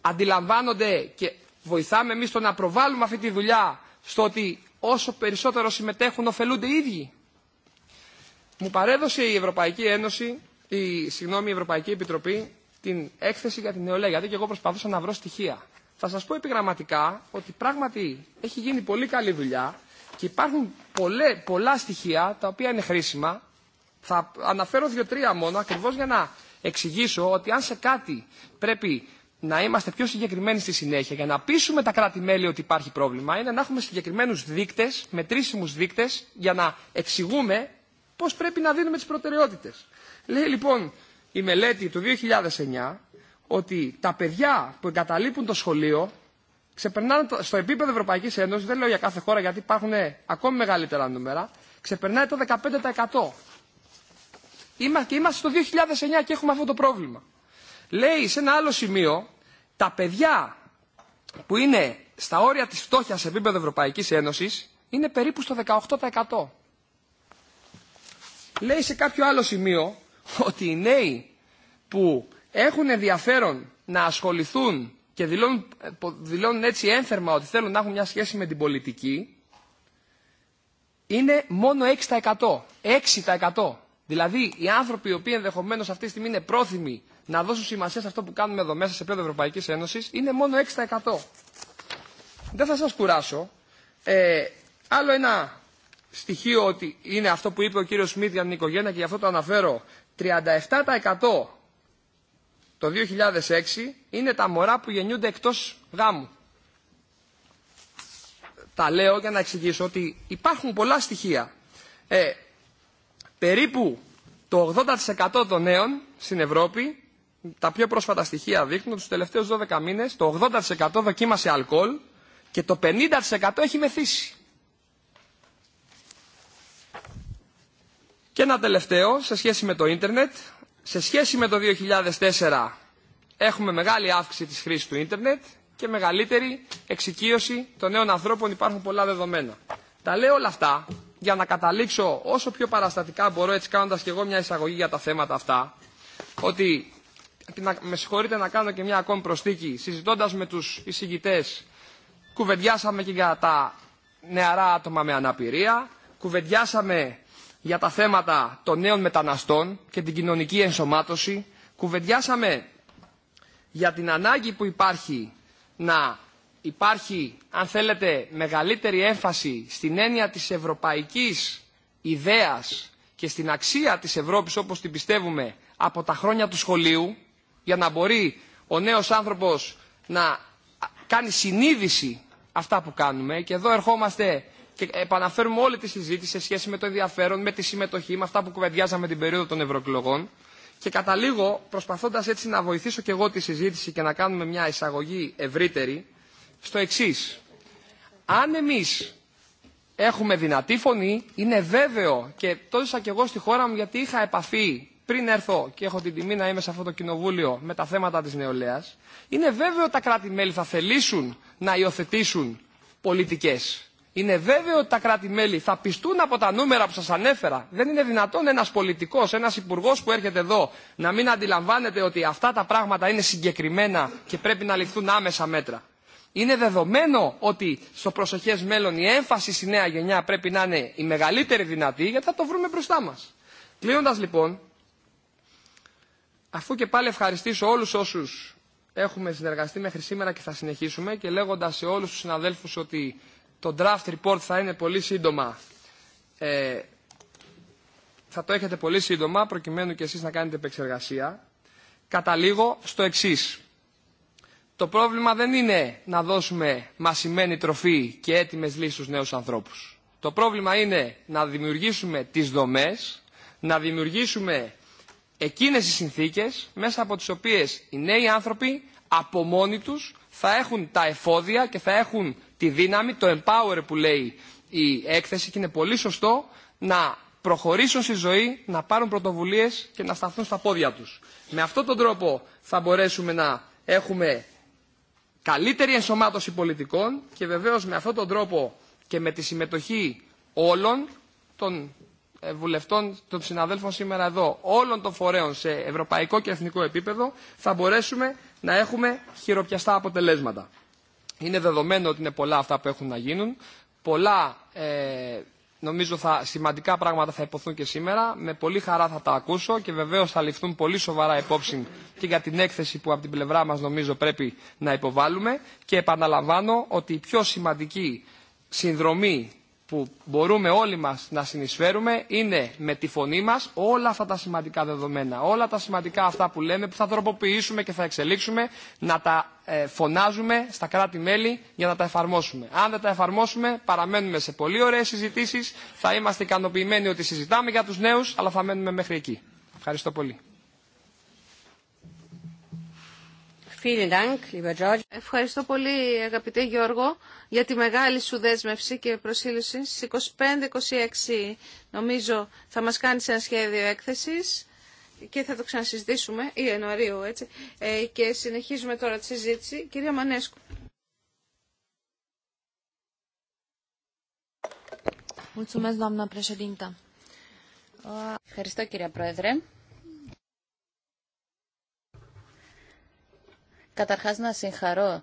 Αντιλαμβάνονται και βοηθάμε εμεί το να προβάλλουμε αυτή τη δουλειά στο ότι όσο περισσότερο συμμετέχουν ωφελούνται οι ίδιοι. Μου παρέδωσε η Ευρωπαϊκή Ένωση, η, συγγνώμη, η Ευρωπαϊκή Επιτροπή την έκθεση για την νεολαία, γιατί και εγώ προσπαθούσα να βρω στοιχεία. Θα σας πω επιγραμματικά ότι πράγματι έχει γίνει πολύ καλή δουλειά και υπάρχουν πολλά στοιχεία τα οποία είναι χρήσιμα. Θα αναφέρω δύο-τρία μόνο ακριβώς για να εξηγήσω ότι αν σε κάτι πρέπει να είμαστε πιο συγκεκριμένοι στη συνέχεια για να πείσουμε τα κράτη-μέλη ότι υπάρχει πρόβλημα είναι να έχουμε συγκεκριμένους δείκτες, μετρήσιμους δείκτες για να εξηγούμε πώς πρέπει να δίνουμε τις προτεραιότητες. Λέει λοιπόν η μελέτη του 2009 ότι τα παιδιά που εγκαταλείπουν το σχολείο ξεπερνάνε στο επίπεδο Ευρωπαϊκή Ένωση, δεν λέω για κάθε χώρα γιατί υπάρχουν ακόμη μεγαλύτερα νούμερα, ξεπερνάει το 15%. Είμα, και είμαστε στο 2009 και έχουμε αυτό το πρόβλημα. Λέει σε ένα άλλο σημείο, τα παιδιά που είναι στα όρια της φτώχειας σε επίπεδο Ευρωπαϊκής Ένωσης είναι περίπου στο 18%. Λέει σε κάποιο άλλο σημείο ότι οι νέοι που έχουν ενδιαφέρον να ασχοληθούν και δηλώνουν, ε, δηλώνουν έτσι ένθερμα ότι θέλουν να έχουν μια σχέση με την πολιτική, είναι μόνο 6%. 6%. Δηλαδή, οι άνθρωποι οι οποίοι ενδεχομένω αυτή τη στιγμή είναι πρόθυμοι να δώσουν σημασία σε αυτό που κάνουμε εδώ μέσα σε επίπεδο Ευρωπαϊκή Ένωση είναι μόνο 6%. Δεν θα σα κουράσω. Ε, άλλο ένα στοιχείο ότι είναι αυτό που είπε ο κύριο Σμιτ για την οικογένεια και γι' αυτό το αναφέρω 37% το 2006 είναι τα μωρά που γεννιούνται εκτός γάμου. Τα λέω για να εξηγήσω ότι υπάρχουν πολλά στοιχεία. Ε, περίπου το 80% των νέων στην Ευρώπη, τα πιο πρόσφατα στοιχεία δείχνουν, τους τελευταίους 12 μήνες, το 80% δοκίμασε αλκοόλ και το 50% έχει μεθύσει. Και ένα τελευταίο, σε σχέση με το ίντερνετ. Σε σχέση με το 2004 έχουμε μεγάλη αύξηση της χρήσης του ίντερνετ και μεγαλύτερη εξοικείωση των νέων ανθρώπων. Υπάρχουν πολλά δεδομένα. Τα λέω όλα αυτά για να καταλήξω όσο πιο παραστατικά μπορώ, έτσι κάνοντας και εγώ μια εισαγωγή για τα θέματα αυτά, ότι με συγχωρείτε να κάνω και μια ακόμη προστίκη, συζητώντας με τους εισηγητές, κουβεντιάσαμε και για τα νεαρά άτομα με αναπηρία, κουβεντιάσαμε για τα θέματα των νέων μεταναστών και την κοινωνική ενσωμάτωση, κουβεντιάσαμε για την ανάγκη που υπάρχει να υπάρχει, αν θέλετε, μεγαλύτερη έμφαση στην έννοια της ευρωπαϊκής ιδέας και στην αξία της Ευρώπης όπως την πιστεύουμε από τα χρόνια του σχολείου, για να μπορεί ο νέος άνθρωπος να κάνει συνείδηση αυτά που κάνουμε και εδώ ερχόμαστε και επαναφέρουμε όλη τη συζήτηση σε σχέση με το ενδιαφέρον, με τη συμμετοχή, με αυτά που κουβεντιάζαμε την περίοδο των ευρωεκλογών. Και καταλήγω προσπαθώντα έτσι να βοηθήσω και εγώ τη συζήτηση και να κάνουμε μια εισαγωγή ευρύτερη στο εξή. Αν εμεί έχουμε δυνατή φωνή, είναι βέβαιο και το και εγώ στη χώρα μου γιατί είχα επαφή πριν έρθω και έχω την τιμή να είμαι σε αυτό το κοινοβούλιο με τα θέματα της νεολαία, είναι βέβαιο τα κράτη-μέλη θα θελήσουν να υιοθετήσουν πολιτικές είναι βέβαιο ότι τα κράτη-μέλη θα πιστούν από τα νούμερα που σα ανέφερα. Δεν είναι δυνατόν ένα πολιτικό, ένα υπουργό που έρχεται εδώ να μην αντιλαμβάνεται ότι αυτά τα πράγματα είναι συγκεκριμένα και πρέπει να ληφθούν άμεσα μέτρα. Είναι δεδομένο ότι στο προσεχέ μέλλον η έμφαση στη νέα γενιά πρέπει να είναι η μεγαλύτερη δυνατή γιατί θα το βρούμε μπροστά μα. Κλείνοντα λοιπόν, αφού και πάλι ευχαριστήσω όλου όσου έχουμε συνεργαστεί μέχρι σήμερα και θα συνεχίσουμε και λέγοντα σε όλου του συναδέλφου ότι το draft report θα είναι πολύ σύντομα. Ε, θα το έχετε πολύ σύντομα προκειμένου και εσείς να κάνετε επεξεργασία. Καταλήγω στο εξή. Το πρόβλημα δεν είναι να δώσουμε μασημένη τροφή και έτοιμες λύσεις στους νέους ανθρώπους. Το πρόβλημα είναι να δημιουργήσουμε τις δομές, να δημιουργήσουμε εκείνες οι συνθήκες μέσα από τις οποίες οι νέοι άνθρωποι από μόνοι τους θα έχουν τα εφόδια και θα έχουν τη δύναμη, το empower που λέει η έκθεση και είναι πολύ σωστό να προχωρήσουν στη ζωή, να πάρουν πρωτοβουλίες και να σταθούν στα πόδια τους. Με αυτόν τον τρόπο θα μπορέσουμε να έχουμε καλύτερη ενσωμάτωση πολιτικών και βεβαίως με αυτόν τον τρόπο και με τη συμμετοχή όλων των ε, βουλευτών, των συναδέλφων σήμερα εδώ, όλων των φορέων σε ευρωπαϊκό και εθνικό επίπεδο, θα μπορέσουμε να έχουμε χειροπιαστά αποτελέσματα. Είναι δεδομένο ότι είναι πολλά αυτά που έχουν να γίνουν. Πολλά, ε, νομίζω, θα, σημαντικά πράγματα θα υποθούν και σήμερα. Με πολύ χαρά θα τα ακούσω και βεβαίως θα ληφθούν πολύ σοβαρά υπόψη και για την έκθεση που από την πλευρά μας νομίζω πρέπει να υποβάλουμε. Και επαναλαμβάνω ότι η πιο σημαντική συνδρομή που μπορούμε όλοι μας να συνεισφέρουμε είναι με τη φωνή μας όλα αυτά τα σημαντικά δεδομένα, όλα τα σημαντικά αυτά που λέμε που θα τροποποιήσουμε και θα εξελίξουμε να τα ε, φωνάζουμε στα κράτη-μέλη για να τα εφαρμόσουμε. Αν δεν τα εφαρμόσουμε παραμένουμε σε πολύ ωραίες συζητήσεις, θα είμαστε ικανοποιημένοι ότι συζητάμε για τους νέους αλλά θα μένουμε μέχρι εκεί. Ευχαριστώ πολύ. Ευχαριστώ πολύ αγαπητέ Γιώργο για τη μεγάλη σου δέσμευση και προσήλωση. Στις 25-26 νομίζω θα μας κάνεις ένα σχέδιο έκθεσης και θα το ξανασυζητήσουμε, ή Ιανουαρίου έτσι, ε, και συνεχίζουμε τώρα τη συζήτηση. Κυρία Μανέσκου. Ευχαριστώ κυρία Πρόεδρε. Καταρχάς να συγχαρώ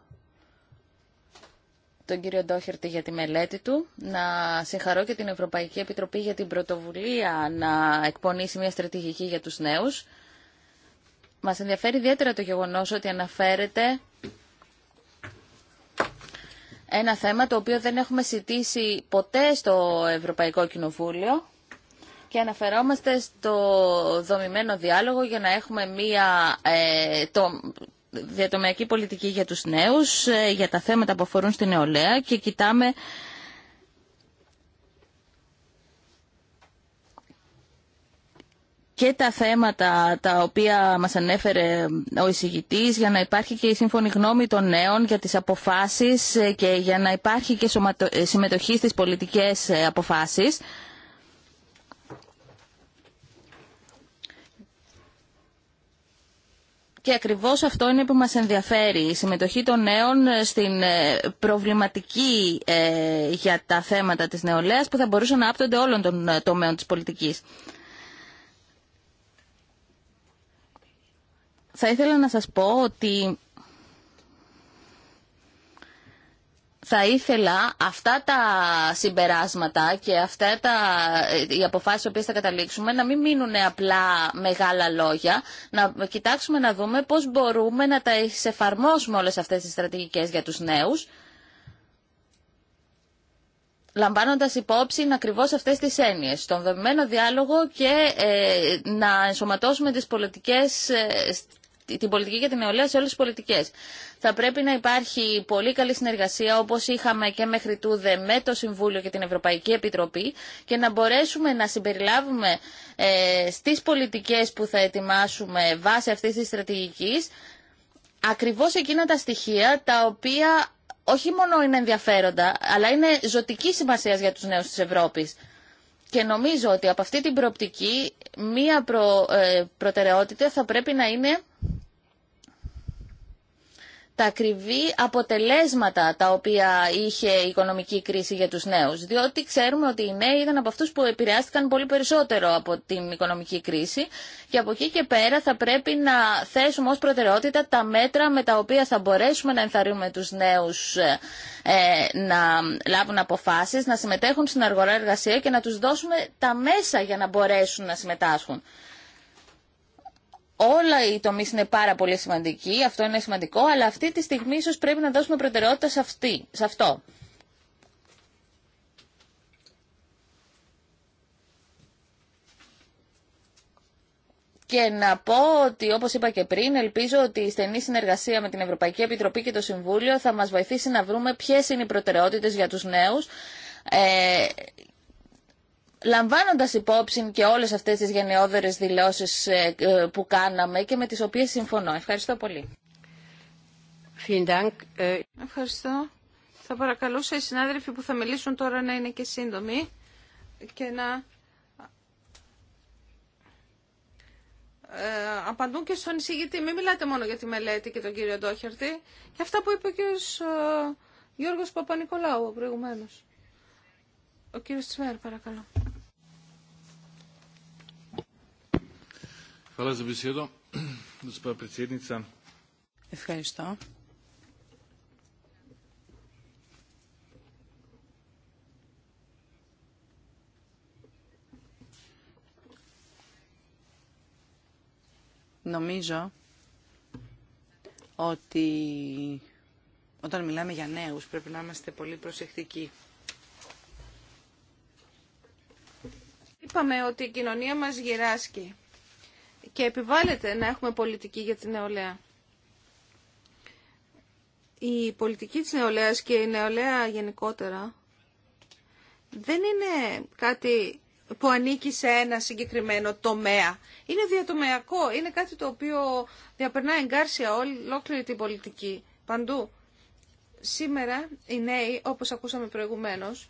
τον κύριο Ντόχερτη για τη μελέτη του, να συγχαρώ και την Ευρωπαϊκή Επιτροπή για την πρωτοβουλία να εκπονήσει μια στρατηγική για τους νέους. Μας ενδιαφέρει ιδιαίτερα το γεγονός ότι αναφέρεται ένα θέμα το οποίο δεν έχουμε συζητήσει ποτέ στο Ευρωπαϊκό Κοινοβούλιο και αναφερόμαστε στο δομημένο διάλογο για να έχουμε μία ε, διατομιακή πολιτική για τους νέους, ε, για τα θέματα που αφορούν στην νεολαία και κοιτάμε και τα θέματα τα οποία μας ανέφερε ο εισηγητής για να υπάρχει και η σύμφωνη γνώμη των νέων για τις αποφάσεις ε, και για να υπάρχει και ε, συμμετοχή στις πολιτικές αποφάσεις. Και ακριβώς αυτό είναι που μας ενδιαφέρει, η συμμετοχή των νέων στην ε, προβληματική ε, για τα θέματα της νεολαίας που θα μπορούσαν να άπτονται όλων των ε, τομέων της πολιτικής. Θα ήθελα να σας πω ότι θα ήθελα αυτά τα συμπεράσματα και αυτά τα, ε, οι αποφάσεις που θα καταλήξουμε να μην μείνουν απλά μεγάλα λόγια, να κοιτάξουμε να δούμε πώς μπορούμε να τα εφαρμόσουμε όλες αυτές τις στρατηγικές για τους νέους, λαμβάνοντας υπόψη ακριβώς αυτές τις έννοιες, τον δομημένο διάλογο και ε, να ενσωματώσουμε τις πολιτικές ε, την πολιτική για την νεολαία σε όλε τι πολιτικέ. Θα πρέπει να υπάρχει πολύ καλή συνεργασία όπω είχαμε και μέχρι τούδε με το Συμβούλιο και την Ευρωπαϊκή Επιτροπή και να μπορέσουμε να συμπεριλάβουμε ε, στις πολιτικές που θα ετοιμάσουμε βάσει αυτή τη στρατηγική ακριβώ εκείνα τα στοιχεία τα οποία όχι μόνο είναι ενδιαφέροντα, αλλά είναι ζωτική σημασία για του νέου τη Ευρώπη. Και νομίζω ότι από αυτή την προοπτική μία προ, ε, προτεραιότητα θα πρέπει να είναι τα ακριβή αποτελέσματα τα οποία είχε η οικονομική κρίση για τους νέους. Διότι ξέρουμε ότι οι νέοι ήταν από αυτούς που επηρεάστηκαν πολύ περισσότερο από την οικονομική κρίση και από εκεί και πέρα θα πρέπει να θέσουμε ως προτεραιότητα τα μέτρα με τα οποία θα μπορέσουμε να ενθαρρύνουμε τους νέους ε, ε, να λάβουν αποφάσεις, να συμμετέχουν στην αργορά εργασία και να τους δώσουμε τα μέσα για να μπορέσουν να συμμετάσχουν όλα οι τομεί είναι πάρα πολύ σημαντικοί, αυτό είναι σημαντικό, αλλά αυτή τη στιγμή ίσω πρέπει να δώσουμε προτεραιότητα σε, αυτή, αυτό. Και να πω ότι, όπως είπα και πριν, ελπίζω ότι η στενή συνεργασία με την Ευρωπαϊκή Επιτροπή και το Συμβούλιο θα μας βοηθήσει να βρούμε ποιε είναι οι προτεραιότητες για τους νέου. ε, λαμβάνοντας υπόψη και όλες αυτές τις γενναιόδερες δηλώσεις ε, ε, που κάναμε και με τις οποίες συμφωνώ. Ευχαριστώ πολύ. Ε, Ευχαριστώ. Θα παρακαλούσα οι συνάδελφοι που θα μιλήσουν τώρα να είναι και σύντομοι και να ε, απαντούν και στον εισηγητή. Μην μιλάτε μόνο για τη μελέτη και τον κύριο Ντόχερτη και αυτά που είπε ο κύριος ε, Γιώργος Παπα-Νικολάου προηγουμένως. Ο κύριος Τσμέρ παρακαλώ. Ευχαριστώ. Νομίζω ότι όταν μιλάμε για νέους πρέπει να είμαστε πολύ προσεκτικοί. Είπαμε ότι η κοινωνία μας γυράσκει και επιβάλλεται να έχουμε πολιτική για την νεολαία. Η πολιτική της νεολαίας και η νεολαία γενικότερα δεν είναι κάτι που ανήκει σε ένα συγκεκριμένο τομέα. Είναι διατομεακό, είναι κάτι το οποίο διαπερνά εγκάρσια ολόκληρη την πολιτική, παντού. Σήμερα οι νέοι, όπως ακούσαμε προηγουμένως,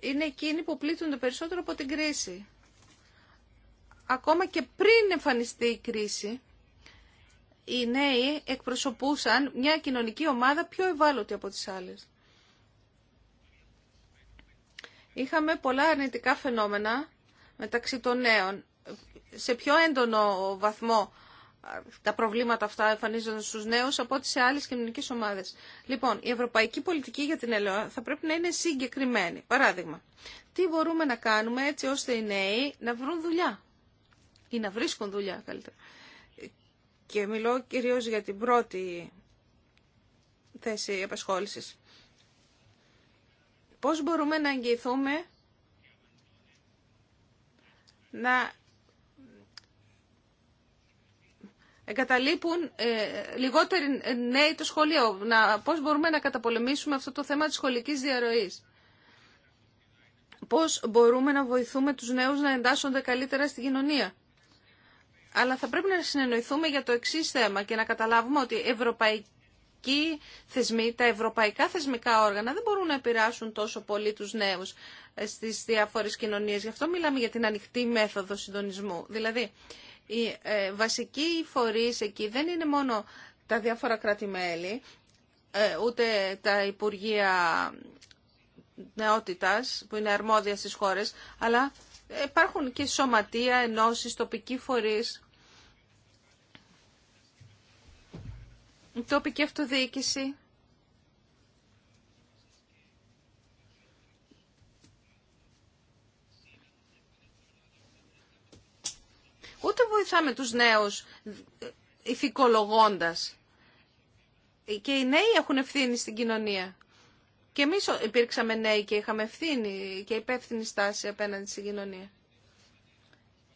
είναι εκείνοι που πλήττονται περισσότερο από την κρίση ακόμα και πριν εμφανιστεί η κρίση, οι νέοι εκπροσωπούσαν μια κοινωνική ομάδα πιο ευάλωτη από τις άλλες. Είχαμε πολλά αρνητικά φαινόμενα μεταξύ των νέων. Σε πιο έντονο βαθμό τα προβλήματα αυτά εμφανίζονται στους νέους από ό,τι σε άλλες κοινωνικές ομάδες. Λοιπόν, η ευρωπαϊκή πολιτική για την Ελλάδα θα πρέπει να είναι συγκεκριμένη. Παράδειγμα, τι μπορούμε να κάνουμε έτσι ώστε οι νέοι να βρουν δουλειά ή να βρίσκουν δουλειά καλύτερα. Και μιλώ κυρίως για την πρώτη θέση απασχόλησης. Πώς μπορούμε να εγγυηθούμε να εγκαταλείπουν ε, λιγότεροι νέοι το σχολείο. Να, πώς μπορούμε να καταπολεμήσουμε αυτό το θέμα της σχολικής διαρροής. Πώς μπορούμε να βοηθούμε τους νέους να εντάσσονται καλύτερα στην κοινωνία. Αλλά θα πρέπει να συνεννοηθούμε για το εξή θέμα και να καταλάβουμε ότι θεσμοί, τα ευρωπαϊκά θεσμικά όργανα δεν μπορούν να επηρεάσουν τόσο πολύ τους νέους ε, στις διάφορες κοινωνίες. Γι' αυτό μιλάμε για την ανοιχτή μέθοδο συντονισμού. Δηλαδή, οι ε, βασικοί φορείς εκεί δεν είναι μόνο τα διάφορα κράτη-μέλη, ε, ούτε τα Υπουργεία Νεότητας που είναι αρμόδια στις χώρες, αλλά υπάρχουν και σωματεία, ενώσεις, τοπικοί φορείς τοπική αυτοδιοίκηση ούτε βοηθάμε τους νέους ηθικολογώντας. Και οι νέοι έχουν ευθύνη στην κοινωνία. Και εμείς υπήρξαμε νέοι και είχαμε ευθύνη και υπεύθυνη στάση απέναντι στην κοινωνία.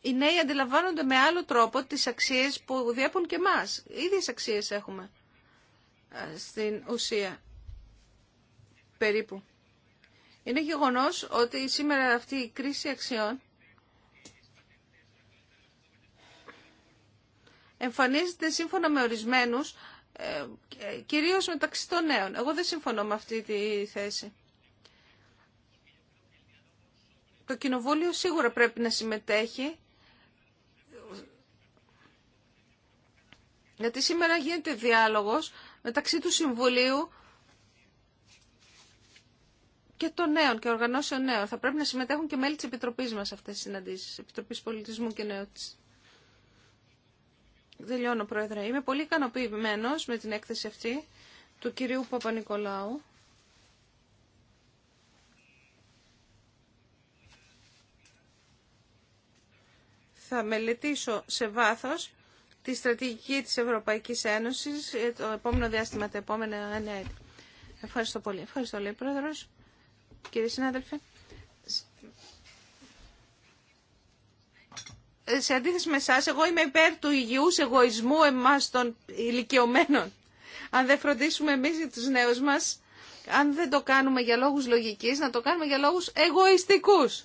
Οι νέοι αντιλαμβάνονται με άλλο τρόπο τις αξίες που διέπουν και εμάς. ίδιες αξίες έχουμε στην ουσία. Περίπου. Είναι γεγονός ότι σήμερα αυτή η κρίση αξιών εμφανίζεται σύμφωνα με ορισμένους, ε, κυρίως μεταξύ των νέων. Εγώ δεν συμφωνώ με αυτή τη θέση. Το Κοινοβούλιο σίγουρα πρέπει να συμμετέχει, γιατί σήμερα γίνεται διάλογος μεταξύ του Συμβουλίου και των νέων και οργανώσεων νέων. Θα πρέπει να συμμετέχουν και μέλη της Επιτροπής μας σε αυτές τις συναντήσεις, Επιτροπής Πολιτισμού και νέο Δελειώνω, Πρόεδρε. Είμαι πολύ ικανοποιημένο με την έκθεση αυτή του κυρίου Παπα-Νικολάου. Θα μελετήσω σε βάθος τη στρατηγική της Ευρωπαϊκής Ένωσης ε, το επόμενο διάστημα, τα επόμενα ένα έτη. Ευχαριστώ πολύ. Ευχαριστώ, λέει Πρόεδρος. Κύριε συνάδελφε. Ε, σε αντίθεση με εσά, εγώ είμαι υπέρ του υγιούς εγωισμού εμάς των ηλικιωμένων. Αν δεν φροντίσουμε εμείς για τους νέους μας, αν δεν το κάνουμε για λόγους λογικής, να το κάνουμε για λόγους εγωιστικούς.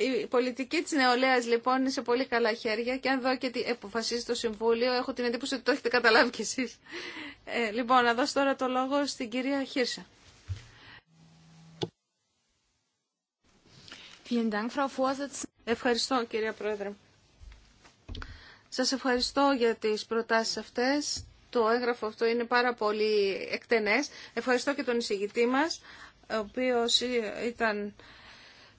Η πολιτική τη νεολαία λοιπόν είναι σε πολύ καλά χέρια και αν δω και τι αποφασίζει το Συμβούλιο έχω την εντύπωση ότι το έχετε καταλάβει κι εσείς. Ε, λοιπόν, να δώσω τώρα το λόγο στην κυρία Χίρσα. Ευχαριστώ κυρία Πρόεδρε. Σας ευχαριστώ για τις προτάσεις αυτές. Το έγγραφο αυτό είναι πάρα πολύ εκτενές. Ευχαριστώ και τον εισηγητή μας, ο οποίος ήταν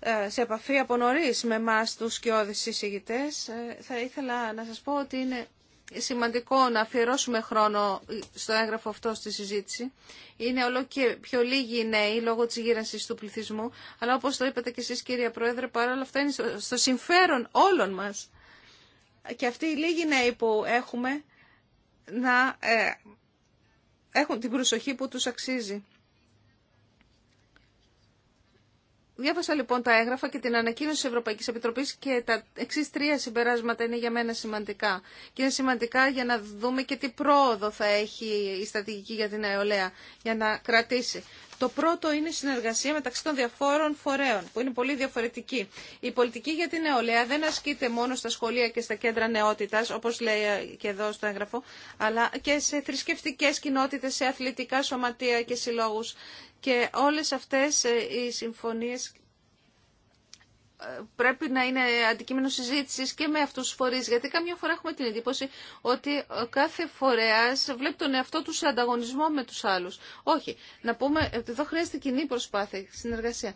ε, σε επαφή από νωρί με εμά του σκιώδει συζητητές ε, Θα ήθελα να σας πω ότι είναι σημαντικό να αφιερώσουμε χρόνο στο έγγραφο αυτό στη συζήτηση. Είναι όλο και πιο λίγοι οι νέοι λόγω της γύρανσης του πληθυσμού, αλλά όπως το είπατε και εσείς κυρία Πρόεδρε, παρόλα αυτά είναι στο συμφέρον όλων μας. Και αυτοί οι λίγοι νέοι που έχουμε να ε, έχουν την προσοχή που τους αξίζει. Διάβασα λοιπόν τα έγγραφα και την ανακοίνωση τη Ευρωπαϊκής Επιτροπής και τα εξή τρία συμπεράσματα είναι για μένα σημαντικά. Και είναι σημαντικά για να δούμε και τι πρόοδο θα έχει η στρατηγική για την νεολαία για να κρατήσει. Το πρώτο είναι η συνεργασία μεταξύ των διαφόρων φορέων, που είναι πολύ διαφορετική. Η πολιτική για την νεολαία δεν ασκείται μόνο στα σχολεία και στα κέντρα νεότητα, όπω λέει και εδώ στο έγγραφο, αλλά και σε θρησκευτικέ κοινότητε, σε αθλητικά σωματεία και συλλόγου. Και όλες αυτές ε, οι συμφωνίες πρέπει να είναι αντικείμενο συζήτηση και με αυτού του φορεί. Γιατί καμιά φορά έχουμε την εντύπωση ότι κάθε φορέα βλέπει τον εαυτό του σε ανταγωνισμό με του άλλου. Όχι. Να πούμε ότι εδώ χρειάζεται κοινή προσπάθεια, συνεργασία.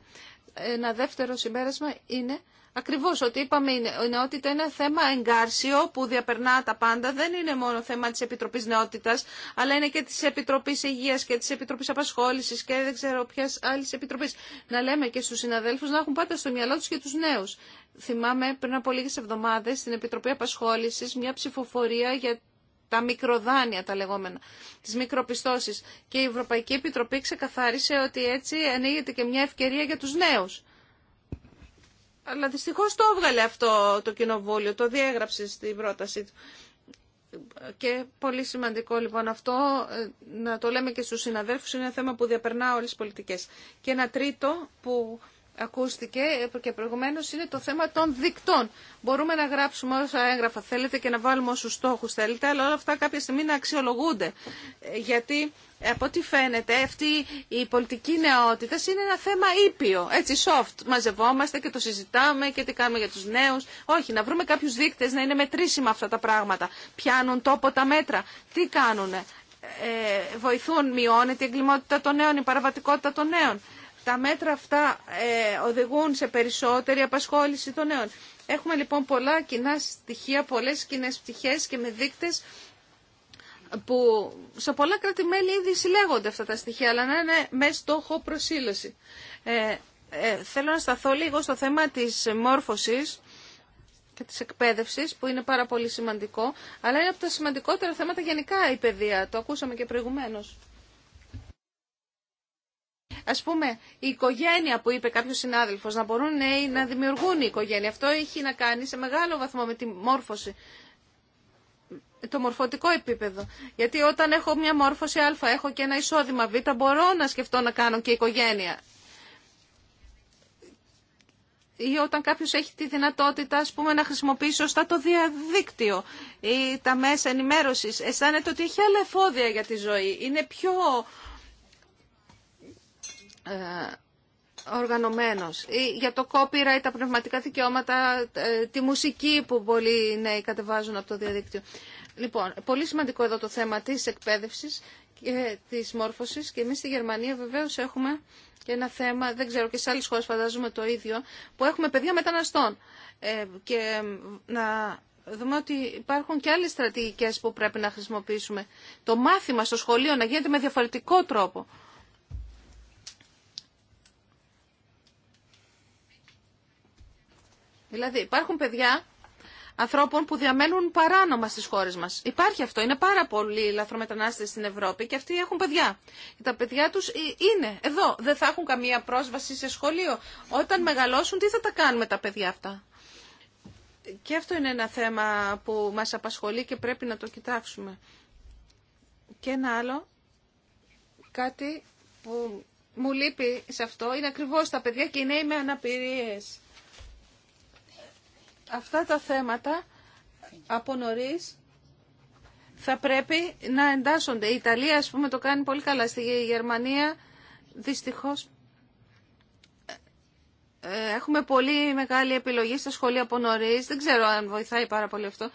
Ένα δεύτερο συμπέρασμα είναι Ακριβώς, ότι είπαμε η νεότητα είναι θέμα εγκάρσιο που διαπερνά τα πάντα. Δεν είναι μόνο θέμα της Επιτροπής Νεότητας, αλλά είναι και της Επιτροπής Υγείας και της Επιτροπής Απασχόλησης και δεν ξέρω ποια άλλη επιτροπή. Να λέμε και στους συναδέλφους να έχουν πάντα στο μυαλό τους και τους νέους. Θυμάμαι πριν από λίγες εβδομάδες στην Επιτροπή Απασχόλησης μια ψηφοφορία για τα μικροδάνεια τα λεγόμενα, τις μικροπιστώσεις. Και η Ευρωπαϊκή Επιτροπή ξεκαθάρισε ότι έτσι ανοίγεται και μια ευκαιρία για τους νέους αλλά δυστυχώς το έβγαλε αυτό το κοινοβούλιο, το διέγραψε στη πρόταση του. Και πολύ σημαντικό λοιπόν αυτό, ε, να το λέμε και στους συναδέλφους, είναι ένα θέμα που διαπερνά όλες τις πολιτικές. Και ένα τρίτο που ακούστηκε και προηγουμένω είναι το θέμα των δικτών. Μπορούμε να γράψουμε όσα έγγραφα θέλετε και να βάλουμε όσου στόχου θέλετε, αλλά όλα αυτά κάποια στιγμή να αξιολογούνται. Γιατί από ό,τι φαίνεται αυτή η πολιτική νεότητα είναι ένα θέμα ήπιο, έτσι soft. Μαζευόμαστε και το συζητάμε και τι κάνουμε για του νέου. Όχι, να βρούμε κάποιου δείκτε να είναι μετρήσιμα αυτά τα πράγματα. Πιάνουν τόπο τα μέτρα. Τι κάνουν, ε, βοηθούν, μειώνεται η εγκλημότητα των νέων, η παραβατικότητα των νέων. Τα μέτρα αυτά ε, οδηγούν σε περισσότερη απασχόληση των νέων. Έχουμε λοιπόν πολλά κοινά στοιχεία, πολλές κοινέ πτυχές και με δείκτες που σε πολλά κράτη-μέλη ήδη συλλέγονται αυτά τα στοιχεία, αλλά να είναι με στόχο προσήλωση. Ε, ε θέλω να σταθώ λίγο στο θέμα της μόρφωσης και της εκπαίδευσης, που είναι πάρα πολύ σημαντικό, αλλά είναι από τα σημαντικότερα θέματα γενικά η παιδεία. Το ακούσαμε και προηγουμένως. Ας πούμε, η οικογένεια που είπε κάποιος συνάδελφος, να μπορούν νέοι να δημιουργούν η οικογένεια. Αυτό έχει να κάνει σε μεγάλο βαθμό με τη μόρφωση το μορφωτικό επίπεδο. Γιατί όταν έχω μια μόρφωση α, έχω και ένα εισόδημα β, μπορώ να σκεφτώ να κάνω και οικογένεια. Ή όταν κάποιος έχει τη δυνατότητα ας πούμε, να χρησιμοποιήσει σωστά το διαδίκτυο ή τα μέσα ενημέρωσης, αισθάνεται ότι έχει άλλα εφόδια για τη ζωή. Είναι πιο ε, οργανωμένος. Για το ή τα πνευματικά δικαιώματα, ε, τη μουσική που πολλοί νέοι κατεβάζουν από το διαδίκτυο. Λοιπόν, πολύ σημαντικό εδώ το θέμα της εκπαίδευσης και της μόρφωσης και εμείς στη Γερμανία βεβαίως έχουμε και ένα θέμα, δεν ξέρω και σε άλλες χώρες φαντάζομαι το ίδιο, που έχουμε παιδιά μεταναστών ε, και να δούμε ότι υπάρχουν και άλλες στρατηγικές που πρέπει να χρησιμοποιήσουμε. Το μάθημα στο σχολείο να γίνεται με διαφορετικό τρόπο. Δηλαδή υπάρχουν παιδιά ανθρώπων που διαμένουν παράνομα στις χώρες μας. Υπάρχει αυτό. Είναι πάρα πολλοί λαθρομετανάστες στην Ευρώπη και αυτοί έχουν παιδιά. τα παιδιά τους ε, είναι εδώ. Δεν θα έχουν καμία πρόσβαση σε σχολείο. Όταν μεγαλώσουν τι θα τα κάνουμε τα παιδιά αυτά. Και αυτό είναι ένα θέμα που μας απασχολεί και πρέπει να το κοιτάξουμε. Και ένα άλλο, κάτι που μου λείπει σε αυτό, είναι ακριβώς τα παιδιά και οι νέοι με αναπηρίες αυτά τα θέματα από Νωρί θα πρέπει να εντάσσονται. Η Ιταλία, ας πούμε, το κάνει πολύ καλά. Στη Γερμανία, δυστυχώς, ε, ε, έχουμε πολύ μεγάλη επιλογή στα σχολεία από νωρίς. Δεν ξέρω αν βοηθάει πάρα πολύ αυτό.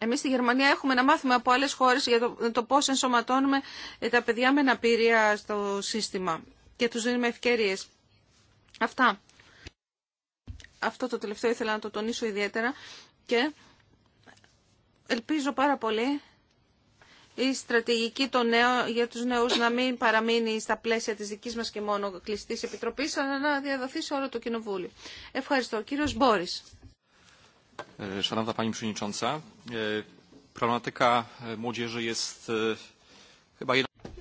Εμείς στη Γερμανία έχουμε να μάθουμε από άλλες χώρες για το, το πώς ενσωματώνουμε τα παιδιά με αναπηρία στο σύστημα και τους δίνουμε ευκαιρίες. Αυτά. Αυτό το τελευταίο ήθελα να το τονίσω ιδιαίτερα και ελπίζω πάρα πολύ η στρατηγική των νέων, για τους νέους να μην παραμείνει στα πλαίσια της δικής μας και μόνο κλειστής επιτροπής, αλλά να διαδοθεί σε όλο το κοινοβούλιο. Ευχαριστώ. Κύριος Μπόρης.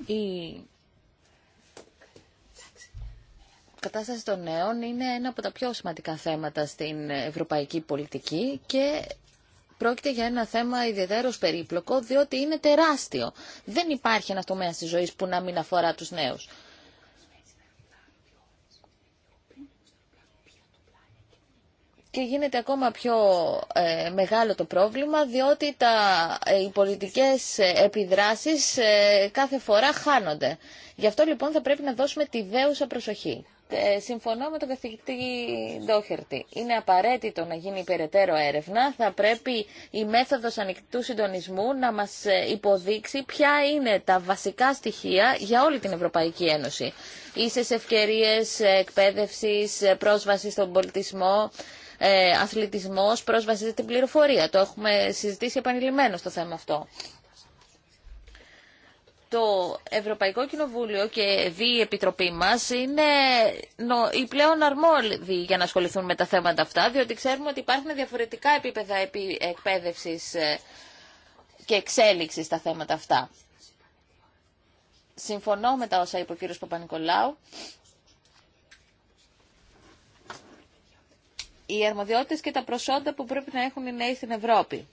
Ε, κατάσταση των νέων είναι ένα από τα πιο σημαντικά θέματα στην ευρωπαϊκή πολιτική και πρόκειται για ένα θέμα ιδιαίτερο περίπλοκο, διότι είναι τεράστιο. Δεν υπάρχει ένα τομέα τη ζωή που να μην αφορά του νέου. Και γίνεται ακόμα πιο ε, μεγάλο το πρόβλημα, διότι τα, ε, οι πολιτικές επιδράσεις ε, κάθε φορά χάνονται. Γι' αυτό λοιπόν θα πρέπει να δώσουμε τη δέουσα προσοχή. Ε, συμφωνώ με τον καθηγητή Ντόχερτη. Είναι απαραίτητο να γίνει περαιτέρω έρευνα. Θα πρέπει η μέθοδος ανοιχτού συντονισμού να μας ε, υποδείξει ποια είναι τα βασικά στοιχεία για όλη την Ευρωπαϊκή Ένωση. Ίσες ευκαιρίες ε, εκπαίδευσης, πρόσβαση στον πολιτισμό, αθλητισμός, πρόσβαση στην πληροφορία. Το έχουμε συζητήσει επανειλημμένο στο θέμα αυτό το Ευρωπαϊκό Κοινοβούλιο και η Επιτροπή μας είναι οι πλέον αρμόδιοι για να ασχοληθούν με τα θέματα αυτά, διότι ξέρουμε ότι υπάρχουν διαφορετικά επίπεδα εκπαίδευσης ε, και εξέλιξη στα θέματα αυτά. Συμφωνώ με τα όσα είπε ο κύριος Παπα-Νικολάου. Οι αρμοδιότητες και τα προσόντα που πρέπει να έχουν οι νέοι στην Ευρώπη.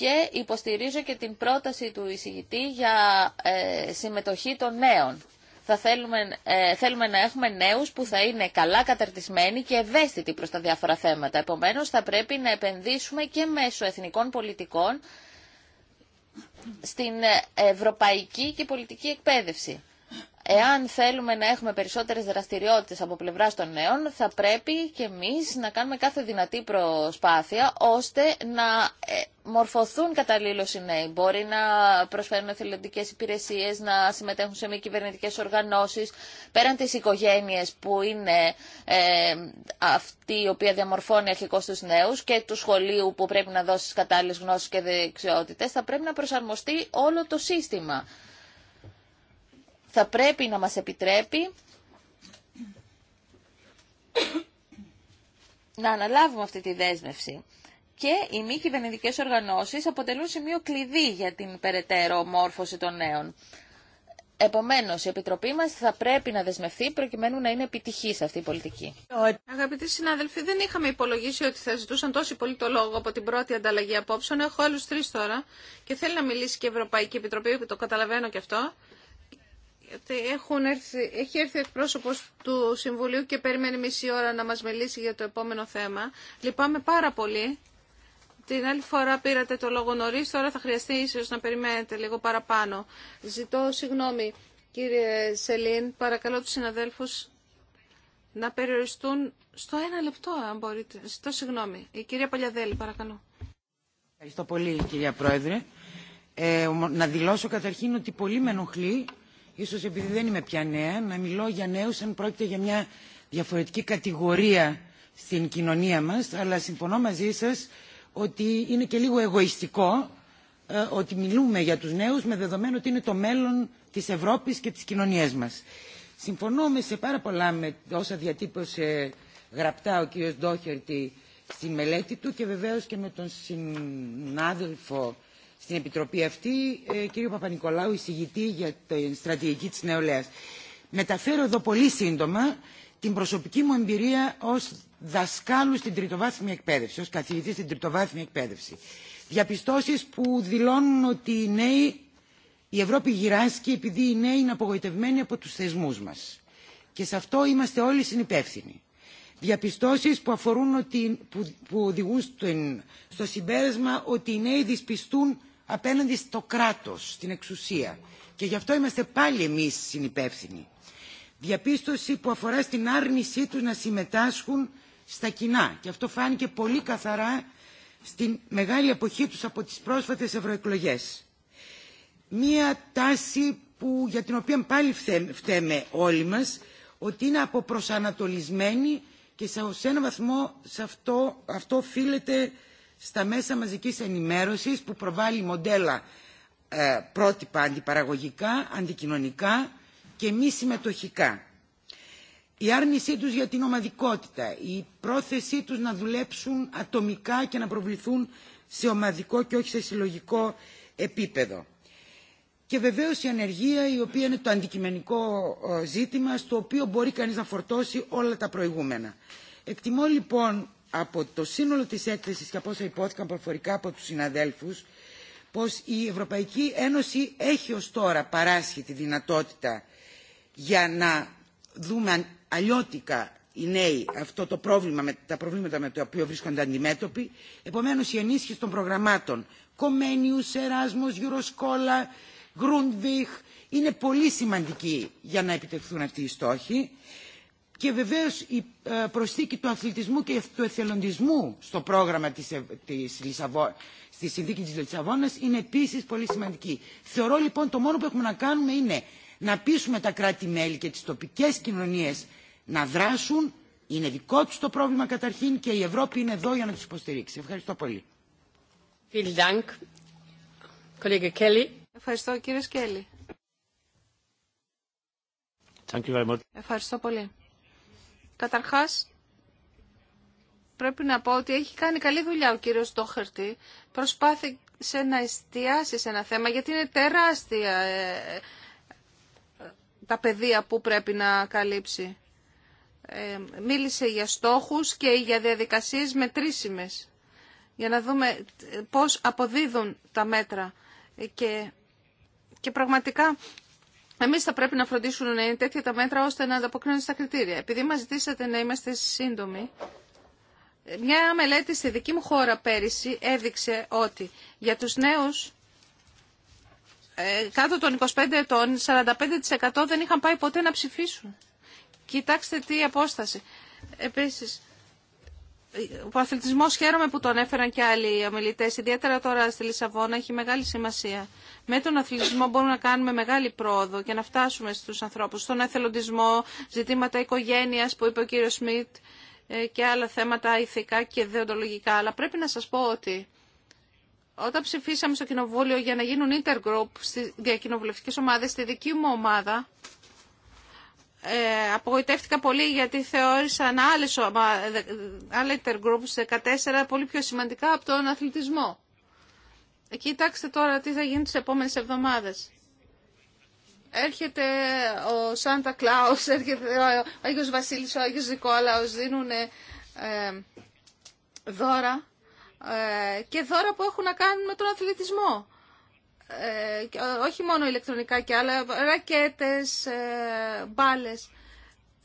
και υποστηρίζω και την πρόταση του εισηγητή για ε, συμμετοχή των νέων. Θα θέλουμε, ε, θέλουμε να έχουμε νέους που θα είναι καλά καταρτισμένοι και ευαίσθητοι προς τα διάφορα θέματα. Επομένως, θα πρέπει να επενδύσουμε και μέσω εθνικών πολιτικών στην ε, ευρωπαϊκή και πολιτική εκπαίδευση. Εάν θέλουμε να έχουμε περισσότερες δραστηριότητες από πλευρά των νέων, θα πρέπει και εμείς να κάνουμε κάθε δυνατή προσπάθεια, ώστε να ε, μορφωθούν καταλήλως οι νέοι. Μπορεί να προσφέρουν εθελοντικές υπηρεσίες, να συμμετέχουν σε μη κυβερνητικές οργανώσεις, πέραν τις οικογένειες που είναι ε, αυτή η οποία διαμορφώνει αρχικώς του νέους και του σχολείου που πρέπει να δώσει κατάλληλε γνώσεις και δεξιότητες, θα πρέπει να προσαρμοστεί όλο το σύστημα θα πρέπει να μας επιτρέπει να αναλάβουμε αυτή τη δέσμευση. Και οι μη κυβερνητικέ οργανώσεις αποτελούν σημείο κλειδί για την περαιτέρω μόρφωση των νέων. Επομένως, η Επιτροπή μας θα πρέπει να δεσμευτεί προκειμένου να είναι επιτυχής αυτή η πολιτική. Αγαπητοί συνάδελφοι, δεν είχαμε υπολογίσει ότι θα ζητούσαν τόσο πολύ το λόγο από την πρώτη ανταλλαγή απόψεων. Έχω άλλους τρεις τώρα και θέλει να μιλήσει και η Ευρωπαϊκή Επιτροπή, το καταλαβαίνω και αυτό. Έχουν έρθει, έχει έρθει εκπρόσωπος του Συμβουλίου και περιμένει μισή ώρα να μας μιλήσει για το επόμενο θέμα. Λυπάμαι πάρα πολύ. Την άλλη φορά πήρατε το λόγο νωρίς, τώρα θα χρειαστεί ίσως να περιμένετε λίγο παραπάνω. Ζητώ συγγνώμη κύριε Σελίν, παρακαλώ τους συναδέλφους να περιοριστούν στο ένα λεπτό αν μπορείτε. Ζητώ συγγνώμη. Η κυρία Παλιαδέλη παρακαλώ. Ευχαριστώ πολύ κυρία Πρόεδρε. Ε, να δηλώσω καταρχήν ότι πολύ με ενοχλεί ίσως επειδή δεν είμαι πια νέα, να μιλώ για νέους αν πρόκειται για μια διαφορετική κατηγορία στην κοινωνία μας, αλλά συμφωνώ μαζί σας ότι είναι και λίγο εγωιστικό ε, ότι μιλούμε για τους νέους με δεδομένο ότι είναι το μέλλον της Ευρώπης και της κοινωνίας μας. Συμφωνώ με σε πάρα πολλά με όσα διατύπωσε γραπτά ο κ. Ντόχερτη στη μελέτη του και βεβαίως και με τον συνάδελφο στην Επιτροπή αυτή, ε, κύριο Παπα-Νικολάου, εισηγητή για την στρατηγική της νεολαίας. Μεταφέρω εδώ πολύ σύντομα την προσωπική μου εμπειρία ως δασκάλου στην τριτοβάθμια εκπαίδευση, ως καθηγητή στην τριτοβάθμια εκπαίδευση. Διαπιστώσεις που δηλώνουν ότι οι νέοι, η Ευρώπη γυράσκει επειδή οι νέοι είναι απογοητευμένοι από τους θεσμούς μας. Και σε αυτό είμαστε όλοι συνυπεύθυνοι. Διαπιστώσεις που, αφορούν ότι, που, που οδηγούν στο συμπέρασμα ότι οι νέοι δυσπιστούν απέναντι στο κράτος, στην εξουσία. Και γι' αυτό είμαστε πάλι εμείς συνυπεύθυνοι. Διαπίστωση που αφορά στην άρνησή τους να συμμετάσχουν στα κοινά. Και αυτό φάνηκε πολύ καθαρά στην μεγάλη εποχή τους από τις πρόσφατες ευρωεκλογές. Μία τάση που, για την οποία πάλι φταίμε όλοι μας, ότι είναι αποπροσανατολισμένη και σε έναν βαθμό σε αυτό, αυτό οφείλεται στα μέσα μαζικής ενημέρωσης που προβάλλει μοντέλα ε, πρότυπα αντιπαραγωγικά, αντικοινωνικά και μη συμμετοχικά. Η άρνησή τους για την ομαδικότητα, η πρόθεσή τους να δουλέψουν ατομικά και να προβληθούν σε ομαδικό και όχι σε συλλογικό επίπεδο. Και βεβαίως η ανεργία η οποία είναι το αντικειμενικό ε, ζήτημα στο οποίο μπορεί κανείς να φορτώσει όλα τα προηγούμενα. Εκτιμώ λοιπόν από το σύνολο της έκθεσης και από όσα υπόθηκαν προφορικά από τους συναδέλφους πως η Ευρωπαϊκή Ένωση έχει ως τώρα παράσχει τη δυνατότητα για να δούμε αλλιώτικα οι νέοι αυτό το πρόβλημα, τα προβλήματα με τα οποία βρίσκονται αντιμέτωποι. Επομένως η ενίσχυση των προγραμμάτων Κομένιους, Εράσμος, Γιουροσκόλα, Γκρούντβιχ είναι πολύ σημαντική για να επιτευχθούν αυτοί οι στόχοι και βεβαίως η ε, προσθήκη του αθλητισμού και του εθελοντισμού στο πρόγραμμα της, ε, της στη συνθήκη της Λισαβόνας είναι επίσης πολύ σημαντική. Θεωρώ λοιπόν το μόνο που έχουμε να κάνουμε είναι να πείσουμε τα κράτη-μέλη και τις τοπικές κοινωνίες να δράσουν. Είναι δικό τους το πρόβλημα καταρχήν και η Ευρώπη είναι εδώ για να τους υποστηρίξει. Ευχαριστώ πολύ. Ευχαριστώ κύριε Σκέλη. Ευχαριστώ πολύ. Καταρχάς, πρέπει να πω ότι έχει κάνει καλή δουλειά ο κύριος Στόχερτη. Προσπάθησε να εστιάσει σε ένα θέμα, γιατί είναι τεράστια ε, ε, τα πεδία που πρέπει να καλύψει. Ε, μίλησε για στόχους και για διαδικασίες μετρήσιμες, για να δούμε πώς αποδίδουν τα μέτρα. Και, και πραγματικά Εμεί θα πρέπει να φροντίσουμε να είναι τέτοια τα μέτρα ώστε να ανταποκρίνονται στα κριτήρια. Επειδή μα ζητήσατε να είμαστε σύντομοι, μια μελέτη στη δική μου χώρα πέρυσι έδειξε ότι για τους νέους ε, κάτω των 25 ετών 45% δεν είχαν πάει ποτέ να ψηφίσουν. Κοιτάξτε τι απόσταση. Επίσης, ο αθλητισμό χαίρομαι που τον έφεραν και άλλοι ομιλητέ, ιδιαίτερα τώρα στη Λισαβόνα έχει μεγάλη σημασία. Με τον αθλητισμό μπορούμε να κάνουμε μεγάλη πρόοδο και να φτάσουμε στου ανθρώπου, στον εθελοντισμό, ζητήματα οικογένεια που είπε ο κύριο Σμιτ ε, και άλλα θέματα ηθικά και δεοντολογικά. Αλλά πρέπει να σα πω ότι όταν ψηφίσαμε στο Κοινοβούλιο για να γίνουν intergroup στι διακοινοβουλευτικέ ομάδε, στη δική μου ομάδα, ε, απογοητεύτηκα πολύ γιατί θεώρησαν άλλες, άλλα intergroups 14 πολύ πιο σημαντικά από τον αθλητισμό. Ε, κοιτάξτε τώρα τι θα γίνει τις επόμενες εβδομάδες. Έρχεται ο Σάντα Κλάους, έρχεται ο Άγιος Βασίλης, ο Άγιος Νικόλαος, δίνουν ε, δώρα ε, και δώρα που έχουν να κάνουν με τον αθλητισμό. Ε, όχι μόνο ηλεκτρονικά και άλλα, ρακέτες, ε, μπάλες.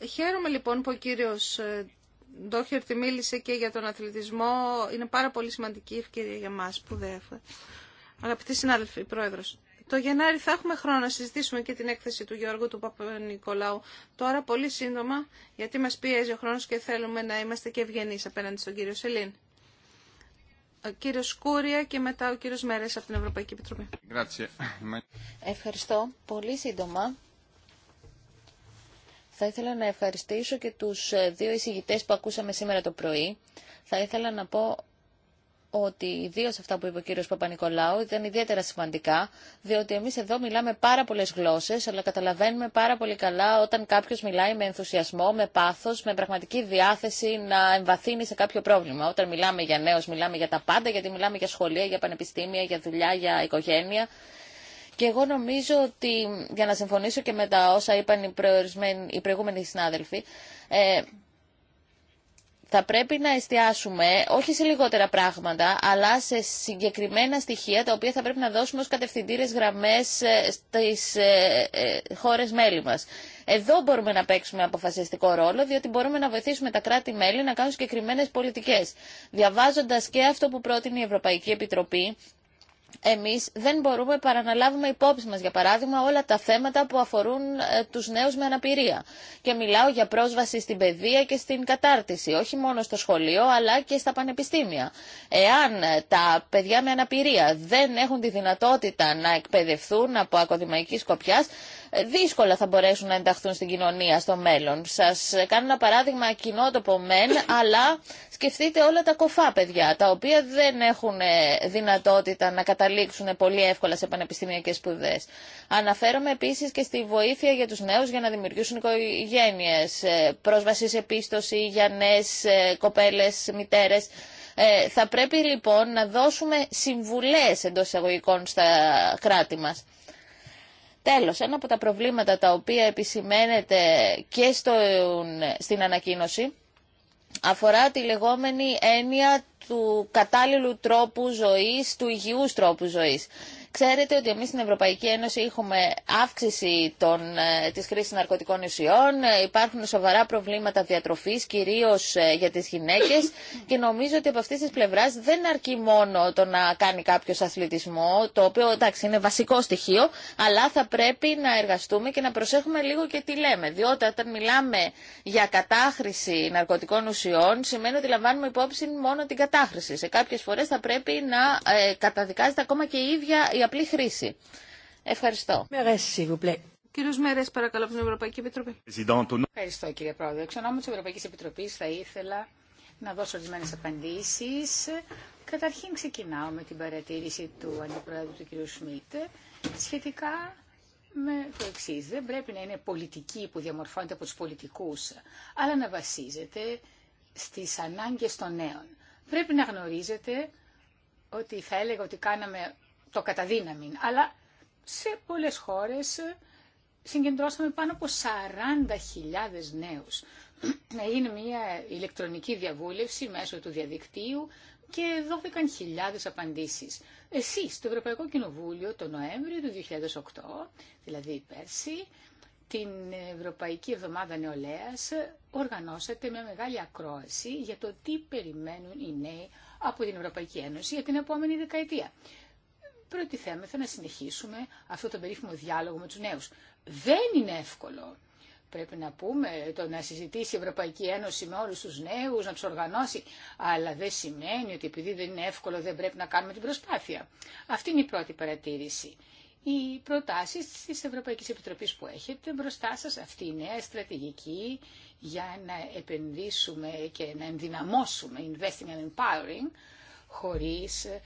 Χαίρομαι λοιπόν που ο κύριος ε, Ντόχερτη τη μίλησε και για τον αθλητισμό. Είναι πάρα πολύ σημαντική ευκαιρία για μας που δεν Αγαπητοί συνάδελφοι, πρόεδρος. Το Γενάρη θα έχουμε χρόνο να συζητήσουμε και την έκθεση του Γιώργου του παπα Τώρα πολύ σύντομα, γιατί μας πιέζει ο χρόνος και θέλουμε να είμαστε και ευγενείς απέναντι στον κύριο Σελήν κύριο Σκούρια και μετά ο κύριος Μέρες από την Ευρωπαϊκή Επιτροπή. Ευχαριστώ. Πολύ σύντομα. Θα ήθελα να ευχαριστήσω και τους ε, δύο εισηγητές που ακούσαμε σήμερα το πρωί. Θα ήθελα να πω ότι ιδίω αυτά που είπε ο κύριο Παπα-Νικολάου ήταν ιδιαίτερα σημαντικά, διότι εμεί εδώ μιλάμε πάρα πολλέ γλώσσε, αλλά καταλαβαίνουμε πάρα πολύ καλά όταν κάποιο μιλάει με ενθουσιασμό, με πάθο, με πραγματική διάθεση να εμβαθύνει σε κάποιο πρόβλημα. Όταν μιλάμε για νέου, μιλάμε για τα πάντα, γιατί μιλάμε για σχολεία, για πανεπιστήμια, για δουλειά, για οικογένεια. Και εγώ νομίζω ότι, για να συμφωνήσω και με τα όσα είπαν οι, οι προηγούμενοι συνάδελφοι, ε, θα πρέπει να εστιάσουμε όχι σε λιγότερα πράγματα, αλλά σε συγκεκριμένα στοιχεία τα οποία θα πρέπει να δώσουμε ως κατευθυντήρες γραμμές ε, στις ε, ε, χώρες μέλη μας. Εδώ μπορούμε να παίξουμε αποφασιστικό ρόλο, διότι μπορούμε να βοηθήσουμε τα κράτη-μέλη να κάνουν συγκεκριμένε πολιτικέ. Διαβάζοντα και αυτό που πρότεινε η Ευρωπαϊκή Επιτροπή, εμείς δεν μπορούμε παρά να λάβουμε υπόψη μα, για παράδειγμα, όλα τα θέματα που αφορούν ε, τους νέου με αναπηρία. Και μιλάω για πρόσβαση στην παιδεία και στην κατάρτιση, όχι μόνο στο σχολείο, αλλά και στα πανεπιστήμια. Εάν ε, τα παιδιά με αναπηρία δεν έχουν τη δυνατότητα να εκπαιδευτούν από ακοδημαϊκή σκοπιά, δύσκολα θα μπορέσουν να ενταχθούν στην κοινωνία στο μέλλον. Σας κάνω ένα παράδειγμα κοινότοπο μεν, αλλά σκεφτείτε όλα τα κοφά παιδιά, τα οποία δεν έχουν ε, δυνατότητα να καταλήξουν πολύ εύκολα σε πανεπιστημιακές σπουδές. Αναφέρομαι επίσης και στη βοήθεια για τους νέους για να δημιουργήσουν οικογένειε ε, πρόσβαση σε πίστοση για νέες ε, κοπέλες, μητέρες. Θα πρέπει λοιπόν να δώσουμε συμβουλές εντός εισαγωγικών στα κράτη μας. Τέλος, ένα από τα προβλήματα τα οποία επισημαίνεται και στο, στην ανακοίνωση αφορά τη λεγόμενη έννοια του κατάλληλου τρόπου ζωής, του υγιούς τρόπου ζωής. Ξέρετε ότι εμείς στην Ευρωπαϊκή Ένωση έχουμε αύξηση των, ε, της χρήσης ναρκωτικών ουσιών, ε, υπάρχουν σοβαρά προβλήματα διατροφής, κυρίως ε, για τις γυναίκες και νομίζω ότι από αυτής της πλευράς δεν αρκεί μόνο το να κάνει κάποιος αθλητισμό, το οποίο εντάξει είναι βασικό στοιχείο, αλλά θα πρέπει να εργαστούμε και να προσέχουμε λίγο και τι λέμε, διότι όταν μιλάμε για κατάχρηση ναρκωτικών ουσιών σημαίνει ότι λαμβάνουμε υπόψη μόνο την κατάχρηση. Σε κάποιες φορές θα πρέπει να καταδικάζεται ακόμα και η ίδια η απλή χρήση. Ευχαριστώ. Κύριο Μέρε, παρακαλώ από την Ευρωπαϊκή Επιτροπή. Ευχαριστώ, κύριε Πρόεδρε. Εξ ονόμου τη Ευρωπαϊκή Επιτροπή θα ήθελα να δώσω ορισμένε απαντήσει. Καταρχήν ξεκινάω με την παρατήρηση του Αντιπρόεδρου του κ. Σμιτ σχετικά με το εξή. Δεν πρέπει να είναι πολιτική που διαμορφώνεται από του πολιτικού, αλλά να βασίζεται στι ανάγκε των νέων. Πρέπει να γνωρίζετε ότι θα έλεγα ότι κάναμε το καταδύναμιν, αλλά σε πολλές χώρες συγκεντρώσαμε πάνω από 40.000 νέους. Είναι μια ηλεκτρονική διαβούλευση μέσω του διαδικτύου και δόθηκαν χιλιάδες απαντήσεις. Εσείς, το Ευρωπαϊκό Κοινοβούλιο, το Νοέμβριο του 2008, δηλαδή πέρσι, την Ευρωπαϊκή Εβδομάδα Νεολαίας οργανώσατε μια μεγάλη ακρόαση για το τι περιμένουν οι νέοι από την Ευρωπαϊκή Ένωση για την επόμενη δεκαετία προτιθέμεθα να συνεχίσουμε αυτό το περίφημο διάλογο με τους νέους. Δεν είναι εύκολο. Πρέπει να πούμε το να συζητήσει η Ευρωπαϊκή Ένωση με όλους τους νέους, να τους οργανώσει, αλλά δεν σημαίνει ότι επειδή δεν είναι εύκολο δεν πρέπει να κάνουμε την προσπάθεια. Αυτή είναι η πρώτη παρατήρηση. Οι προτάσει τη Ευρωπαϊκή Επιτροπή που έχετε μπροστά σα. αυτή η νέα στρατηγική για να επενδύσουμε και να ενδυναμώσουμε, investing and empowering, χωρίς ε,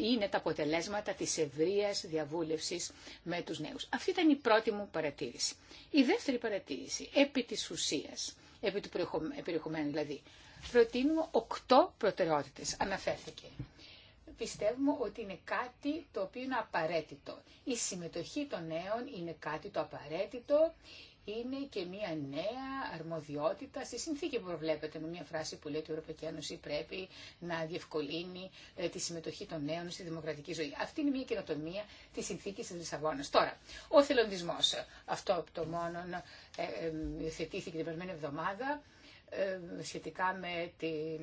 είναι τα αποτελέσματα της ευρείας διαβούλευσης με τους νέους. Αυτή ήταν η πρώτη μου παρατήρηση. Η δεύτερη παρατήρηση, επί της ουσίας, επί του περιεχομένου δηλαδή, προτείνουμε οκτώ προτεραιότητες, αναφέρθηκε. Πιστεύουμε ότι είναι κάτι το οποίο είναι απαραίτητο. Η συμμετοχή των νέων είναι κάτι το απαραίτητο, είναι και μια νέα αρμοδιότητα στη συνθήκη που προβλέπεται με μια φράση που λέει ότι η Ευρωπαϊκή Ένωση πρέπει να διευκολύνει ε, τη συμμετοχή των νέων στη δημοκρατική ζωή. Αυτή είναι μια καινοτομία τη συνθήκη τη Λισαβόνα. Τώρα, ο θελοντισμό. Αυτό το μόνο ε, ε, θετήθηκε την περασμένη εβδομάδα ε, σχετικά με την,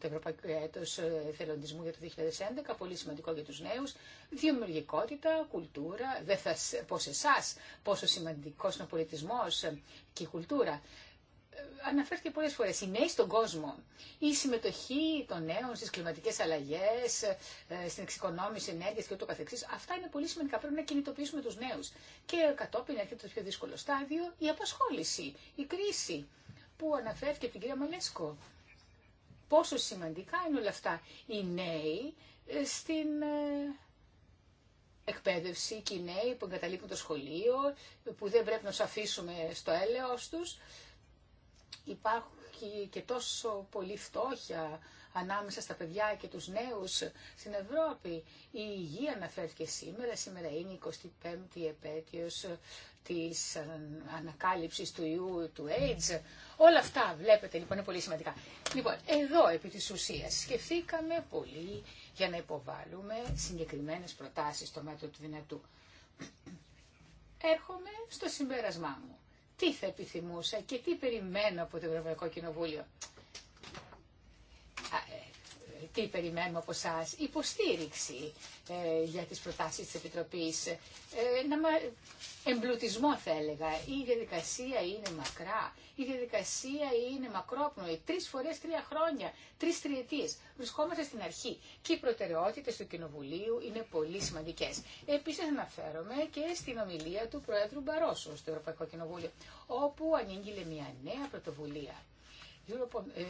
το Ευρωπαϊκό Έτος ε, θελοντισμού για το 2011, πολύ σημαντικό για τους νέους, δημιουργικότητα, κουλτούρα, δεν θα πω σε εσάς πόσο σημαντικός είναι ο πολιτισμός ε, και η κουλτούρα. Αναφέρθηκε πολλές φορές, οι νέοι στον κόσμο, η συμμετοχή των νέων στις κλιματικές αλλαγές, στην εξοικονόμηση ενέργειας και ούτω καθεξής, αυτά είναι πολύ σημαντικά, πρέπει να κινητοποιήσουμε τους νέους. Και κατόπιν έρχεται το πιο δύσκολο στάδιο, η απασχόληση, η κρίση που αναφέρθηκε από την κυρία Μαλέσκο. Πόσο σημαντικά είναι όλα αυτά οι νέοι ε, στην ε, εκπαίδευση και οι νέοι που εγκαταλείπουν το σχολείο, που δεν πρέπει να του αφήσουμε στο έλεος τους. Υπάρχει και τόσο πολύ φτώχεια ανάμεσα στα παιδιά και τους νέους στην Ευρώπη. Η υγεία αναφέρθηκε σήμερα, σήμερα είναι η 25η επέτειος της ανακάλυψης του ιού του AIDS. Όλα αυτά βλέπετε λοιπόν είναι πολύ σημαντικά. Λοιπόν, εδώ επί της ουσίας σκεφτήκαμε πολύ για να υποβάλουμε συγκεκριμένες προτάσεις στο μέτρο του δυνατού. Έρχομαι στο συμπέρασμά μου. Τι θα επιθυμούσα και τι περιμένω από το Ευρωπαϊκό Κοινοβούλιο τι περιμένουμε από εσά, υποστήριξη ε, για τις προτάσεις της Επιτροπής, ε, να μα... εμπλουτισμό θα έλεγα. Η διαδικασία είναι μακρά, η διαδικασία είναι μακρόπνοη, τρεις φορές τρία χρόνια, τρεις τριετίες. Βρισκόμαστε στην αρχή και οι προτεραιότητες του Κοινοβουλίου είναι πολύ σημαντικές. Επίσης αναφέρομαι και στην ομιλία του Προέδρου Μπαρόσου στο Ευρωπαϊκό Κοινοβούλιο, όπου ανήγγειλε μια νέα πρωτοβουλία Europe, ε,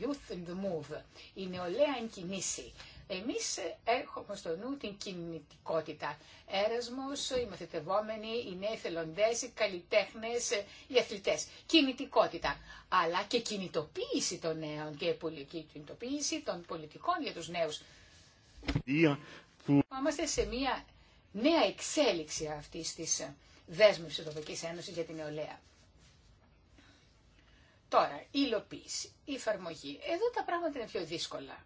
Youth in the Move, η νεολαία εν κινήσει. Εμείς έχουμε στο νου την κινητικότητα. Έρασμος, οι μαθητευόμενοι, οι νέοι θελοντές, οι καλλιτέχνες, οι αθλητές. Κινητικότητα. Αλλά και κινητοποίηση των νέων και κινητοποίηση των πολιτικών για τους νέους. Είμαστε σε μια νέα εξέλιξη αυτής της δέσμευσης Ευρωπαϊκής Ένωσης για την νεολαία. Τώρα, η υλοποίηση, η εφαρμογή. Εδώ τα πράγματα είναι πιο δύσκολα.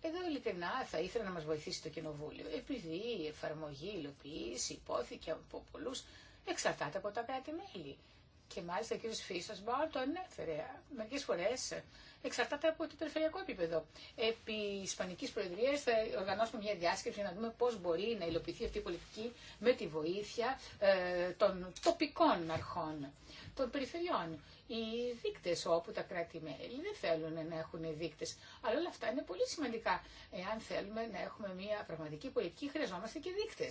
Εδώ ειλικρινά θα ήθελα να μας βοηθήσει το Κοινοβούλιο, επειδή η εφαρμογή, η υλοποίηση υπόθηκε από πολλούς, εξαρτάται από τα κράτη-μέλη. Και μάλιστα ο κ. Φίσασμπαρ το ανέφερε. Μερικέ φορέ εξαρτάται από το περιφερειακό επίπεδο. Επί Ισπανική Προεδρία θα οργανώσουμε μια διάσκεψη για να δούμε πώ μπορεί να υλοποιηθεί αυτή η πολιτική με τη βοήθεια ε, των τοπικών αρχών, των περιφερειών. Οι δείκτε όπου τα κράτη-μέλη δεν θέλουν να έχουν δείκτε. Αλλά όλα αυτά είναι πολύ σημαντικά. Εάν θέλουμε να έχουμε μια πραγματική πολιτική, χρειαζόμαστε και δείκτε.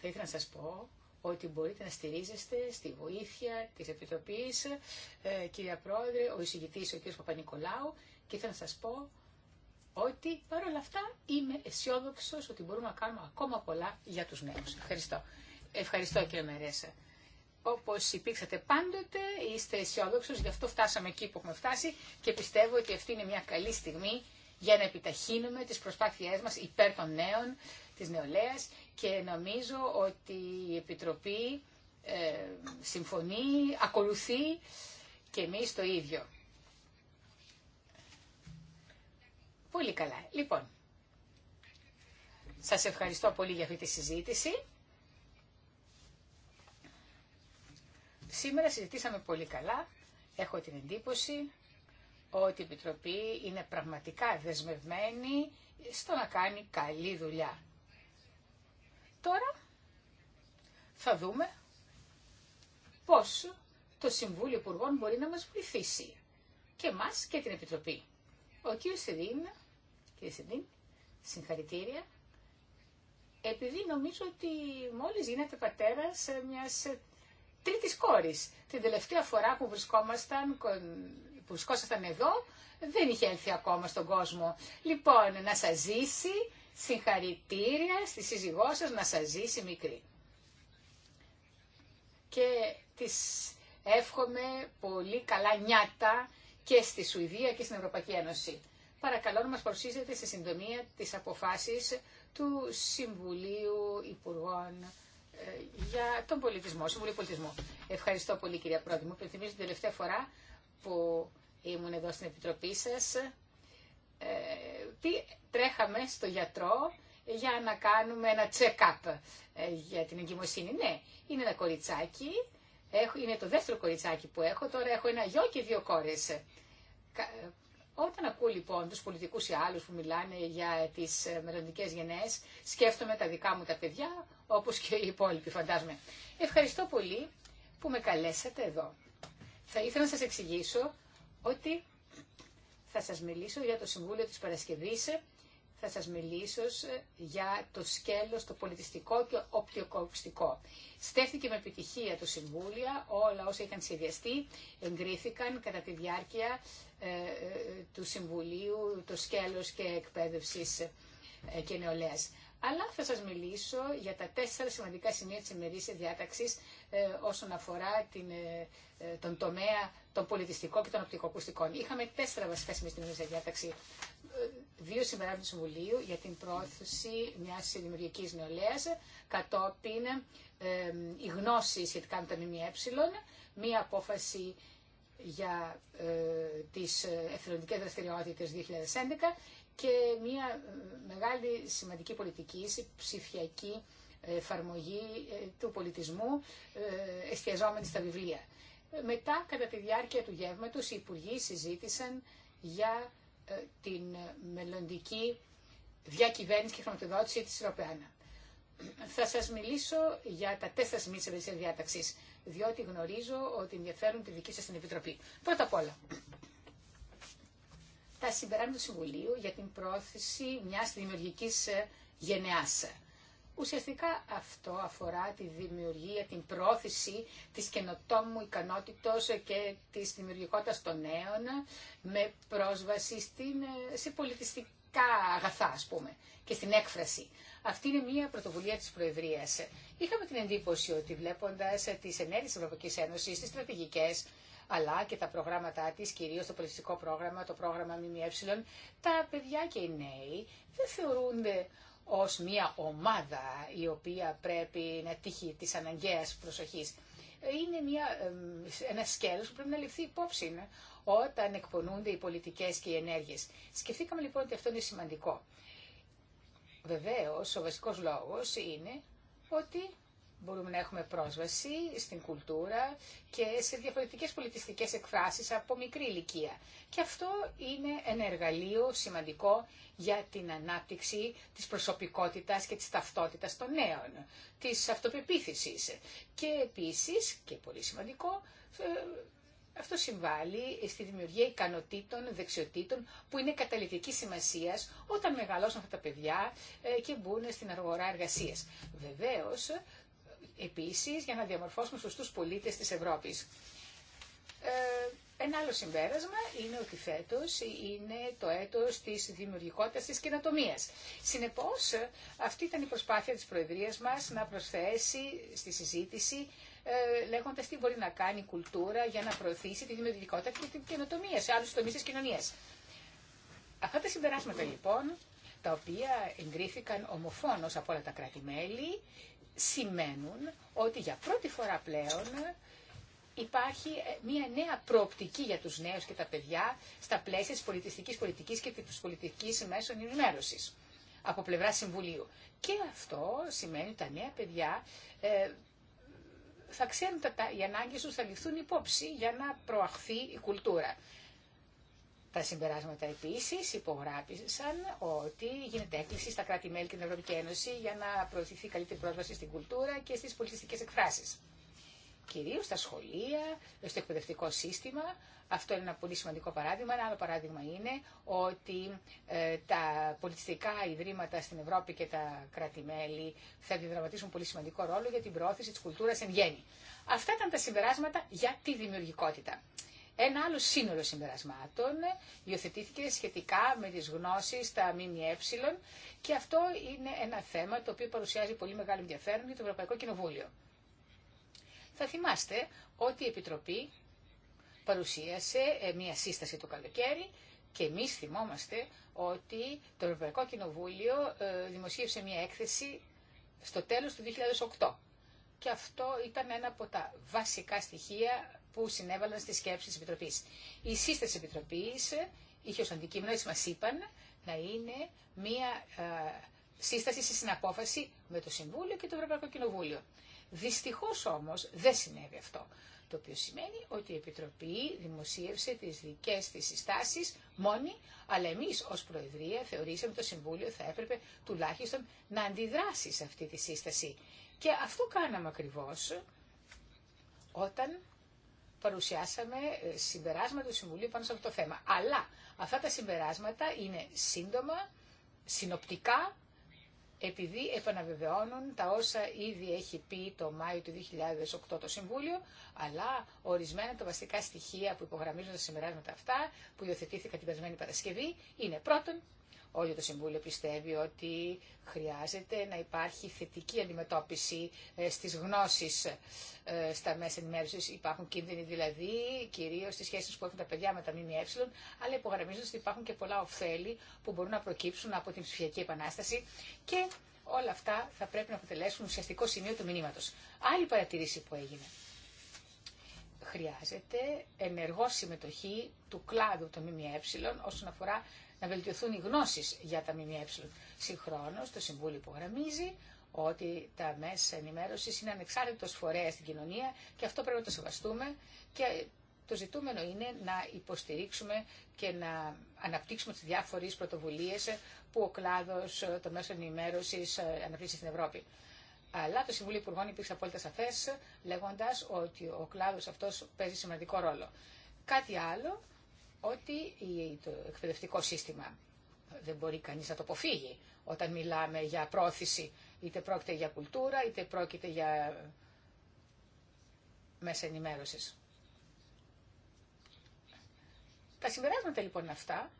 Θα ήθελα να σα πω ότι μπορείτε να στηρίζεστε στη βοήθεια της Επιτροπής, ε, κυρία Πρόεδρε, ο εισηγητής ο κύριο Παπα-Νικολάου και ήθελα να σας πω ότι παρόλα αυτά είμαι αισιόδοξο ότι μπορούμε να κάνουμε ακόμα πολλά για τους νέους. Ευχαριστώ. Ευχαριστώ κύριε Μερέσα. Όπως υπήρξατε πάντοτε, είστε αισιόδοξο, γι' αυτό φτάσαμε εκεί που έχουμε φτάσει και πιστεύω ότι αυτή είναι μια καλή στιγμή για να επιταχύνουμε τις προσπάθειές μας υπέρ των νέων, της νεολαίας και νομίζω ότι η Επιτροπή ε, συμφωνεί, ακολουθεί και εμείς το ίδιο. Πολύ καλά. Λοιπόν, σας ευχαριστώ πολύ για αυτή τη συζήτηση. Σήμερα συζητήσαμε πολύ καλά. Έχω την εντύπωση ότι η Επιτροπή είναι πραγματικά δεσμευμένη στο να κάνει καλή δουλειά. Τώρα θα δούμε πώς το Συμβούλιο Υπουργών μπορεί να μας βοηθήσει και μας και την Επιτροπή. Ο κ. Σιδίν, κ. συγχαρητήρια, επειδή νομίζω ότι μόλις γίνεται πατέρας μιας τρίτης κόρης. Την τελευταία φορά που βρισκόμασταν, που βρισκόσασταν εδώ, δεν είχε έλθει ακόμα στον κόσμο. Λοιπόν, να σας ζήσει, συγχαρητήρια στη σύζυγό σας να σας ζήσει μικρή. Και τις εύχομαι πολύ καλά νιάτα και στη Σουηδία και στην Ευρωπαϊκή Ένωση. Παρακαλώ να μας προσήσετε σε συντομία τις αποφάσεις του Συμβουλίου Υπουργών ε, για τον πολιτισμό, Συμβουλίου Ευχαριστώ πολύ κυρία Πρόεδρε. Μου θυμίζω την τελευταία φορά που ήμουν εδώ στην Επιτροπή σας ε, τι τρέχαμε στο γιατρό για να κάνουμε ένα check-up ε, για την εγκυμοσύνη. Ναι, είναι ένα κοριτσάκι, είναι το δεύτερο κοριτσάκι που έχω, τώρα έχω ένα γιο και δύο κόρες. Ε, όταν ακούω λοιπόν τους πολιτικούς ή άλλους που μιλάνε για τις μελλοντικέ γενναίες, σκέφτομαι τα δικά μου τα παιδιά, όπως και οι υπόλοιποι φαντάζομαι. Ευχαριστώ πολύ που με καλέσατε εδώ. Θα ήθελα να σας εξηγήσω ότι θα σας μιλήσω για το Συμβούλιο της Παρασκευής, θα σας μιλήσω για το σκέλος, το πολιτιστικό και οπτικοκουστικό. Στέφθηκε με επιτυχία το Συμβούλιο, όλα όσα είχαν σχεδιαστεί εγκρίθηκαν κατά τη διάρκεια ε, ε, του Συμβουλίου, το σκέλος και εκπαίδευσης ε, και νεολαίας. Αλλά θα σας μιλήσω για τα τέσσερα σημαντικά σημεία της ημερής διάταξης όσον αφορά την, τον τομέα των πολιτιστικό και των οπτικοακουστικών. Είχαμε τέσσερα βασικά σημεία στην διάταξη. Δύο συμπεράσματα του Συμβουλίου για την πρόθεση μια δημιουργική νεολαία, κατόπιν ε, η γνώση σχετικά με το ΜΜΕ, μία απόφαση για ε, τις ε, εθελοντικές δραστηριότητες 2011 και μια ε, μεγάλη σημαντική πολιτική, ψηφιακή ε, εφαρμογή του πολιτισμού εστιαζόμενη στα βιβλία. Μετά, κατά τη διάρκεια του γεύματος, οι υπουργοί συζήτησαν για ε, την ε, μελλοντική διακυβέρνηση και χρηματοδότηση της Ευρωπαϊκής. Θα σας μιλήσω για τα τέσσερα σημεία της Ευρωπαϊκής Διάταξης, διότι γνωρίζω ότι ενδιαφέρουν τη δική σας την Επιτροπή. Πρώτα απ' όλα, τα συμπεράσματα του Συμβουλίου για την πρόθεση μιας δημιουργικής ε, γενεάς. Ουσιαστικά αυτό αφορά τη δημιουργία, την πρόθεση της καινοτόμου ικανότητος και της δημιουργικότητας των νέων με πρόσβαση στην, σε πολιτιστικά αγαθά, ας πούμε, και στην έκφραση. Αυτή είναι μια πρωτοβουλία της Προεδρίας. Είχαμε την εντύπωση ότι βλέποντας τις ενέργειες της Ευρωπαϊκής Ένωσης, τις στρατηγικές, αλλά και τα προγράμματά της, κυρίως το πολιτιστικό πρόγραμμα, το πρόγραμμα ΜΜΕ, τα παιδιά και οι νέοι δεν θεωρούνται ως μια ομάδα η οποία πρέπει να τύχει της αναγκαίας προσοχής. Είναι μια, ένα σκέλος που πρέπει να ληφθεί υπόψη ναι, όταν εκπονούνται οι πολιτικές και οι ενέργειες. Σκεφτήκαμε λοιπόν ότι αυτό είναι σημαντικό. Βεβαίως, ο βασικός λόγος είναι ότι μπορούμε να έχουμε πρόσβαση στην κουλτούρα και σε διαφορετικές πολιτιστικές εκφράσεις από μικρή ηλικία. Και αυτό είναι ένα εργαλείο σημαντικό για την ανάπτυξη της προσωπικότητας και της ταυτότητας των νέων, της αυτοπεποίθησης. Και επίσης, και πολύ σημαντικό, ε, αυτό συμβάλλει στη δημιουργία ικανοτήτων, δεξιοτήτων που είναι καταλητική σημασία όταν μεγαλώσουν αυτά τα παιδιά ε, και μπουν στην αργορά εργασία. Βεβαίω, επίσης για να διαμορφώσουμε σωστούς πολίτες της Ευρώπης. Ε, ένα άλλο συμπέρασμα είναι ότι φέτο είναι το έτο τη δημιουργικότητα τη καινοτομία. Συνεπώ, αυτή ήταν η προσπάθεια τη Προεδρία μα να προσθέσει στη συζήτηση ε, λέγοντα τι μπορεί να κάνει η κουλτούρα για να προωθήσει τη δημιουργικότητα και την καινοτομία σε άλλου τομεί τη κοινωνία. Αυτά τα συμπεράσματα λοιπόν, τα οποία εγκρίθηκαν ομοφόνος από όλα τα κράτη-μέλη, σημαίνουν ότι για πρώτη φορά πλέον υπάρχει ε, μια νέα προοπτική για τους νέους και τα παιδιά στα πλαίσια της πολιτιστικής πολιτικής και της πολιτικής μέσων ενημέρωσης από πλευρά Συμβουλίου. Και αυτό σημαίνει ότι τα νέα παιδιά ε, θα ξέρουν ότι οι ανάγκες τους θα ληφθούν υπόψη για να προαχθεί η κουλτούρα. Τα συμπεράσματα επίση υπογράφησαν ότι γίνεται έκκληση στα κράτη-μέλη και την Ευρωπαϊκή Ένωση για να προωθηθεί καλύτερη πρόσβαση στην κουλτούρα και στι πολιτιστικέ εκφράσει. Κυρίω στα σχολεία, στο εκπαιδευτικό σύστημα. Αυτό είναι ένα πολύ σημαντικό παράδειγμα. Ένα άλλο παράδειγμα είναι ότι ε, τα πολιτιστικά ιδρύματα στην Ευρώπη και τα κράτη-μέλη θα διδραματίσουν πολύ σημαντικό ρόλο για την προώθηση τη κουλτούρα εν γέννη. Αυτά ήταν τα συμπεράσματα για τη δημιουργικότητα. Ένα άλλο σύνολο συμπερασμάτων υιοθετήθηκε σχετικά με τις γνώσεις στα ΜΜΕ και αυτό είναι ένα θέμα το οποίο παρουσιάζει πολύ μεγάλο ενδιαφέρον για το Ευρωπαϊκό Κοινοβούλιο. Θα θυμάστε ότι η Επιτροπή παρουσίασε ε, μία σύσταση το καλοκαίρι και εμείς θυμόμαστε ότι το Ευρωπαϊκό Κοινοβούλιο ε, δημοσίευσε μία έκθεση στο τέλος του 2008. Και αυτό ήταν ένα από τα βασικά στοιχεία που συνέβαλαν στη σκέψη της Επιτροπής. Η σύσταση της Επιτροπής είχε ως αντικείμενο, έτσι μας είπαν, να είναι μία ε, σύσταση σε συναπόφαση με το Συμβούλιο και το Ευρωπαϊκό Κοινοβούλιο. Δυστυχώς όμως δεν συνέβη αυτό. Το οποίο σημαίνει ότι η Επιτροπή δημοσίευσε τις δικές της συστάσεις μόνη, αλλά εμείς ως Προεδρία θεωρήσαμε ότι το Συμβούλιο θα έπρεπε τουλάχιστον να αντιδράσει σε αυτή τη σύσταση. Και αυτό κάναμε ακριβώ όταν παρουσιάσαμε ε, συμπεράσματα του Συμβουλίου πάνω σε αυτό το θέμα. Αλλά αυτά τα συμπεράσματα είναι σύντομα, συνοπτικά, επειδή επαναβεβαιώνουν τα όσα ήδη έχει πει το Μάιο του 2008 το Συμβούλιο, αλλά ορισμένα τα βασικά στοιχεία που υπογραμμίζουν τα συμπεράσματα αυτά, που υιοθετήθηκαν την περασμένη Παρασκευή, είναι πρώτον Όλο το Συμβούλιο πιστεύει ότι χρειάζεται να υπάρχει θετική αντιμετώπιση ε, στις γνώσεις ε, στα μέσα ενημέρωσης. Υπάρχουν κίνδυνοι δηλαδή, κυρίως στις σχέσεις που έχουν τα παιδιά με τα ΜΜΕ, αλλά υπογραμμίζοντας ότι υπάρχουν και πολλά ωφέλη που μπορούν να προκύψουν από την ψηφιακή επανάσταση και όλα αυτά θα πρέπει να αποτελέσουν ουσιαστικό σημείο του μηνύματος. Άλλη παρατηρήση που έγινε χρειάζεται ενεργό συμμετοχή του κλάδου των ΜΜΕ όσον αφορά να βελτιωθούν οι γνώσει για τα ΜΜΕ. Συγχρόνω, το Συμβούλιο υπογραμμίζει ότι τα μέσα ενημέρωση είναι ανεξάρτητο φορέας στην κοινωνία και αυτό πρέπει να το σεβαστούμε και το ζητούμενο είναι να υποστηρίξουμε και να αναπτύξουμε τι διάφορε πρωτοβουλίε που ο κλάδο των μέσων ενημέρωση ε, αναπτύσσει στην Ευρώπη. Αλλά το Συμβούλιο Υπουργών υπήρξε απόλυτα σαφέ, λέγοντα ότι ο κλάδο αυτό παίζει σημαντικό ρόλο. Κάτι άλλο ότι το εκπαιδευτικό σύστημα δεν μπορεί κανείς να το αποφύγει όταν μιλάμε για πρόθεση, είτε πρόκειται για κουλτούρα, είτε πρόκειται για μέσα ενημέρωσης. Τα συμπεράσματα λοιπόν αυτά,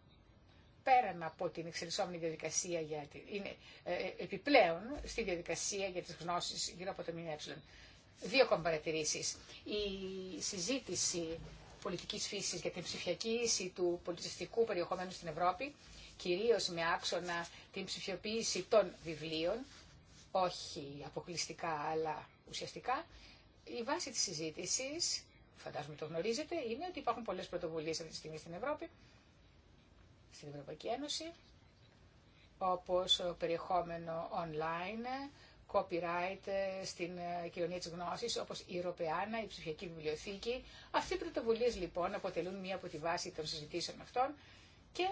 πέραν από την εξελισσόμενη διαδικασία, για είναι ε, ε, επιπλέον στη διαδικασία για τις γνώσεις γύρω από το ΜΕ. Δύο ακόμα Η συζήτηση πολιτικής φύσης για την ψηφιακή του πολιτιστικού περιεχομένου στην Ευρώπη, κυρίως με άξονα την ψηφιοποίηση των βιβλίων, όχι αποκλειστικά αλλά ουσιαστικά, η βάση της συζήτησης, φαντάζομαι το γνωρίζετε, είναι ότι υπάρχουν πολλές πρωτοβουλίες αυτή τη στιγμή στην Ευρώπη, στην Ευρωπαϊκή Ένωση, όπως περιεχόμενο online, copyright ε, στην ε, κοινωνία της γνώσης, όπως η Ευρωπαϊκή, η ψηφιακή βιβλιοθήκη. Αυτοί οι πρωτοβουλίες λοιπόν αποτελούν μία από τη βάση των συζητήσεων αυτών και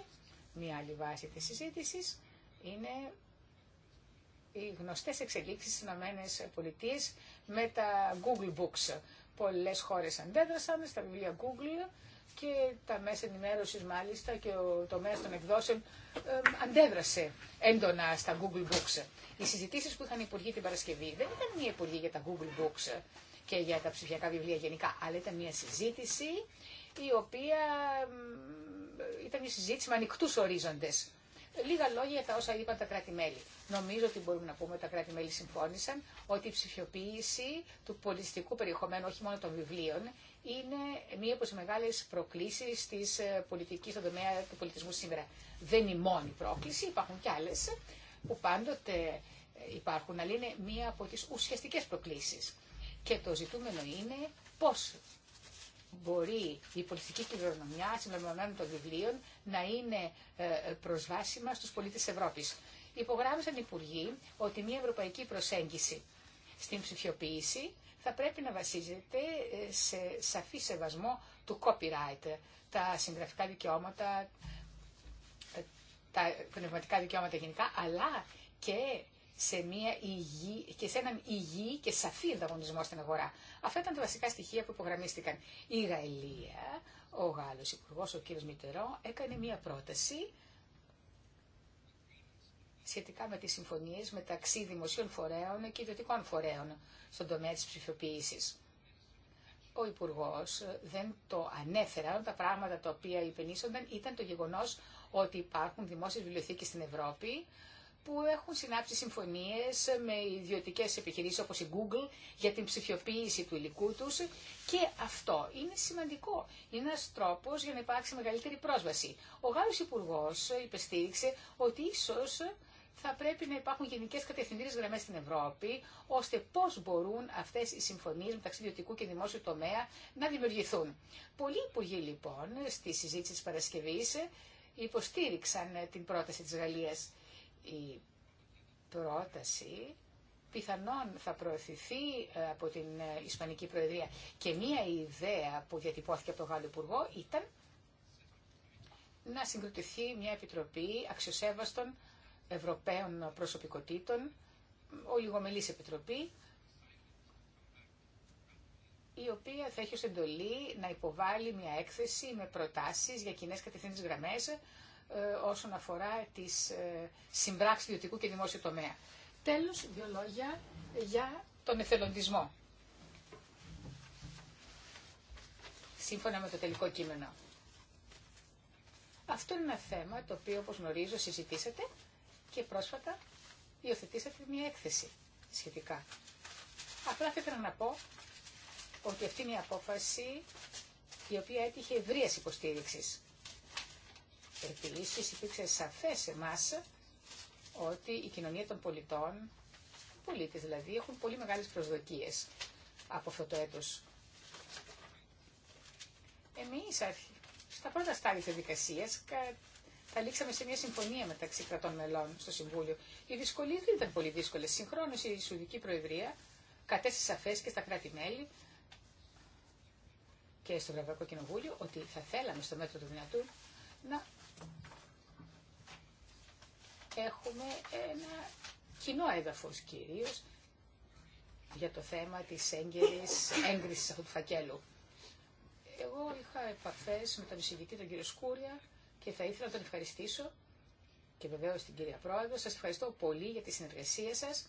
μία άλλη βάση της συζήτησης είναι οι γνωστές εξελίξεις στις ΗΠΑ με τα Google Books. Πολλές χώρες αντέδρασαν στα βιβλία Google και τα μέσα ενημέρωσης μάλιστα και ο τομέας των εκδόσεων ε, αντέδρασε έντονα στα Google Books. Οι συζητήσεις που είχαν οι υπουργοί την Παρασκευή δεν ήταν μια υπουργή για τα Google Books και για τα ψηφιακά βιβλία γενικά, αλλά ήταν μια συζήτηση η οποία ήταν μια συζήτηση με ανοιχτού ορίζοντες. Λίγα λόγια για τα όσα είπαν τα κράτη-μέλη. Νομίζω ότι μπορούμε να πούμε ότι τα κράτη-μέλη συμφώνησαν ότι η ψηφιοποίηση του πολιτιστικού περιεχομένου, όχι μόνο των βιβλίων, είναι μία από τι μεγάλε προκλήσει τη ε, πολιτική στον τομέα του πολιτισμού σήμερα. Δεν είναι η μόνη πρόκληση, υπάρχουν κι άλλε που πάντοτε ε, υπάρχουν, αλλά είναι μία από τι ουσιαστικέ προκλήσει. Και το ζητούμενο είναι πώ μπορεί η πολιτική κληρονομιά συμπεριλαμβανομένων των βιβλίων να είναι ε, προσβάσιμα στους πολίτες της Ευρώπης. Υπογράμμισαν οι Υπουργοί ότι μια ευρωπαϊκή προσέγγιση στην ψηφιοποίηση θα πρέπει να βασίζεται ε, σε σαφή σεβασμό του copyright, τα συγγραφικά δικαιώματα, ε, τα πνευματικά δικαιώματα γενικά, αλλά και σε μια και σε έναν υγιή και σαφή ανταγωνισμό στην αγορά. Αυτά ήταν τα βασικά στοιχεία που υπογραμμίστηκαν. Η Γαλλία, ο Γάλλος Υπουργό, ο κ. Μητερό, έκανε μια πρόταση σχετικά με τις συμφωνίες μεταξύ δημοσίων φορέων και ιδιωτικών φορέων στον τομέα της ψηφιοποίησης. Ο Υπουργό δεν το ανέφερε, αλλά τα πράγματα τα οποία υπενήσονταν ήταν το γεγονός ότι υπάρχουν δημόσιες βιβλιοθήκες στην Ευρώπη που έχουν συνάψει συμφωνίες με ιδιωτικές επιχειρήσεις όπως η Google για την ψηφιοποίηση του υλικού τους και αυτό είναι σημαντικό. Είναι ένας τρόπος για να υπάρξει μεγαλύτερη πρόσβαση. Ο Γάλλος υπουργό υπεστήριξε ότι ίσως θα πρέπει να υπάρχουν γενικές κατευθυντήριες γραμμές στην Ευρώπη, ώστε πώς μπορούν αυτές οι συμφωνίες μεταξύ ιδιωτικού και δημόσιου τομέα να δημιουργηθούν. Πολλοί υπουργοί λοιπόν στη συζήτηση της παρασκευή, υποστήριξαν την πρόταση της Γαλλίας. Η πρόταση πιθανόν θα προωθηθεί ε, από την ε, Ισπανική Προεδρία. Και μία ιδέα που διατυπώθηκε από τον Γάλλο Υπουργό ήταν να συγκροτηθεί μια επιτροπή αξιοσέβαστων Ευρωπαίων προσωπικότητων, ολιγομελής επιτροπή, η οποία θα έχει ως εντολή να υποβάλει μια έκθεση με προτάσεις για κοινέ κατευθύνσεις γραμμές ε, όσον αφορά τις ε, συμπράξει ιδιωτικού και δημόσιου τομέα. Τέλος, δύο λόγια για τον εθελοντισμό. Σύμφωνα με το τελικό κείμενο. Αυτό είναι ένα θέμα το οποίο, όπως γνωρίζω, συζητήσατε και πρόσφατα υιοθετήσατε μια έκθεση σχετικά. Απλά θα ήθελα να πω ότι αυτή είναι η απόφαση η οποία έτυχε ευρεία υποστήριξη. Επίση υπήρξε σαφές σε εμά ότι η κοινωνία των πολιτών, πολίτες δηλαδή, έχουν πολύ μεγάλες προσδοκίες από αυτό το έτος. Εμείς στα πρώτα στάδια της θα λήξαμε σε μια συμφωνία μεταξύ κρατών μελών στο Συμβούλιο. Οι δυσκολίες δεν ήταν πολύ δύσκολες. Συγχρόνως η Σουηδική Προεδρία κατέστησε σαφές και στα κράτη-μέλη και στο Ευρωπαϊκό Κοινοβούλιο ότι θα θέλαμε στο μέτρο του δυνατού να έχουμε ένα κοινό έδαφος κυρίως για το θέμα της έγκαιρης έγκρισης αυτού του φακέλου. Εγώ είχα επαφές με τον εισηγητή τον κύριο Σκούρια και θα ήθελα να τον ευχαριστήσω και βεβαίως την κυρία Πρόεδρο. Σας ευχαριστώ πολύ για τη συνεργασία σας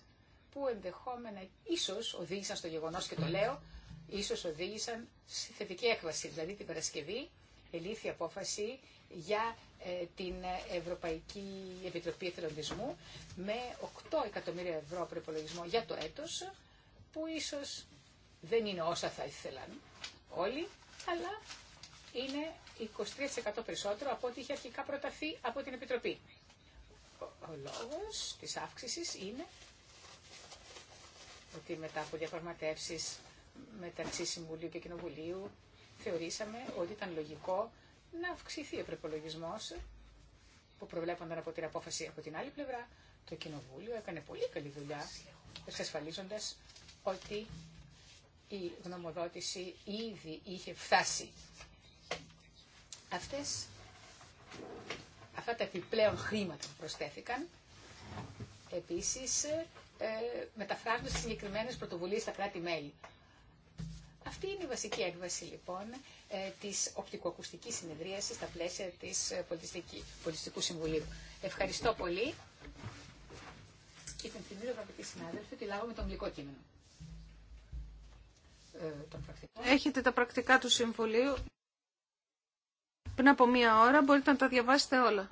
που ενδεχόμενα ίσως οδήγησαν στο γεγονός και το λέω, ίσως οδήγησαν στη θετική έκβαση, δηλαδή την Παρασκευή ελήφθη απόφαση για ε, την Ευρωπαϊκή Επιτροπή Εθελοντισμού με 8 εκατομμύρια ευρώ προπολογισμό για το έτος που ίσως δεν είναι όσα θα ήθελαν όλοι, αλλά είναι 23% περισσότερο από ό,τι είχε αρχικά προταθεί από την Επιτροπή. Ο λόγος της αύξησης είναι ότι μετά από διαπραγματεύσεις μεταξύ Συμβουλίου και Κοινοβουλίου θεωρήσαμε ότι ήταν λογικό να αυξηθεί ο προπολογισμό που προβλέπονταν από την απόφαση. Από την άλλη πλευρά, το Κοινοβούλιο έκανε πολύ καλή δουλειά, εξασφαλίζοντα ότι η γνωμοδότηση ήδη είχε φτάσει. Αυτές, αυτά τα επιπλέον χρήματα που προσθέθηκαν, επίσης ε, μεταφράζονται συγκεκριμένες πρωτοβουλίες στα κράτη-μέλη. Αυτή είναι η βασική έκβαση λοιπόν ε, της οπτικοακουστικής συνεδρίασης στα πλαίσια της ε, Πολιτιστικού Συμβουλίου. Ευχαριστώ πολύ. Και την θυμίζω αγαπητοί συνάδελφοι ότι λάβαμε τον γλυκό κείμενο. Ε, Έχετε τα πρακτικά του Συμβουλίου. Πριν από μία ώρα μπορείτε να τα διαβάσετε όλα.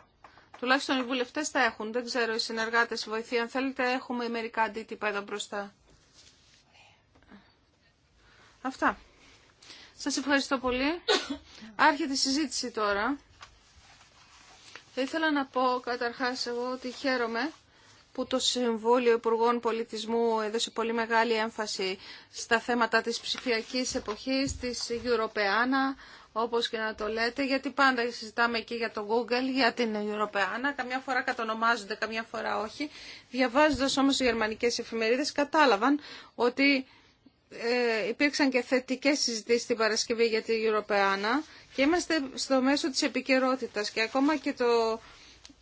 Τουλάχιστον οι βουλευτές τα έχουν. Δεν ξέρω οι συνεργάτες, οι βοηθοί, αν θέλετε έχουμε μερικά αντίτυπα εδώ μπροστά. Αυτά. Σας ευχαριστώ πολύ. Άρχεται η συζήτηση τώρα. Θα ήθελα να πω καταρχάς εγώ ότι χαίρομαι που το Συμβούλιο Υπουργών Πολιτισμού έδωσε πολύ μεγάλη έμφαση στα θέματα της ψηφιακής εποχής, της Europeana, όπως και να το λέτε, γιατί πάντα συζητάμε και για το Google, για την Europeana, καμιά φορά κατονομάζονται, καμιά φορά όχι. Διαβάζοντας όμως οι γερμανικές εφημερίδες κατάλαβαν ότι ε, υπήρξαν και θετικές συζητήσεις την Παρασκευή για την Ευρωπαϊκή και είμαστε στο μέσο της επικαιρότητα και ακόμα και το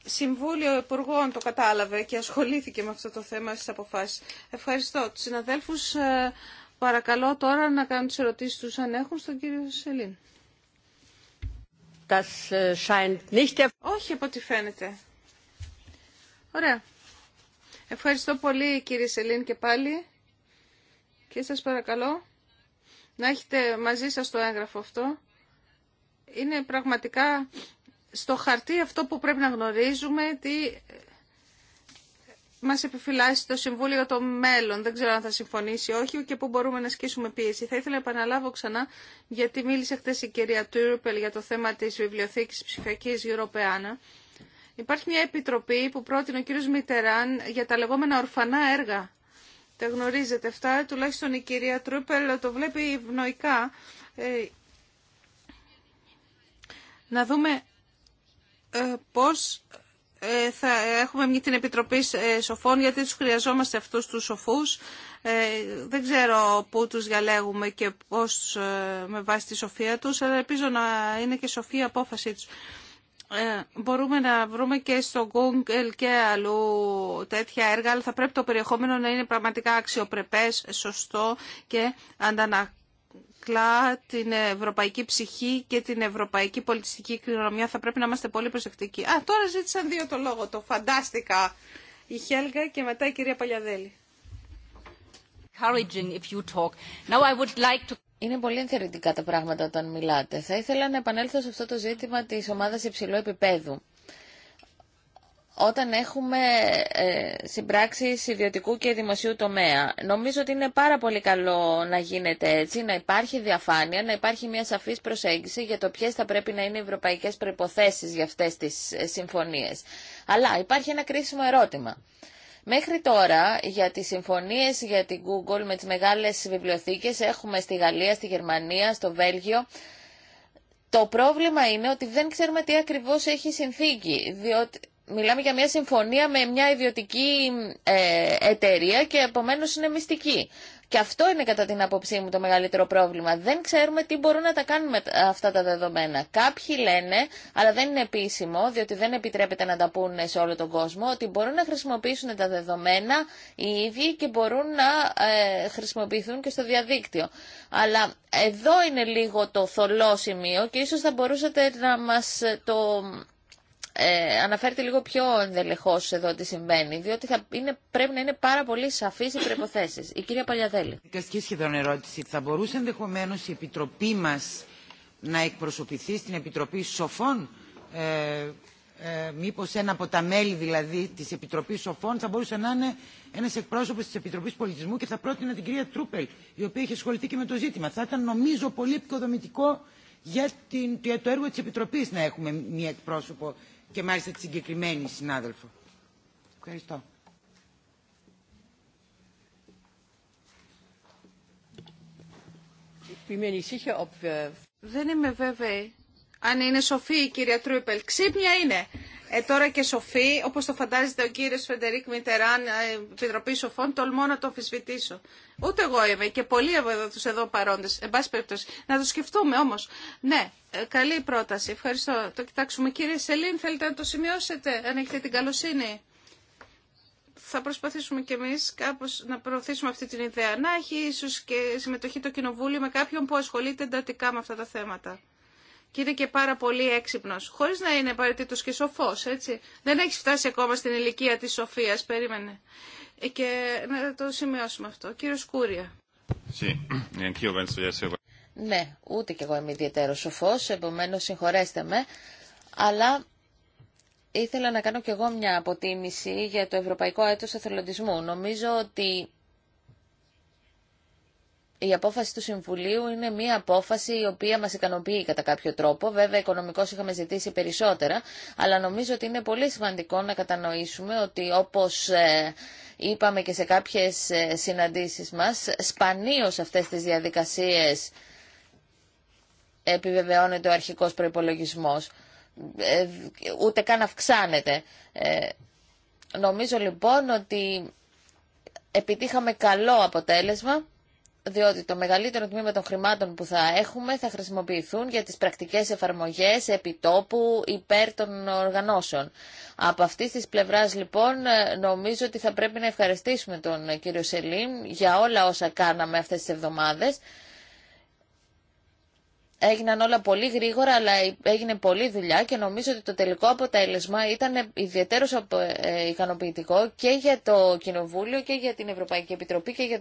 Συμβούλιο Υπουργών το κατάλαβε και ασχολήθηκε με αυτό το θέμα στις αποφάσεις. Ευχαριστώ. Τους συναδέλφους ε, παρακαλώ τώρα να κάνουν τις ερωτήσεις τους αν έχουν στον κύριο Σελήν. Ε, Όχι από ό,τι φαίνεται. Ωραία. Ευχαριστώ πολύ κύριε Σελήν και πάλι. Και σας παρακαλώ να έχετε μαζί σας το έγγραφο αυτό. Είναι πραγματικά στο χαρτί αυτό που πρέπει να γνωρίζουμε, τι μας επιφυλάσσει το Συμβούλιο για το μέλλον. Δεν ξέρω αν θα συμφωνήσει όχι και πού μπορούμε να ασκήσουμε πίεση. Θα ήθελα να επαναλάβω ξανά, γιατί μίλησε χθε η κυρία Τούρπελ για το θέμα της βιβλιοθήκης ψηφιακής Ευρωπαϊκή. Υπάρχει μια επιτροπή που πρότεινε ο κύριος Μιτεράν για τα λεγόμενα ορφανά έργα. Τα γνωρίζετε αυτά, τουλάχιστον η κυρία Τρούπελ το βλέπει ευνοϊκά. Ε, να δούμε ε, πώς ε, θα έχουμε την Επιτροπή Σοφών, γιατί τους χρειαζόμαστε αυτούς τους σοφούς. δεν ξέρω πού τους διαλέγουμε και πώς με βάση τη σοφία τους, αλλά ελπίζω να είναι και σοφή η απόφασή τους. Ε, μπορούμε να βρούμε και στο Google και αλλού τέτοια έργα, αλλά θα πρέπει το περιεχόμενο να είναι πραγματικά αξιοπρεπές, σωστό και αντανακλά την ευρωπαϊκή ψυχή και την ευρωπαϊκή πολιτιστική κληρονομιά. Θα πρέπει να είμαστε πολύ προσεκτικοί. Α, τώρα ζήτησαν δύο το λόγο, το φαντάστηκα. Η Χέλγα και μετά η κυρία Παλιαδέλη. Είναι πολύ ενθαρρυντικά τα πράγματα όταν μιλάτε. Θα ήθελα να επανέλθω σε αυτό το ζήτημα της ομάδας υψηλού επίπεδου. Όταν έχουμε ε, συμπράξεις ιδιωτικού και δημοσίου τομέα, νομίζω ότι είναι πάρα πολύ καλό να γίνεται έτσι, να υπάρχει διαφάνεια, να υπάρχει μια σαφής προσέγγιση για το ποιες θα πρέπει να είναι οι ευρωπαϊκές προϋποθέσεις για αυτές τις ε, συμφωνίες. Αλλά υπάρχει ένα κρίσιμο ερώτημα. Μέχρι τώρα για τις συμφωνίες για την Google με τις μεγάλες βιβλιοθήκες έχουμε στη Γαλλία, στη Γερμανία, στο Βέλγιο. Το πρόβλημα είναι ότι δεν ξέρουμε τι ακριβώς έχει συνθήκη, διότι μιλάμε για μια συμφωνία με μια ιδιωτική ε, εταιρεία και επομένως είναι μυστική. Και αυτό είναι κατά την άποψή μου το μεγαλύτερο πρόβλημα. Δεν ξέρουμε τι μπορούν να τα με αυτά τα δεδομένα. Κάποιοι λένε, αλλά δεν είναι επίσημο, διότι δεν επιτρέπεται να τα πούνε σε όλο τον κόσμο, ότι μπορούν να χρησιμοποιήσουν τα δεδομένα οι ίδιοι και μπορούν να ε, χρησιμοποιηθούν και στο διαδίκτυο. Αλλά εδώ είναι λίγο το θολό σημείο και ίσως θα μπορούσατε να μας το ε, αναφέρετε λίγο πιο ενδελεχώς εδώ τι συμβαίνει, διότι θα είναι, πρέπει να είναι πάρα πολύ σαφείς οι προποθέσει. Η κυρία Παλιαδέλη. Δικαστική σχεδόν ερώτηση. Θα μπορούσε ενδεχομένω η Επιτροπή μα να εκπροσωπηθεί στην Επιτροπή Σοφών ε, ε, μήπως ένα από τα μέλη δηλαδή της Επιτροπής Σοφών θα μπορούσε να είναι ένας εκπρόσωπος της Επιτροπής Πολιτισμού και θα πρότεινα την κυρία Τρούπελ η οποία είχε ασχοληθεί και με το ζήτημα. Θα ήταν νομίζω πολύ επικοδομητικό για, την, για το έργο της Επιτροπής να έχουμε μία εκπρόσωπο και μάλιστα τη συγκεκριμένη συνάδελφο. Ευχαριστώ. Δεν είμαι βέβαιη αν είναι σοφή η κυρία Τρούπελ. Ξύπνια είναι. Ε, τώρα και σοφή, όπω το φαντάζεται ο κύριο Φεντερίκ Μιτεράν, ε, επιτροπή σοφών, τολμώ να το αμφισβητήσω. Ούτε εγώ είμαι και πολλοί από εδώ, του εδώ παρόντε. Εν πάση περιπτώσει, να το σκεφτούμε όμω. Ναι, ε, καλή πρόταση. Ευχαριστώ. Το κοιτάξουμε. Κύριε Σελήν, θέλετε να το σημειώσετε, αν έχετε την καλοσύνη. Θα προσπαθήσουμε κι εμεί κάπω να προωθήσουμε αυτή την ιδέα. Να έχει ίσω και συμμετοχή το Κοινοβούλιο με κάποιον που ασχολείται εντατικά με αυτά τα θέματα και είναι και πάρα πολύ έξυπνο, χωρί να είναι απαραίτητο και σοφό, έτσι. Δεν έχει φτάσει ακόμα στην ηλικία τη Σοφία, περίμενε. Ε, και να το σημειώσουμε αυτό. Κύριο Σκούρια. Ναι, ούτε κι εγώ είμαι ιδιαίτερο σοφό, επομένω συγχωρέστε με, αλλά ήθελα να κάνω κι εγώ μια αποτίμηση για το Ευρωπαϊκό Έτος Εθελοντισμού. Νομίζω ότι η απόφαση του Συμβουλίου είναι μία απόφαση η οποία μας ικανοποιεί κατά κάποιο τρόπο. Βέβαια, οικονομικώς είχαμε ζητήσει περισσότερα, αλλά νομίζω ότι είναι πολύ σημαντικό να κατανοήσουμε ότι όπως ε, είπαμε και σε κάποιες ε, συναντήσεις μας, σπανίως αυτές τις διαδικασίες επιβεβαιώνεται ο αρχικός προϋπολογισμός, ε, ούτε καν αυξάνεται. Νομίζω λοιπόν ότι επιτύχαμε καλό αποτέλεσμα διότι το μεγαλύτερο τμήμα των χρημάτων που θα έχουμε θα χρησιμοποιηθούν για τις πρακτικές εφαρμογές επιτόπου υπέρ των οργανώσεων. Από αυτή της πλευράς λοιπόν νομίζω ότι θα πρέπει να ευχαριστήσουμε τον κύριο Σελίμ για όλα όσα κάναμε αυτές τις εβδομάδες. Έγιναν όλα πολύ γρήγορα, αλλά έγινε πολλή δουλειά και νομίζω ότι το τελικό αποτέλεσμα ήταν ιδιαίτερο ε, ε, ικανοποιητικό και για το Κοινοβούλιο και για την Ευρωπαϊκή Επιτροπή και για